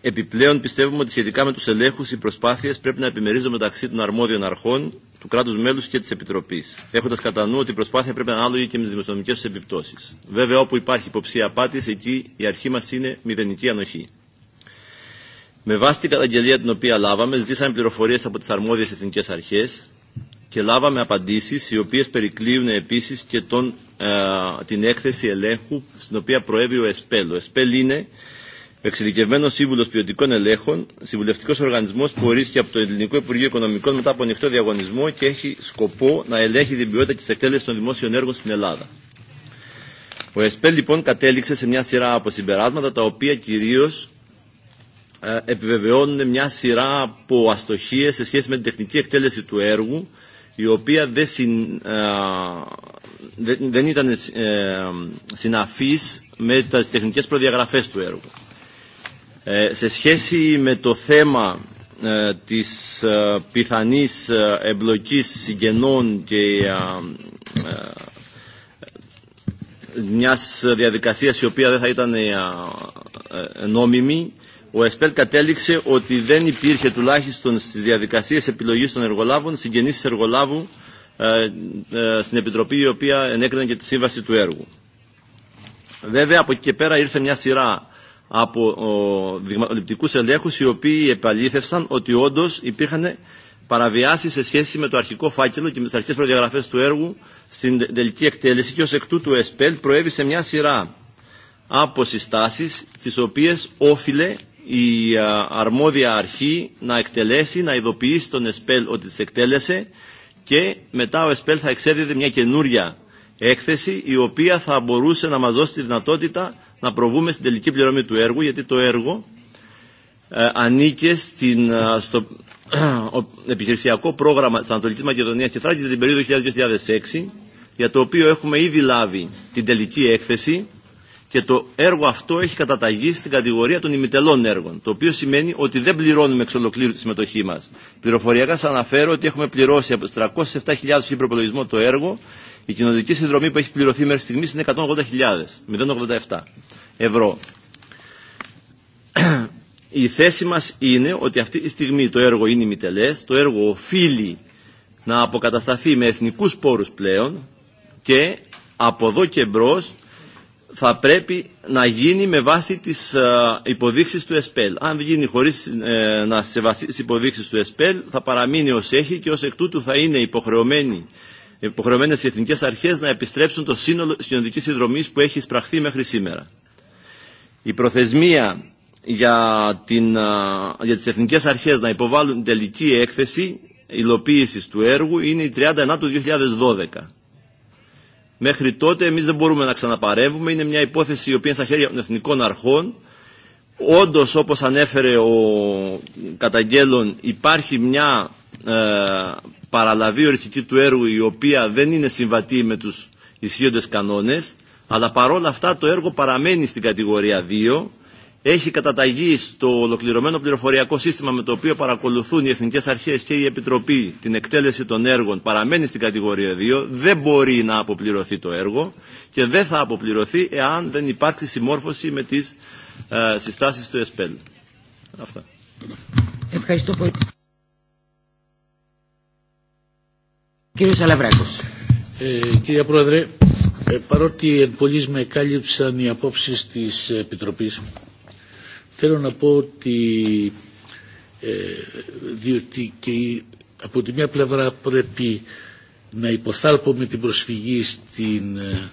Επιπλέον, πιστεύουμε ότι σχετικά με του ελέγχου οι προσπάθειε πρέπει να επιμερίζονται μεταξύ των αρμόδιων αρχών, του κράτου μέλου και τη Επιτροπή, έχοντα κατά νου ότι η προσπάθεια πρέπει να ανάλογη και με τι δημοσιονομικέ του επιπτώσει. Βέβαια, όπου υπάρχει υποψία απάτη, εκεί η αρχή μα είναι μηδενική ανοχή. Με βάση την καταγγελία την οποία λάβαμε, ζήσαμε πληροφορίε από τι αρμόδιε εθνικέ αρχέ, και λάβαμε απαντήσεις οι οποίες περικλείουν επίσης και τον, ε, την έκθεση ελέγχου στην οποία προέβη ο ΕΣΠΕΛ. Ο ΕΣΠΕΛ είναι εξειδικευμένο σύμβουλο ποιοτικών ελέγχων, συμβουλευτικό οργανισμό που ορίστηκε από το Ελληνικό Υπουργείο Οικονομικών μετά από ανοιχτό διαγωνισμό και έχει σκοπό να ελέγχει την ποιότητα τη εκτέλεση των δημόσιων έργων στην Ελλάδα. Ο ΕΣΠΕΛ λοιπόν κατέληξε σε μια σειρά από συμπεράσματα τα οποία κυρίω ε, επιβεβαιώνουν μια σειρά από αστοχίε σε σχέση με την τεχνική εκτέλεση του έργου, η οποία δεν, δεν ήταν ε, συναφής με τις τεχνικές προδιαγραφές του έργου. Ε, σε σχέση με το θέμα ε, της πιθανής εμπλοκής συγγενών και μιας διαδικασίας η οποία δεν θα ήταν νόμιμη ο ΕΣΠΕΛ κατέληξε ότι δεν υπήρχε τουλάχιστον στις διαδικασίες επιλογής των εργολάβων συγγενής εργολάβου ε, ε, στην Επιτροπή η οποία ενέκρινε και τη σύμβαση του έργου. Βέβαια από εκεί και πέρα ήρθε μια σειρά από δειγματοληπτικούς ελέγχους οι οποίοι επαλήθευσαν ότι όντως υπήρχαν παραβιάσεις σε σχέση με το αρχικό φάκελο και με τις αρχικές προδιαγραφές του έργου στην τελική εκτέλεση και ως εκ τούτου ο ΕΣΠΕΛ προέβησε μια σειρά από συστάσεις τις οποίες όφιλε η αρμόδια αρχή να εκτελέσει, να ειδοποιήσει τον ΕΣΠΕΛ ότι τις εκτέλεσε και μετά ο ΕΣΠΕΛ θα εξέδιδε μια καινούρια έκθεση η οποία θα μπορούσε να μας δώσει τη δυνατότητα να προβούμε στην τελική πληρωμή του έργου γιατί το έργο ε, ανήκε στην, στο επιχειρησιακό πρόγραμμα της Ανατολικής Μακεδονίας και Θράκης την περίοδο 2006 για το οποίο έχουμε ήδη λάβει την τελική έκθεση και το έργο αυτό έχει καταταγεί στην κατηγορία των ημιτελών έργων, το οποίο σημαίνει ότι δεν πληρώνουμε εξ ολοκλήρου τη συμμετοχή μα. Πληροφοριακά σα αναφέρω ότι έχουμε πληρώσει από 307.000 προπολογισμό το έργο, η κοινωνική συνδρομή που έχει πληρωθεί μέχρι στιγμή είναι 180.000, 087 ευρώ. Η θέση μα είναι ότι αυτή τη στιγμή το έργο είναι ημιτελές, το έργο οφείλει να αποκατασταθεί με εθνικού πόρου πλέον και από εδώ και μπρος θα πρέπει να γίνει με βάση τις ε, υποδείξεις του ΕΣΠΕΛ. Αν γίνει χωρίς ε, να σεβαστεί τις υποδείξεις του ΕΣΠΕΛ θα παραμείνει ως έχει και ως εκ τούτου θα είναι υποχρεωμένοι υποχρεωμένες οι εθνικές αρχές να επιστρέψουν το σύνολο της κοινωνικής συνδρομής που έχει εισπραχθεί μέχρι σήμερα. Η προθεσμία για, την, ε, για τις εθνικές αρχές να υποβάλουν τελική έκθεση υλοποίησης του έργου είναι η 31 του 2012. Μέχρι τότε εμείς δεν μπορούμε να ξαναπαρεύουμε. Είναι μια υπόθεση η οποία είναι στα χέρια των εθνικών αρχών. Όντως όπως ανέφερε ο καταγγέλων υπάρχει μια ε, παραλαβή οριστική του έργου η οποία δεν είναι συμβατή με τους ισχύοντες κανόνες αλλά παρόλα αυτά το έργο παραμένει στην κατηγορία 2 έχει καταταγεί στο ολοκληρωμένο πληροφοριακό σύστημα με το οποίο παρακολουθούν οι εθνικές αρχές και η Επιτροπή την εκτέλεση των έργων παραμένει στην κατηγορία 2, δεν μπορεί να αποπληρωθεί το έργο και δεν θα αποπληρωθεί εάν δεν υπάρξει συμμόρφωση με τις ε, συστάσεις του ΕΣΠΕΛ. Αυτά. Ευχαριστώ πολύ.
Κύριε Σαλαβράκος. Ε, κύριε Πρόεδρε, ε, παρότι εν με κάλυψαν οι απόψεις της Επιτροπής, Θέλω να πω ότι ε, διότι και από τη μια πλευρά πρέπει να υποθάλπουμε την προσφυγή στην ε,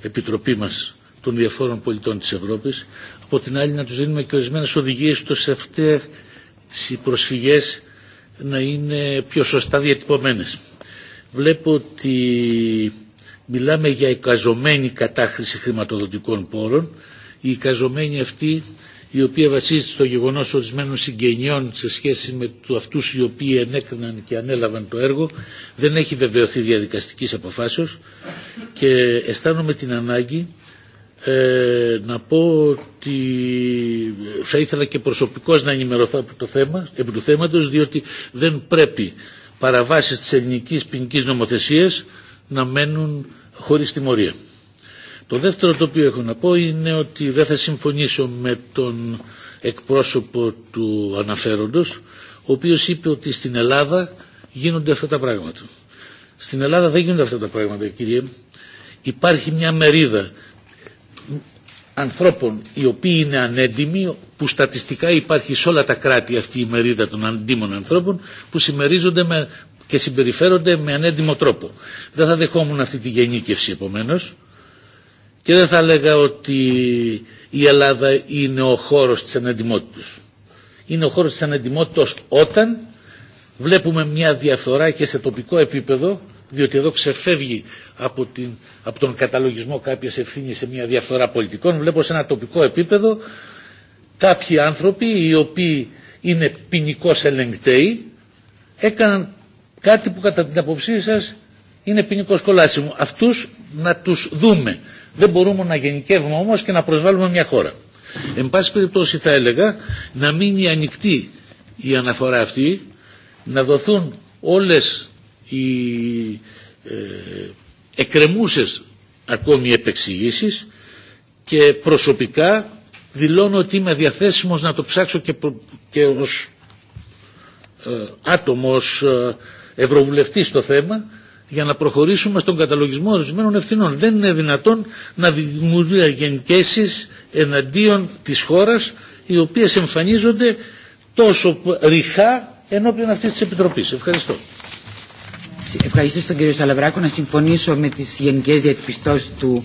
Επιτροπή μας των διαφόρων πολιτών της Ευρώπης, από την άλλη να τους δίνουμε και ορισμένε οδηγίες ώστε αυτές οι προσφυγές να είναι πιο σωστά διατυπωμένες. Βλέπω ότι μιλάμε για εικαζωμένη κατάχρηση χρηματοδοτικών πόρων. Οι εικαζομένοι αυτοί η οποία βασίζεται στο γεγονός ορισμένων συγγενειών σε σχέση με του αυτούς οι οποίοι ενέκριναν και ανέλαβαν το έργο δεν έχει βεβαιωθεί διαδικαστικής αποφάσεως και αισθάνομαι την ανάγκη ε, να πω ότι θα ήθελα και προσωπικώς να ενημερωθώ από το θέμα, επί του θέματος διότι δεν πρέπει παραβάσεις της ελληνικής ποινική νομοθεσίας να μένουν χωρίς τιμωρία. Το δεύτερο το οποίο έχω να πω είναι ότι δεν θα συμφωνήσω με τον εκπρόσωπο του αναφέροντος ο οποίος είπε ότι στην Ελλάδα γίνονται αυτά τα πράγματα. Στην Ελλάδα δεν γίνονται αυτά τα πράγματα κύριε. Υπάρχει μια μερίδα ανθρώπων οι οποίοι είναι ανέντιμοι που στατιστικά υπάρχει σε όλα τα κράτη αυτή η μερίδα των αντίμων ανθρώπων που συμμερίζονται και συμπεριφέρονται με ανέντιμο τρόπο. Δεν θα δεχόμουν αυτή τη γενίκευση επομένως και δεν θα έλεγα ότι η Ελλάδα είναι ο χώρος της αναντιμότητας. Είναι ο χώρος της αναντιμότητας όταν βλέπουμε μια διαφθορά και σε τοπικό επίπεδο διότι εδώ ξεφεύγει από, την, από τον καταλογισμό κάποιες ευθύνη σε μια διαφθορά πολιτικών. Βλέπω σε ένα τοπικό επίπεδο κάποιοι άνθρωποι οι οποίοι είναι ποινικώ ελεγκταίοι έκαναν κάτι που κατά την αποψή σας είναι ποινικό κολάσιμο. Αυτούς να τους δούμε. Δεν μπορούμε να γενικεύουμε όμως και να προσβάλλουμε μια χώρα. Εν πάση περιπτώσει θα έλεγα να μείνει ανοιχτή η αναφορά αυτή, να δοθούν όλες οι ε, εκκρεμούσες ακόμη επεξηγήσεις και προσωπικά δηλώνω ότι είμαι διαθέσιμος να το ψάξω και, προ, και ως ε, άτομο, ε, ευρωβουλευτής το θέμα για να προχωρήσουμε στον καταλογισμό ορισμένων ευθυνών. Δεν είναι δυνατόν να δημιουργεί γενικέσεις εναντίον της χώρας οι οποίες εμφανίζονται τόσο ρηχά ενώπιον αυτής της Επιτροπής. Ευχαριστώ. Ευχαριστώ στον κύριο Σαλαβράκο να συμφωνήσω με τις γενικές
διατυπιστώσεις του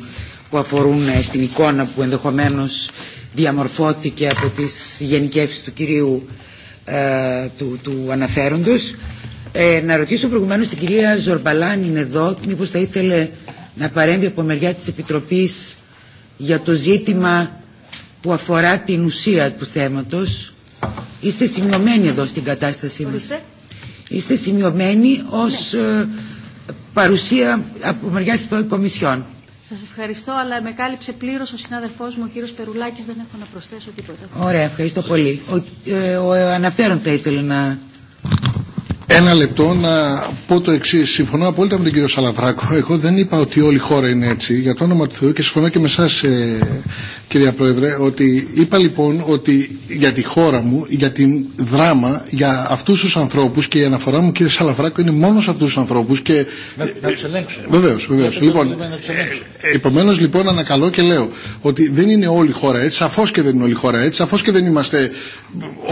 που αφορούν ε, στην εικόνα που ενδεχομένως διαμορφώθηκε από τις γενικεύσεις του κυρίου ε, του, του αναφέροντος. Ε, να ρωτήσω προηγουμένω την κυρία Ζορμπαλάν είναι εδώ μήπω θα ήθελε να παρέμβει από μεριά τη Επιτροπή για το ζήτημα που αφορά την ουσία του θέματο. Είστε σημειωμένοι εδώ στην κατάστασή μα. Είστε σημειωμένοι ω ναι. ε, παρουσία από μεριά τη Κομισιόν. Σα ευχαριστώ, αλλά με κάλυψε πλήρω ο συνάδελφό μου, ο κύριο Περουλάκη, δεν έχω να προσθέσω τίποτα. Ωραία, ευχαριστώ πολύ. Ο, ε, ο αναφέρον θα ήθελε να
ένα λεπτό να πω το εξή. Συμφωνώ απόλυτα με τον κύριο Σαλαβράκο. Εγώ δεν είπα ότι όλη η χώρα είναι έτσι. Για το όνομα του Θεού και συμφωνώ και με εσά, ε, κυρία Πρόεδρε, ότι είπα λοιπόν ότι για τη χώρα μου, για την δράμα, για αυτού του ανθρώπου και η αναφορά μου, κύριε Σαλαβράκο, είναι μόνο σε αυτού του ανθρώπου. Και... Να, να
του ελέγξουμε. Βεβαίω, βεβαίω. Λοιπόν, ε,
ε, Επομένω λοιπόν ανακαλώ και λέω ότι δεν είναι όλη η χώρα έτσι, σαφώ και δεν είναι όλη η χώρα έτσι, σαφώ και δεν είμαστε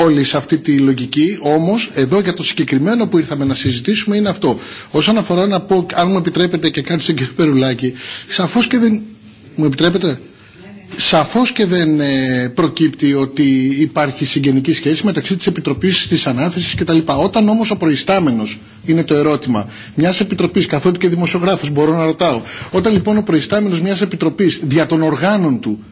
όλοι σε αυτή τη λογική. Όμω εδώ για το συγκεκριμένο που ήρθαμε να συζητήσουμε είναι αυτό. Όσον αφορά να πω, αν μου επιτρέπετε και κάτι στον κύριο Περουλάκη, σαφώ και δεν. Μου επιτρέπετε σαφώς και δεν ε, προκύπτει ότι υπάρχει συγγενική σχέση μεταξύ της Επιτροπής της Ανάθεσης κτλ. Όταν όμως ο προϊστάμενος, είναι το ερώτημα, μιας Επιτροπής, καθότι και δημοσιογράφος μπορώ να ρωτάω, όταν λοιπόν ο προϊστάμενος μιας Επιτροπής δια των οργάνων του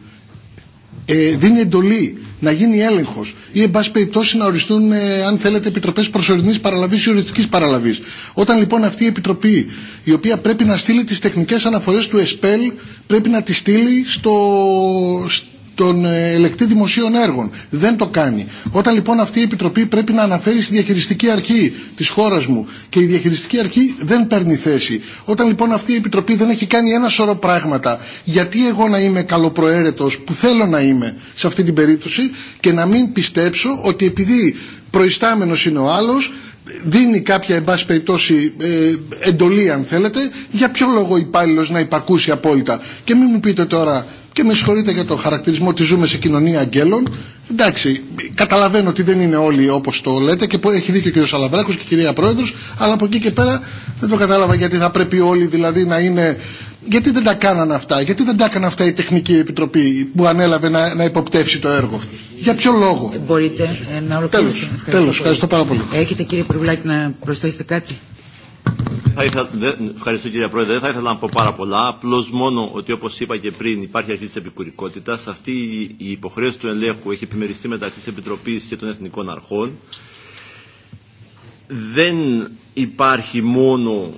ε, δίνει εντολή να γίνει έλεγχος ή, εν πάση περιπτώσει, να οριστούν, ε, αν θέλετε, επιτροπέ προσωρινή παραλαβή ή οριστική παραλαβή. Όταν λοιπόν αυτή η επιτροπή, η οποία πρέπει να στείλει τι τεχνικέ αναφορέ του ΕΣΠΕΛ, πρέπει να τι στείλει στο, των ε, ελεκτή δημοσίων έργων. Δεν το κάνει. Όταν λοιπόν αυτή η Επιτροπή πρέπει να αναφέρει στη διαχειριστική αρχή τη χώρα μου και η διαχειριστική αρχή δεν παίρνει θέση. Όταν λοιπόν αυτή η Επιτροπή δεν έχει κάνει ένα σωρό πράγματα, γιατί εγώ να είμαι καλοπροαίρετο που θέλω να είμαι σε αυτή την περίπτωση και να μην πιστέψω ότι επειδή προϊστάμενο είναι ο άλλο, δίνει κάποια εν πάση περιπτώσει ε, εντολή αν θέλετε, για ποιο λόγο ο υπάλληλο να υπακούσει απόλυτα. Και μην μου πείτε τώρα και με συγχωρείτε για το χαρακτηρισμό ότι ζούμε σε κοινωνία αγγέλων. Εντάξει, καταλαβαίνω ότι δεν είναι όλοι όπω το λέτε και έχει δίκιο και ο Σαλαβράκο και η κυρία Πρόεδρο, αλλά από εκεί και πέρα δεν το κατάλαβα γιατί θα πρέπει όλοι δηλαδή να είναι. Γιατί δεν τα κάνανε αυτά, γιατί δεν τα έκανε αυτά η Τεχνική Επιτροπή που ανέλαβε να, να υποπτεύσει το έργο. Για ποιο λόγο. Μπορείτε ε, να ολοκληρώσετε. Τέλο, ευχαριστώ πάρα πολύ. Έχετε κύριε Περβλάκη
να
προσθέσετε κάτι.
Θα ήθελα, ευχαριστώ κύριε Πρόεδρε. Δεν θα ήθελα να πω πάρα πολλά. Απλώ μόνο ότι όπω είπα και πριν υπάρχει αρχή τη επικουρικότητα. Αυτή η υποχρέωση του ελέγχου έχει επιμεριστεί μεταξύ τη Επιτροπή και των Εθνικών Αρχών. Δεν υπάρχει μόνο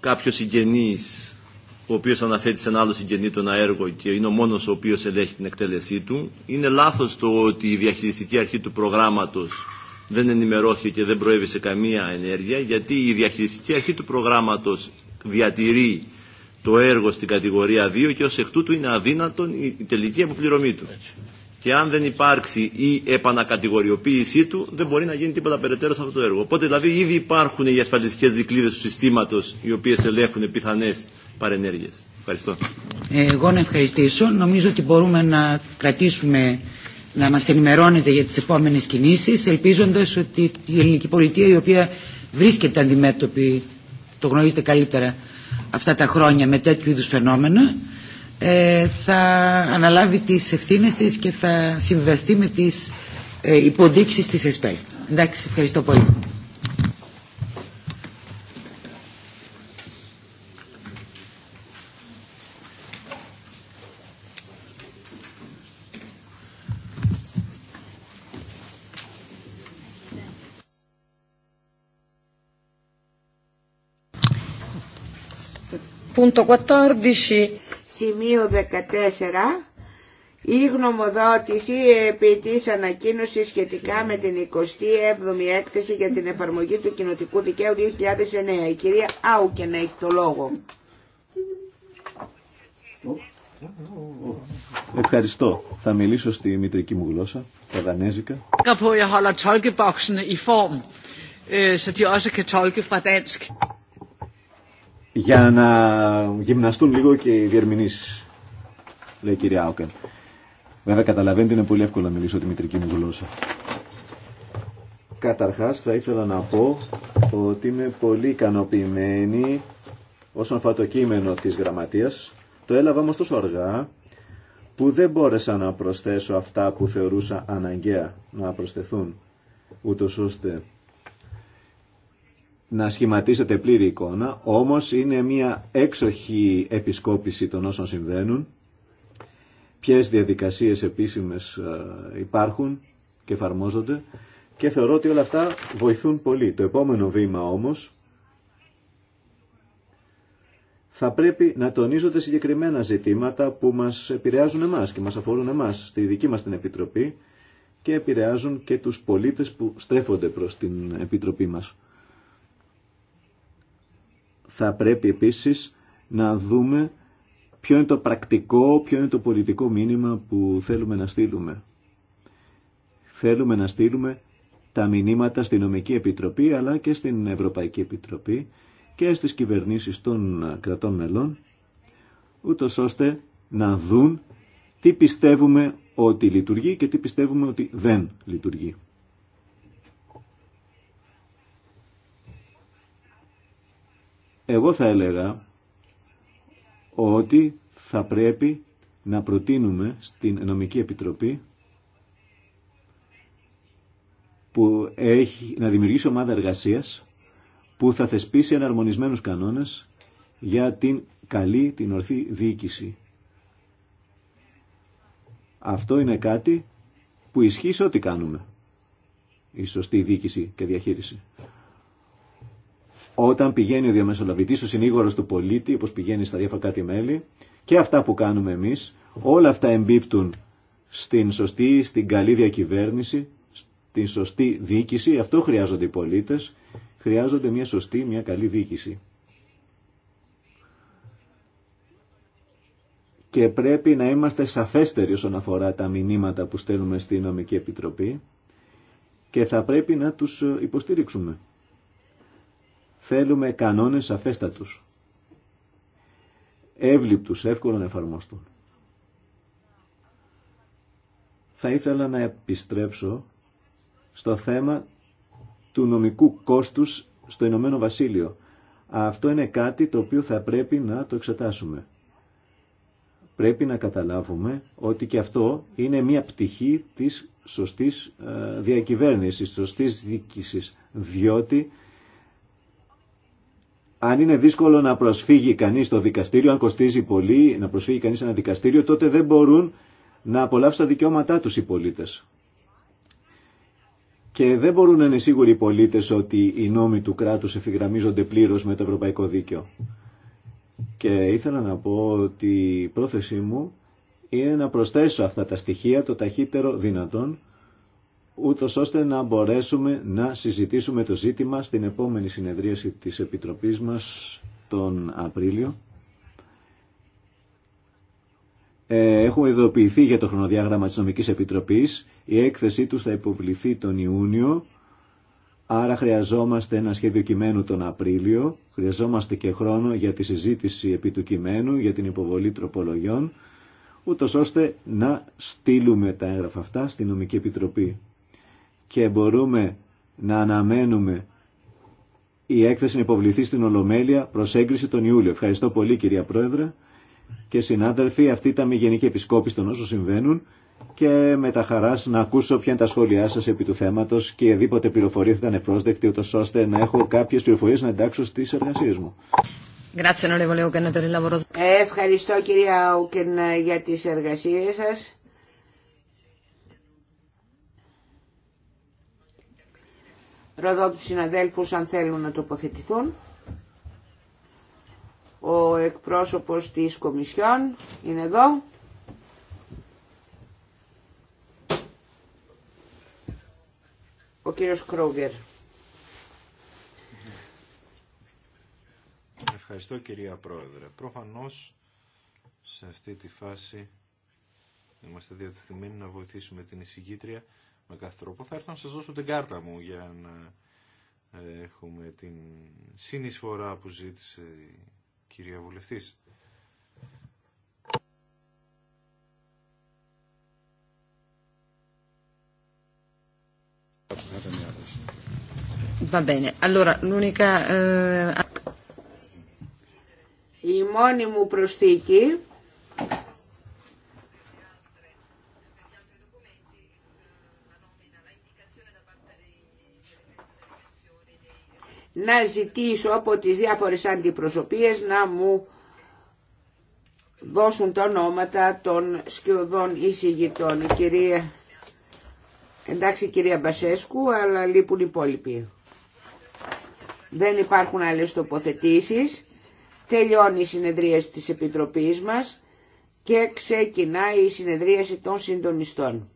κάποιο συγγενή ο οποίο αναθέτει σε ένα άλλο συγγενή τον ένα έργο και είναι ο μόνο ο οποίο ελέγχει την εκτέλεσή του. Είναι λάθο το ότι η διαχειριστική αρχή του προγράμματο δεν ενημερώθηκε και δεν προέβησε καμία ενέργεια γιατί η διαχειριστική αρχή του προγράμματος διατηρεί το έργο στην κατηγορία 2 και ως εκ τούτου είναι αδύνατον η τελική αποπληρωμή του. Και αν δεν υπάρξει η επανακατηγοριοποίησή του, δεν μπορεί να γίνει τίποτα περαιτέρω σε αυτό το έργο. Οπότε δηλαδή ήδη υπάρχουν οι ασφαλιστικές δικλείδες του συστήματος οι οποίες ελέγχουν πιθανές παρενέργειες. Ευχαριστώ.
Ε, εγώ να ευχαριστήσω. Νομίζω ότι μπορούμε να κρατήσουμε να μας ενημερώνετε για τις επόμενες κινήσεις ελπίζοντας ότι η ελληνική πολιτεία η οποία βρίσκεται αντιμέτωπη το γνωρίζετε καλύτερα αυτά τα χρόνια με τέτοιου είδους φαινόμενα ε, θα αναλάβει τις ευθύνες της και θα συμβαστεί με τις ε, υποδείξεις της ΕΣΠΕΛ. Εντάξει, ευχαριστώ πολύ.
Σημείο 14. Η γνωμοδότηση επί της ανακοίνωσης σχετικά με την 27η έκθεση για την εφαρμογή του κοινοτικού δικαίου 2009. Η κυρία Άουκεν έχει το λόγο.
Ευχαριστώ. Θα μιλήσω στη μητρική μου γλώσσα, στα δανέζικα για να γυμναστούν λίγο και οι διερμηνείς, λέει η κυρία Άουκεν. Βέβαια καταλαβαίνετε είναι πολύ εύκολο να μιλήσω τη μητρική μου γλώσσα. Καταρχάς θα ήθελα να πω ότι είμαι πολύ ικανοποιημένη όσον αφορά το κείμενο της γραμματείας. Το έλαβα όμω τόσο αργά που δεν μπόρεσα να προσθέσω αυτά που θεωρούσα αναγκαία να προσθεθούν ούτω ώστε να σχηματίσετε πλήρη εικόνα, όμως είναι μια έξοχη επισκόπηση των όσων συμβαίνουν, ποιες διαδικασίες επίσημες ε, υπάρχουν και εφαρμόζονται και θεωρώ ότι όλα αυτά βοηθούν πολύ. Το επόμενο βήμα όμως θα πρέπει να τονίζονται συγκεκριμένα ζητήματα που μας επηρεάζουν εμάς και μας αφορούν εμάς στη δική μας την Επιτροπή και επηρεάζουν και τους πολίτες που στρέφονται προς την Επιτροπή μας. Θα πρέπει επίσης να δούμε ποιο είναι το πρακτικό, ποιο είναι το πολιτικό μήνυμα που θέλουμε να στείλουμε. Θέλουμε να στείλουμε τα μηνύματα στην Νομική Επιτροπή αλλά και στην Ευρωπαϊκή Επιτροπή και στις κυβερνήσεις των κρατών μελών, ούτω ώστε να δουν τι πιστεύουμε ότι λειτουργεί και τι πιστεύουμε ότι δεν λειτουργεί. Εγώ θα έλεγα ότι θα πρέπει να προτείνουμε στην Νομική Επιτροπή που έχει, να δημιουργήσει ομάδα εργασίας που θα θεσπίσει εναρμονισμένους κανόνες για την καλή, την ορθή διοίκηση. Αυτό είναι κάτι που ισχύει σε ό,τι κάνουμε. Η σωστή διοίκηση και διαχείριση. Όταν πηγαίνει ο διαμεσολαβητής, ο συνήγορο του πολίτη, όπω πηγαίνει στα διάφορα κάτι μέλη, και αυτά που κάνουμε εμείς, όλα αυτά εμπίπτουν στην σωστή, στην καλή διακυβέρνηση, στην σωστή διοίκηση. Αυτό χρειάζονται οι πολίτες. Χρειάζονται μια σωστή, μια καλή διοίκηση. και πρέπει να είμαστε σαφέστεροι όσον αφορά τα μηνύματα που στέλνουμε στη Νομική Επιτροπή και θα πρέπει να τους υποστηρίξουμε. Θέλουμε κανόνες αφέστατους. εύληπτους, εύκολο να εφαρμοστούν. Θα ήθελα να επιστρέψω στο θέμα του νομικού κόστους στο Ηνωμένο Βασίλειο. Αυτό είναι κάτι το οποίο θα πρέπει να το εξετάσουμε. Πρέπει να καταλάβουμε ότι και αυτό είναι μια πτυχή της σωστής ε, διακυβέρνησης, της σωστής διοίκησης. διότι αν είναι δύσκολο να προσφύγει κανείς στο δικαστήριο, αν κοστίζει πολύ να προσφύγει κανείς σε ένα δικαστήριο, τότε δεν μπορούν να απολαύσουν τα δικαιώματά του οι πολίτε. Και δεν μπορούν να είναι σίγουροι οι πολίτες ότι οι νόμοι του κράτους εφηγραμμίζονται πλήρως με το ευρωπαϊκό δίκαιο. Και ήθελα να πω ότι η πρόθεσή μου είναι να προσθέσω αυτά τα στοιχεία το ταχύτερο δυνατόν ούτως ώστε να μπορέσουμε να συζητήσουμε το ζήτημα στην επόμενη συνεδρίαση της Επιτροπής μας τον Απρίλιο. Ε, έχουμε ειδοποιηθεί για το χρονοδιάγραμμα της Νομικής Επιτροπής. Η έκθεσή τους θα υποβληθεί τον Ιούνιο, άρα χρειαζόμαστε ένα σχέδιο κειμένου τον Απρίλιο. Χρειαζόμαστε και χρόνο για τη συζήτηση επί του κειμένου, για την υποβολή τροπολογιών, ούτως ώστε να στείλουμε τα έγγραφα αυτά στη Νομική Επιτροπή και μπορούμε να αναμένουμε η έκθεση να υποβληθεί στην Ολομέλεια προς έγκριση τον Ιούλιο. Ευχαριστώ πολύ κυρία Πρόεδρε και συνάδελφοι. Αυτή ήταν η γενική επισκόπηση των όσων συμβαίνουν και με τα χαράς να ακούσω ποια είναι τα σχόλιά σα επί του θέματο και οδήποτε πληροφορία θα ήταν πρόσδεκτη ούτως ώστε να έχω κάποιε πληροφορίε να εντάξω στι εργασίε μου.
Ευχαριστώ κυρία Ούκεν για τι εργασίε σα. Ρωτώ τους συναδέλφους αν θέλουν να τοποθετηθούν. Ο εκπρόσωπος της Κομισιόν είναι εδώ. Ο κύριος κρόγκερ
Ευχαριστώ κυρία Πρόεδρε. Προφανώς σε αυτή τη φάση είμαστε διατεθειμένοι να βοηθήσουμε την εισηγήτρια με κάθε τρόπο. Θα έρθω να σας δώσω την κάρτα μου για να ε, έχουμε την συνεισφορά που ζήτησε η κυρία Βουλευτής.
Va bene, eh, Η μόνη μου προσθήκη να ζητήσω από τις διάφορες αντιπροσωπείες να μου δώσουν τα ονόματα των σκιωδών εισηγητών. κυρία... Εντάξει κυρία Μπασέσκου, αλλά λείπουν οι υπόλοιποι. Δεν υπάρχουν άλλες τοποθετήσεις. Τελειώνει η συνεδρία της Επιτροπής μας και ξεκινάει η συνεδρίαση των συντονιστών.